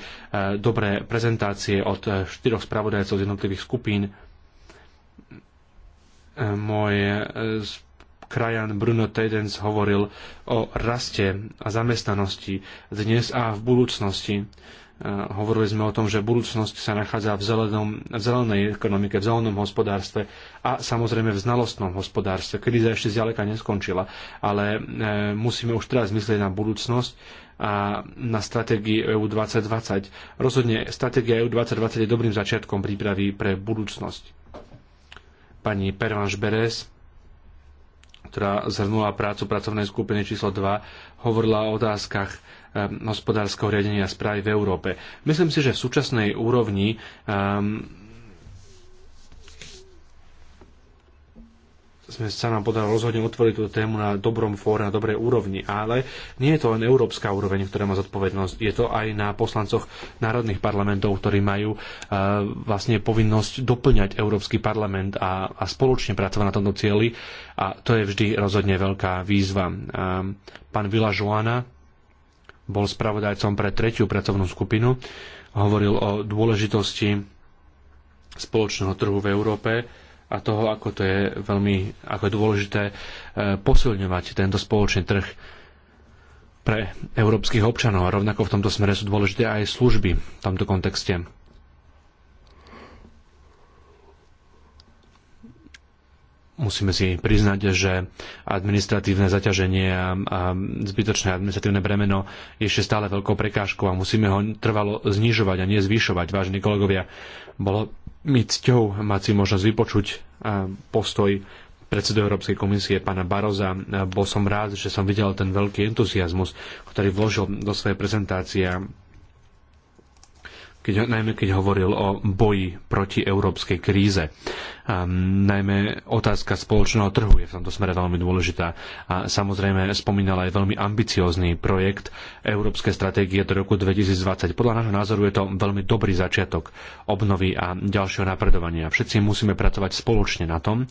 dobré prezentácie od e, štyroch spravodajcov z jednotlivých skupín. E, Môj krajan Bruno Tedens hovoril o raste a zamestnanosti dnes a v budúcnosti. E, hovorili sme o tom, že budúcnosť sa nachádza v, zelenom, v zelenej ekonomike, v zelenom hospodárstve a samozrejme v znalostnom hospodárstve. Kríza ešte zďaleka neskončila, ale e, musíme už teraz myslieť na budúcnosť a na stratégii EU 2020. Rozhodne stratégia EU 2020 je dobrým začiatkom prípravy pre budúcnosť. Pani Pervanš Beres ktorá zhrnula prácu pracovnej skupiny číslo 2, hovorila o otázkach ehm, hospodárskeho riadenia správy v Európe. Myslím si, že v súčasnej úrovni um, sme sa nám podarilo rozhodne otvoriť túto tému na dobrom fóre, na dobrej úrovni. Ale nie je to len európska úroveň, ktorá má zodpovednosť. Je to aj na poslancoch národných parlamentov, ktorí majú uh, vlastne povinnosť doplňať Európsky parlament a, a spoločne pracovať na tomto cieli. A to je vždy rozhodne veľká výzva. Um, pán Vila Joana bol spravodajcom pre tretiu pracovnú skupinu. Hovoril o dôležitosti spoločného trhu v Európe a toho, ako to je veľmi ako je dôležité e, posilňovať tento spoločný trh pre európskych občanov. A rovnako v tomto smere sú dôležité aj služby v tomto kontexte. musíme si priznať, že administratívne zaťaženie a, zbytočné administratívne bremeno je ešte stále veľkou prekážkou a musíme ho trvalo znižovať a nie zvyšovať. Vážení kolegovia, bolo mi cťou mať si možnosť vypočuť e, postoj predsedu Európskej komisie pána Baroza. E, bol som rád, že som videl ten veľký entuziasmus, ktorý vložil do svojej prezentácie keď, najmä keď hovoril o boji proti európskej kríze. A najmä otázka spoločného trhu je v tomto smere veľmi dôležitá. A samozrejme spomínal aj veľmi ambiciózny projekt Európske stratégie do roku 2020. Podľa nášho názoru je to veľmi dobrý začiatok obnovy a ďalšieho napredovania. Všetci musíme pracovať spoločne na tom,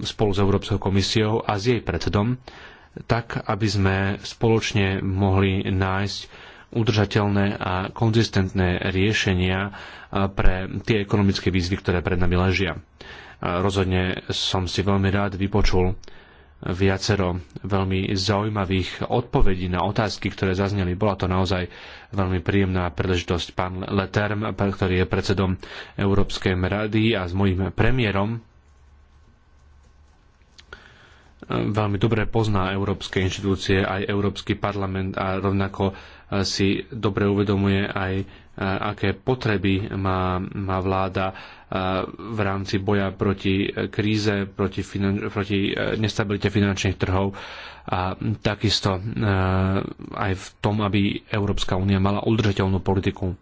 spolu s Európskou komisiou a s jej predsedom, tak, aby sme spoločne mohli nájsť udržateľné a konzistentné riešenia pre tie ekonomické výzvy, ktoré pred nami ležia. Rozhodne som si veľmi rád vypočul viacero veľmi zaujímavých odpovedí na otázky, ktoré zazneli. Bola to naozaj veľmi príjemná príležitosť. Pán Leterm, ktorý je predsedom Európskej rady a s mojím premiérom, veľmi dobre pozná európske inštitúcie, aj Európsky parlament a rovnako Eh, si dobre uvedomuje aj eh, aké potreby má, má vláda eh, v rámci boja proti kríze, proti, finan- proti nestabilite finančných trhov a takisto aj v tom, aby Európska únia mala udržateľnú politiku.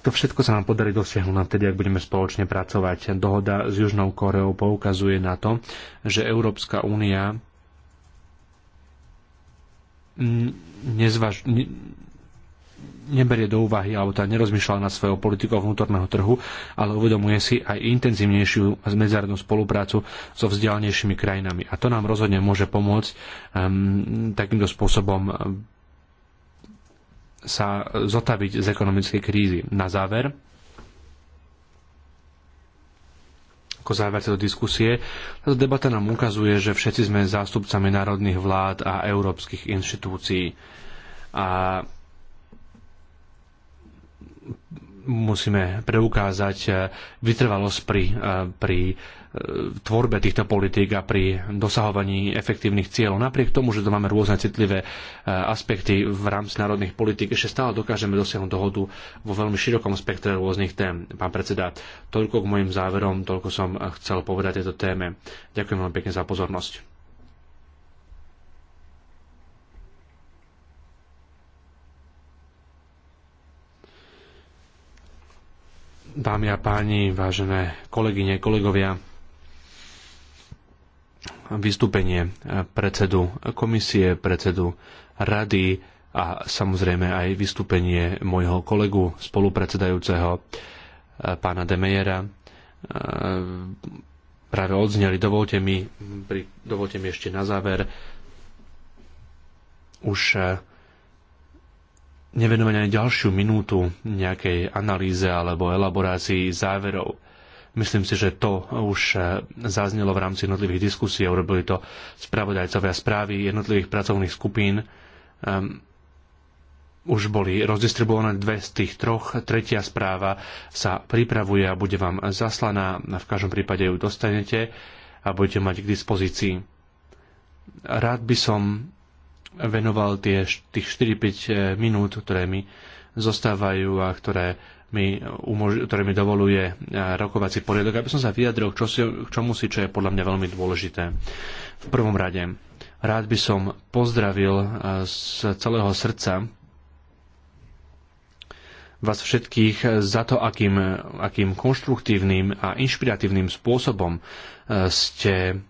To všetko sa nám podarí dosiahnuť na vtedy, ak budeme spoločne pracovať. Dohoda s Južnou Koreou poukazuje na to, že Európska únia nezvaž, ne, neberie do úvahy alebo teda nerozmýšľa na svojou politikou vnútorného trhu, ale uvedomuje si aj intenzívnejšiu medzinárodnú spoluprácu so vzdialenejšími krajinami. A to nám rozhodne môže pomôcť um, takýmto spôsobom ehm, sa zotaviť z ekonomickej krízy. Na záver, ako záver tejto diskusie. Táto debata nám ukazuje, že všetci sme zástupcami národných vlád a európskych inštitúcií. A musíme preukázať eh, vytrvalosť pri, eh, pri eh, tvorbe týchto politík a pri dosahovaní efektívnych cieľov. Napriek tomu, že to máme rôzne citlivé aspekty v rámci národných politík, ešte stále dokážeme dosiahnuť dohodu vo veľmi širokom spektre rôznych tém. Pán predseda, toľko k mojim záverom, toľko som chcel povedať tejto téme. Ďakujem veľmi pekne za pozornosť. Dámy a páni, vážené kolegyne, kolegovia, vystúpenie predsedu komisie, predsedu rady a samozrejme aj vystúpenie môjho kolegu spolupredsedajúceho eh, pána Demejera eh, práve odzneli. Dovolte mi, dovolte mi ešte na záver už eh, nevenovať aj ďalšiu minútu nejakej analýze alebo elaborácii záverov. Myslím si, že to už e, zaznelo v rámci jednotlivých diskusí a urobili to spravodajcovia správy jednotlivých pracovných skupín. Um, už boli rozdistribuované dve z tých troch. Tretia správa sa pripravuje a bude vám zaslaná. V každom prípade ju dostanete a budete mať k dispozícii. Rád by som venoval tie, tých 4-5 e, minút, ktoré mi zostávajú a ktoré mi, umož- ktoré mi dovoluje e, rokovací poriadok, aby som sa vyjadril k, čo si, k čomu si, čo je podľa mňa veľmi dôležité. V prvom rade, rád by som pozdravil e, z celého srdca vás všetkých za to, akým, akým konštruktívnym a inšpiratívnym spôsobom ste,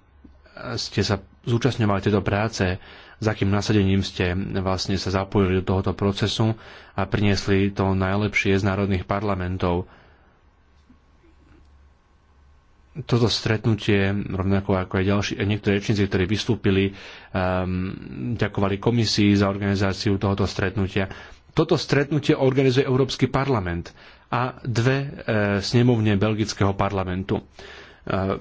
ste sa zúčastňovali tejto práce s akým nasadením ste vlastne sa zapojili do tohoto procesu a priniesli to najlepšie z národných parlamentov. Toto stretnutie, rovnako ako aj ďalší, niektorí rečníci, ktorí vystúpili, um, ďakovali komisii za organizáciu tohoto stretnutia. Toto stretnutie organizuje Európsky parlament a dve e, snemovne belgického parlamentu. E,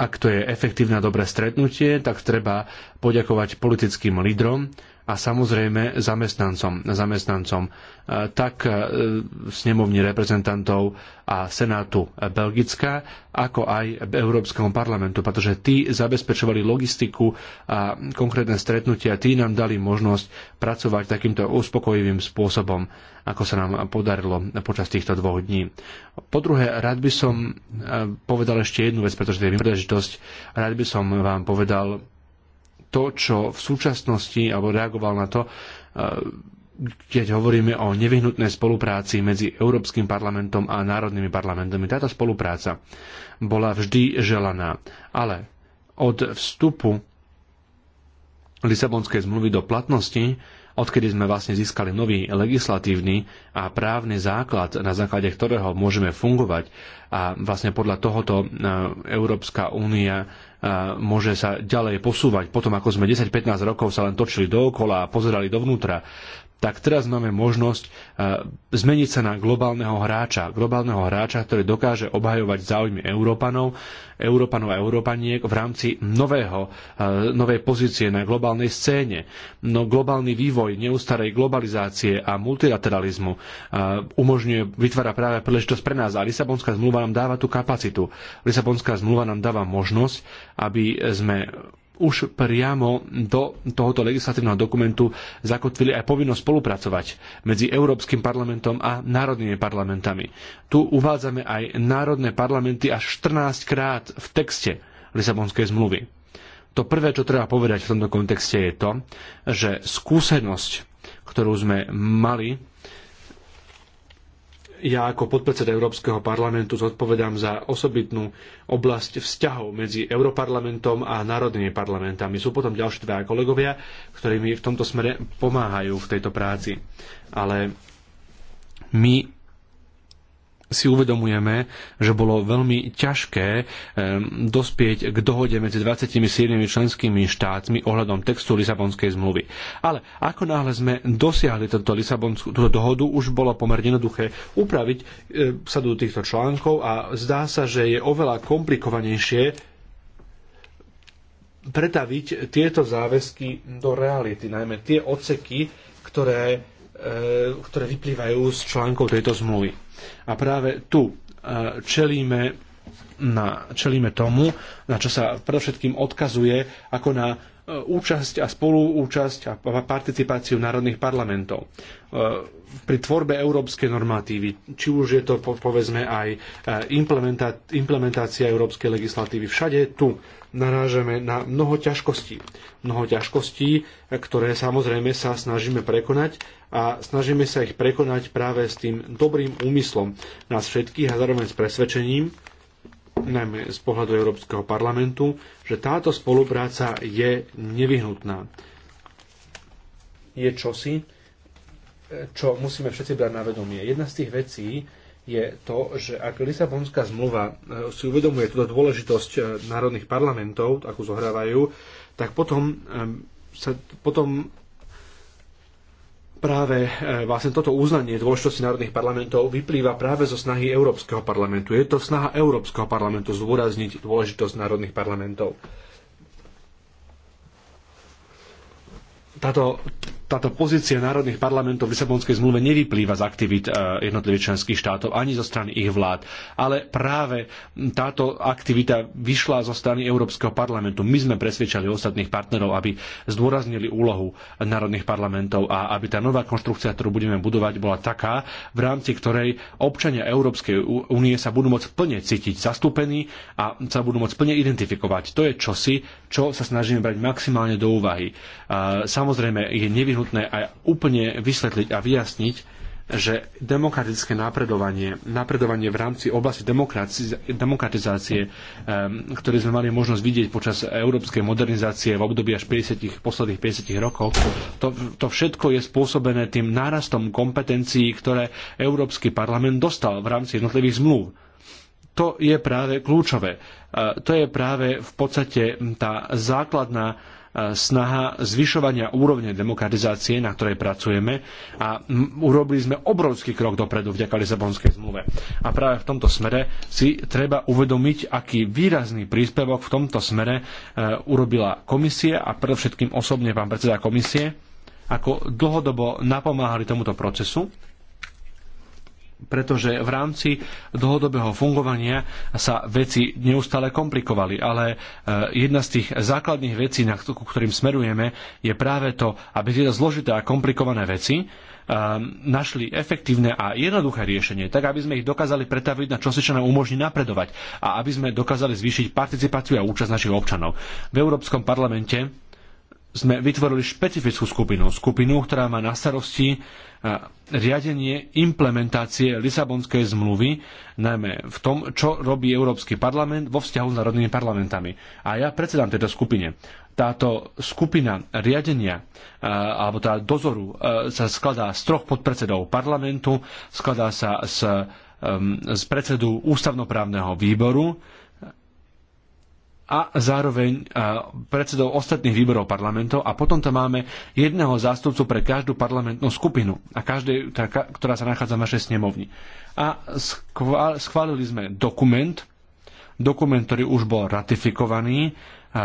ak to je efektívne a dobré stretnutie, tak treba poďakovať politickým lídrom, a samozrejme zamestnancom, zamestnancom e, tak e, snemovní reprezentantov a Senátu Belgická, ako aj Európskeho parlamentu, pretože tí zabezpečovali logistiku a konkrétne stretnutia, tí nám dali možnosť pracovať takýmto uspokojivým spôsobom, ako sa nám podarilo počas týchto dvoch dní. Po druhé, rád by som e, povedal ešte jednu vec, pretože to je príležitosť, rád by som vám povedal to, čo v súčasnosti, alebo reagoval na to, eh, keď hovoríme o nevyhnutnej spolupráci medzi Európskym parlamentom a národnými parlamentami. Táto spolupráca bola vždy želaná, ale od vstupu Lisabonskej zmluvy do platnosti odkedy sme vlastne získali nový legislatívny a právny základ, na základe ktorého môžeme fungovať a vlastne podľa tohoto e, Európska únia e, môže sa ďalej posúvať. Potom, ako sme 10-15 rokov sa len točili dookola a pozerali dovnútra, tak teraz máme možnosť e, zmeniť sa na globálneho hráča. Globálneho hráča, ktorý dokáže obhajovať záujmy Európanov, Európanov a Európaniek v rámci nového, e, novej pozície na globálnej scéne. No globálny vývoj neustarej globalizácie a multilateralizmu e, umožňuje, vytvára práve príležitosť pre nás a Lisabonská zmluva nám dáva tú kapacitu. Lisabonská zmluva nám dáva možnosť, aby sme už priamo do tohoto legislatívneho dokumentu zakotvili aj povinnosť spolupracovať medzi Európskym parlamentom a národnými parlamentami. Tu uvádzame aj národné parlamenty až 14 krát v texte Lisabonskej zmluvy. To prvé, čo treba povedať v tomto kontexte, je to, že skúsenosť, ktorú sme mali ja ako podpredseda Európskeho parlamentu zodpovedám za osobitnú oblasť vzťahov medzi Európarlamentom a národnými parlamentami. Sú potom ďalší dva kolegovia, ktorí mi v tomto smere pomáhajú v tejto práci. Ale my si uvedomujeme, že bolo veľmi ťažké eh, dospieť k dohode medzi 27 členskými štátmi ohľadom textu Lisabonskej zmluvy. Ale ako náhle sme dosiahli tento Lisabonskú, túto dohodu, už bolo pomerne jednoduché upraviť eh, sadu týchto článkov a zdá sa, že je oveľa komplikovanejšie pretaviť tieto záväzky do reality, najmä tie odseky, ktoré, eh, ktoré vyplývajú z článkov tejto zmluvy. A práve tu e, čelíme, na, čelíme tomu, na čo sa predovšetkým odkazuje ako na e, účasť a spoluúčasť a participáciu národných parlamentov e, pri tvorbe európskej normatívy, či už je to povedzme aj e, implementácia európskej legislatívy, všade tu narážame na mnoho ťažkostí. Mnoho ťažkostí, e, ktoré samozrejme sa snažíme prekonať a snažíme sa ich prekonať práve s tým dobrým úmyslom nás všetkých a zároveň s presvedčením, najmä z pohľadu Európskeho parlamentu, že táto spolupráca je nevyhnutná. Je čosi, čo musíme všetci brať na vedomie. Jedna z tých vecí je to, že ak Lisabonská zmluva e, si uvedomuje túto dôležitosť e, národných parlamentov, akú zohrávajú, tak potom, e, sa, potom práve vlastne toto uznanie dôležitosti národných parlamentov vyplýva práve zo snahy Európskeho parlamentu. Je to snaha Európskeho parlamentu zdôrazniť dôležitosť národných parlamentov. Táto táto pozícia národných parlamentov v Lisabonskej zmluve nevyplýva z aktivít e, jednotlivých členských štátov ani zo strany ich vlád, ale práve táto aktivita vyšla zo strany Európskeho parlamentu. My sme presvedčali ostatných partnerov, aby zdôraznili úlohu národných parlamentov a aby tá nová konštrukcia, ktorú budeme budovať, bola taká, v rámci ktorej občania Európskej únie sa budú môcť plne cítiť zastúpení a sa budú môcť plne identifikovať. To je čosi, čo sa snažíme brať maximálne do úvahy. E, samozrejme, je nevyhnutné nevyhnutné aj úplne vysvetliť a vyjasniť, že demokratické napredovanie, napredovanie v rámci oblasti demokratizácie, ktoré sme mali možnosť vidieť počas európskej modernizácie v období až 50, posledných 50 rokov, to, to všetko je spôsobené tým nárastom kompetencií, ktoré Európsky parlament dostal v rámci jednotlivých zmluv to je práve kľúčové. E, to je práve v podstate tá základná snaha zvyšovania úrovne demokratizácie, na ktorej pracujeme a urobili sme obrovský krok dopredu vďaka Lisabonskej zmluve. A práve v tomto smere si treba uvedomiť, aký výrazný príspevok v tomto smere e, urobila komisia a predovšetkým osobne pán predseda komisie, ako dlhodobo napomáhali tomuto procesu pretože v rámci dlhodobého fungovania sa veci neustále komplikovali, ale e, jedna z tých základných vecí, na ktorým smerujeme, je práve to, aby tieto zložité a komplikované veci e, našli efektívne a jednoduché riešenie, tak aby sme ich dokázali pretaviť na čosi, čo nám umožní napredovať a aby sme dokázali zvýšiť participáciu a účasť našich občanov. V Európskom parlamente sme vytvorili špecifickú skupinu, skupinu, ktorá má na starosti e, riadenie implementácie Lisabonskej zmluvy, najmä v tom, čo robí Európsky parlament vo vzťahu s národnými parlamentami. A ja predsedám tejto skupine. Táto skupina riadenia, e, alebo tá dozoru, e, sa skladá z troch podpredsedov parlamentu, skladá sa z, z predsedu ústavnoprávneho výboru, a zároveň predsedov ostatných výborov parlamentov a potom tam máme jedného zástupcu pre každú parlamentnú skupinu, a každej, ktorá sa nachádza v našej snemovni. A schválili sme dokument, dokument, ktorý už bol ratifikovaný Eh,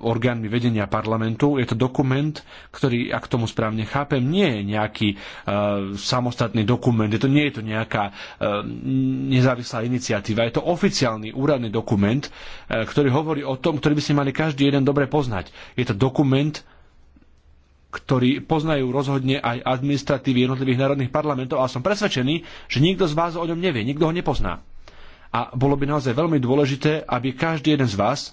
orgánmi vedenia parlamentu. Je to dokument, ktorý, ak tomu správne chápem, nie je nejaký eh, samostatný dokument, je to, nie je to nejaká eh, nezávislá iniciatíva, je to oficiálny úradný dokument, ktorý hovorí o tom, ktorý by si mali každý jeden dobre poznať. Je to dokument, ktorý poznajú rozhodne aj administratívy jednotlivých národných parlamentov a som presvedčený, že nikto z vás o ňom nevie, nikto ho nepozná. A bolo by naozaj veľmi dôležité, aby každý jeden z vás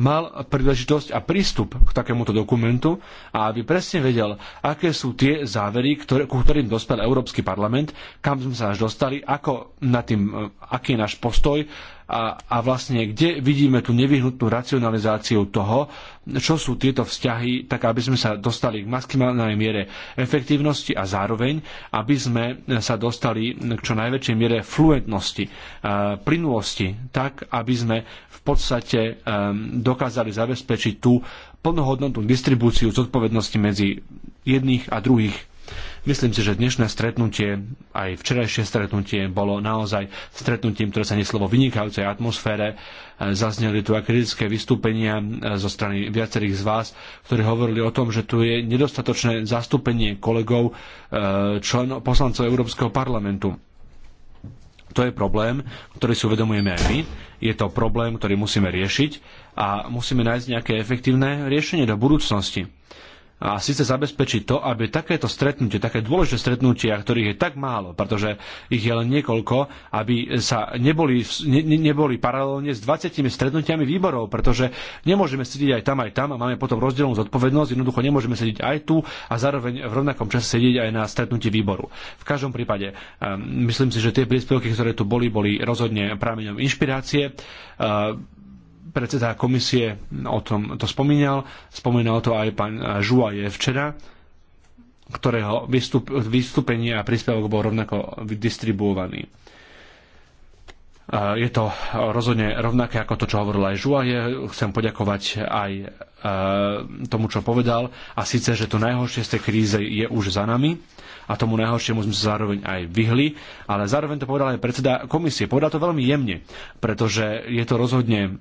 mal príležitosť a prístup k takémuto dokumentu a aby presne vedel, aké sú tie závery, ktoré, ku ktorým dospel Európsky parlament, kam sme sa až dostali, ako na tým, e, aký je náš postoj a, a vlastne kde vidíme tú nevyhnutnú racionalizáciu toho, čo sú tieto vzťahy, tak aby sme sa dostali k maximálnej miere efektívnosti a zároveň, aby sme sa dostali k čo najväčšej miere fluentnosti, e, plynulosti, tak aby sme v podstate e, dokázali zabezpečiť tú plnohodnotnú distribúciu zodpovednosti medzi jedných a druhých Myslím si, že dnešné stretnutie, aj včerajšie stretnutie, bolo naozaj stretnutím, ktoré sa neslo vo vynikajúcej atmosfére. E, zazneli tu aj kritické vystúpenia e, zo strany viacerých z vás, ktorí hovorili o tom, že tu je nedostatočné zastúpenie kolegov e, členov poslancov Európskeho parlamentu. To je problém, ktorý si uvedomujeme aj my. Je to problém, ktorý musíme riešiť a musíme nájsť nejaké efektívne riešenie do budúcnosti a síce zabezpečiť to, aby takéto stretnutie, také dôležité stretnutia, ktorých je tak málo, pretože ich je len niekoľko, aby sa neboli, ne, neboli paralelne s 20 stretnutiami výborov, pretože nemôžeme sedieť aj tam, aj tam a máme potom rozdielnú zodpovednosť, jednoducho nemôžeme sedieť aj tu a zároveň v rovnakom čase sedieť aj na stretnutí výboru. V každom prípade, um, myslím si, že tie príspevky, ktoré tu boli, boli rozhodne prámeňom inšpirácie. Uh, predseda komisie o tom to spomínal, spomínal to aj pán Žuaje včera, ktorého vystúpenie a príspevok bol rovnako distribuovaný. Je to rozhodne rovnaké ako to, čo hovorila aj Žuaje. Chcem poďakovať aj e, tomu, čo povedal. A síce, že to najhoršie z tej kríze je už za nami a tomu najhoršiemu sme sa zároveň aj vyhli, ale zároveň to povedal aj predseda komisie. Povedal to veľmi jemne, pretože je to rozhodne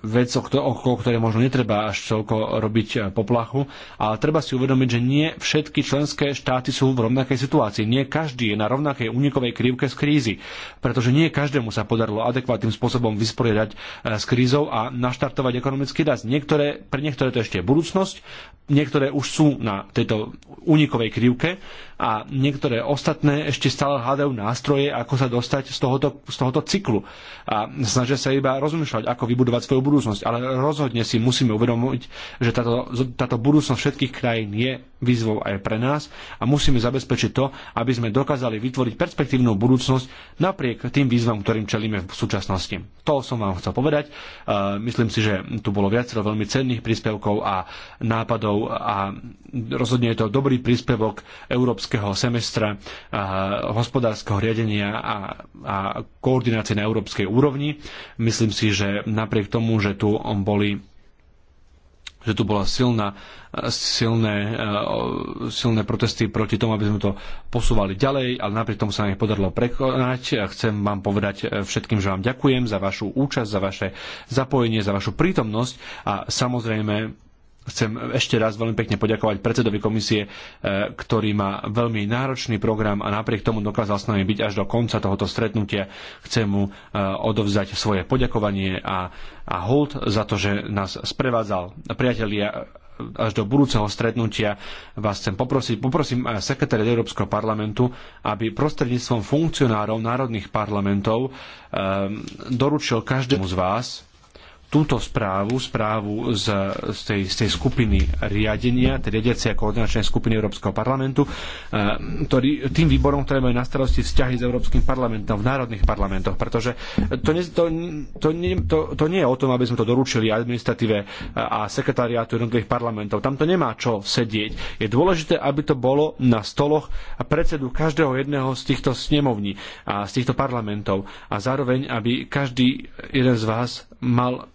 vec, okolo ktorej možno netreba až toľko robiť e, poplachu, ale treba si uvedomiť, že nie všetky členské štáty sú v rovnakej situácii. Nie každý je na rovnakej únikovej krivke z krízy, pretože nie každému sa podarilo adekvátnym spôsobom vysporiadať e, s krízou a naštartovať ekonomický rast. Niektoré, pre niektoré to ešte je budúcnosť, niektoré už sú na tejto unikovej krivke a niektoré ostatné ešte stále hľadajú nástroje, ako sa dostať z tohoto, z tohoto cyklu a snažia sa iba rozmýšľať, ako vybudovať svoju budúcnosť, ale rozhodne si musíme uvedomiť, že táto, táto budúcnosť všetkých krajín je výzvou aj pre nás a musíme zabezpečiť to, aby sme dokázali vytvoriť perspektívnu budúcnosť napriek tým výzvam, ktorým čelíme v súčasnosti. To som vám chcel povedať. E, myslím si, že tu bolo viacero veľmi cenných príspevkov a nápadov a rozhodne je to dobrý príspevok európskeho semestra e, hospodárskeho riadenia a, a koordinácie na európskej úrovni. Myslím si, že napriek tomu, že tu boli že tu bola silná, silné, eh, silné protesty proti tomu, aby sme to posúvali ďalej, ale napriek tomu sa nám ich podarilo prekonať. A chcem vám povedať eh, všetkým, že vám ďakujem za vašu účasť, za vaše zapojenie, za vašu prítomnosť a samozrejme Chcem ešte raz veľmi pekne poďakovať predsedovi komisie, e, ktorý má veľmi náročný program a napriek tomu dokázal s nami byť až do konca tohoto stretnutia. Chcem mu e, odovzdať svoje poďakovanie a, a hold za to, že nás sprevádzal. Priatelia, až do budúceho stretnutia vás chcem poprosiť. Poprosím e, sekretariat Európskeho parlamentu, aby prostredníctvom funkcionárov národných parlamentov um, doručil každému z vás túto správu, správu z, z, tej, z tej skupiny riadenia, tej riadiacej a koordinačnej skupiny Európskeho parlamentu, e, ktorý, tým výborom, ktoré majú na starosti vzťahy s Európskym parlamentom v národných parlamentoch, pretože to, ne, to, to, nie, to, to nie je o tom, aby sme to doručili administratíve a sekretariátu jednotlivých parlamentov. Tam to nemá čo sedieť. Je dôležité, aby to bolo na stoloch predsedu každého jedného z týchto snemovní a z týchto parlamentov a zároveň, aby každý jeden z vás mal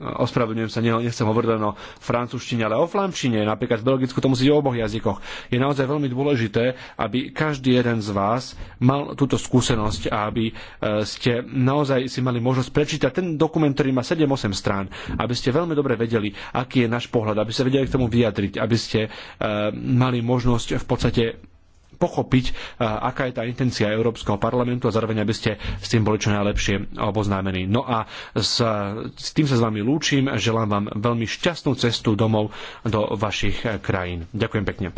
ospravedlňujem sa, nechcem hovoriť len o francúzštine, ale o flamčine, napríklad v Belgicku to musí o oboch jazykoch. Je naozaj veľmi dôležité, aby každý jeden z vás mal túto skúsenosť a aby e, ste naozaj si mali možnosť prečítať ten dokument, ktorý má 7-8 strán, aby ste veľmi dobre vedeli, aký je náš pohľad, aby ste vedeli k tomu vyjadriť, aby ste e, mali možnosť v podstate pochopiť, eh, aká je tá intencia Európskeho parlamentu a zároveň, aby ste s tým boli čo najlepšie oboznámení. No a s, s tým sa s vami lúčim, želám vám veľmi šťastnú cestu domov do vašich eh, krajín. Ďakujem pekne.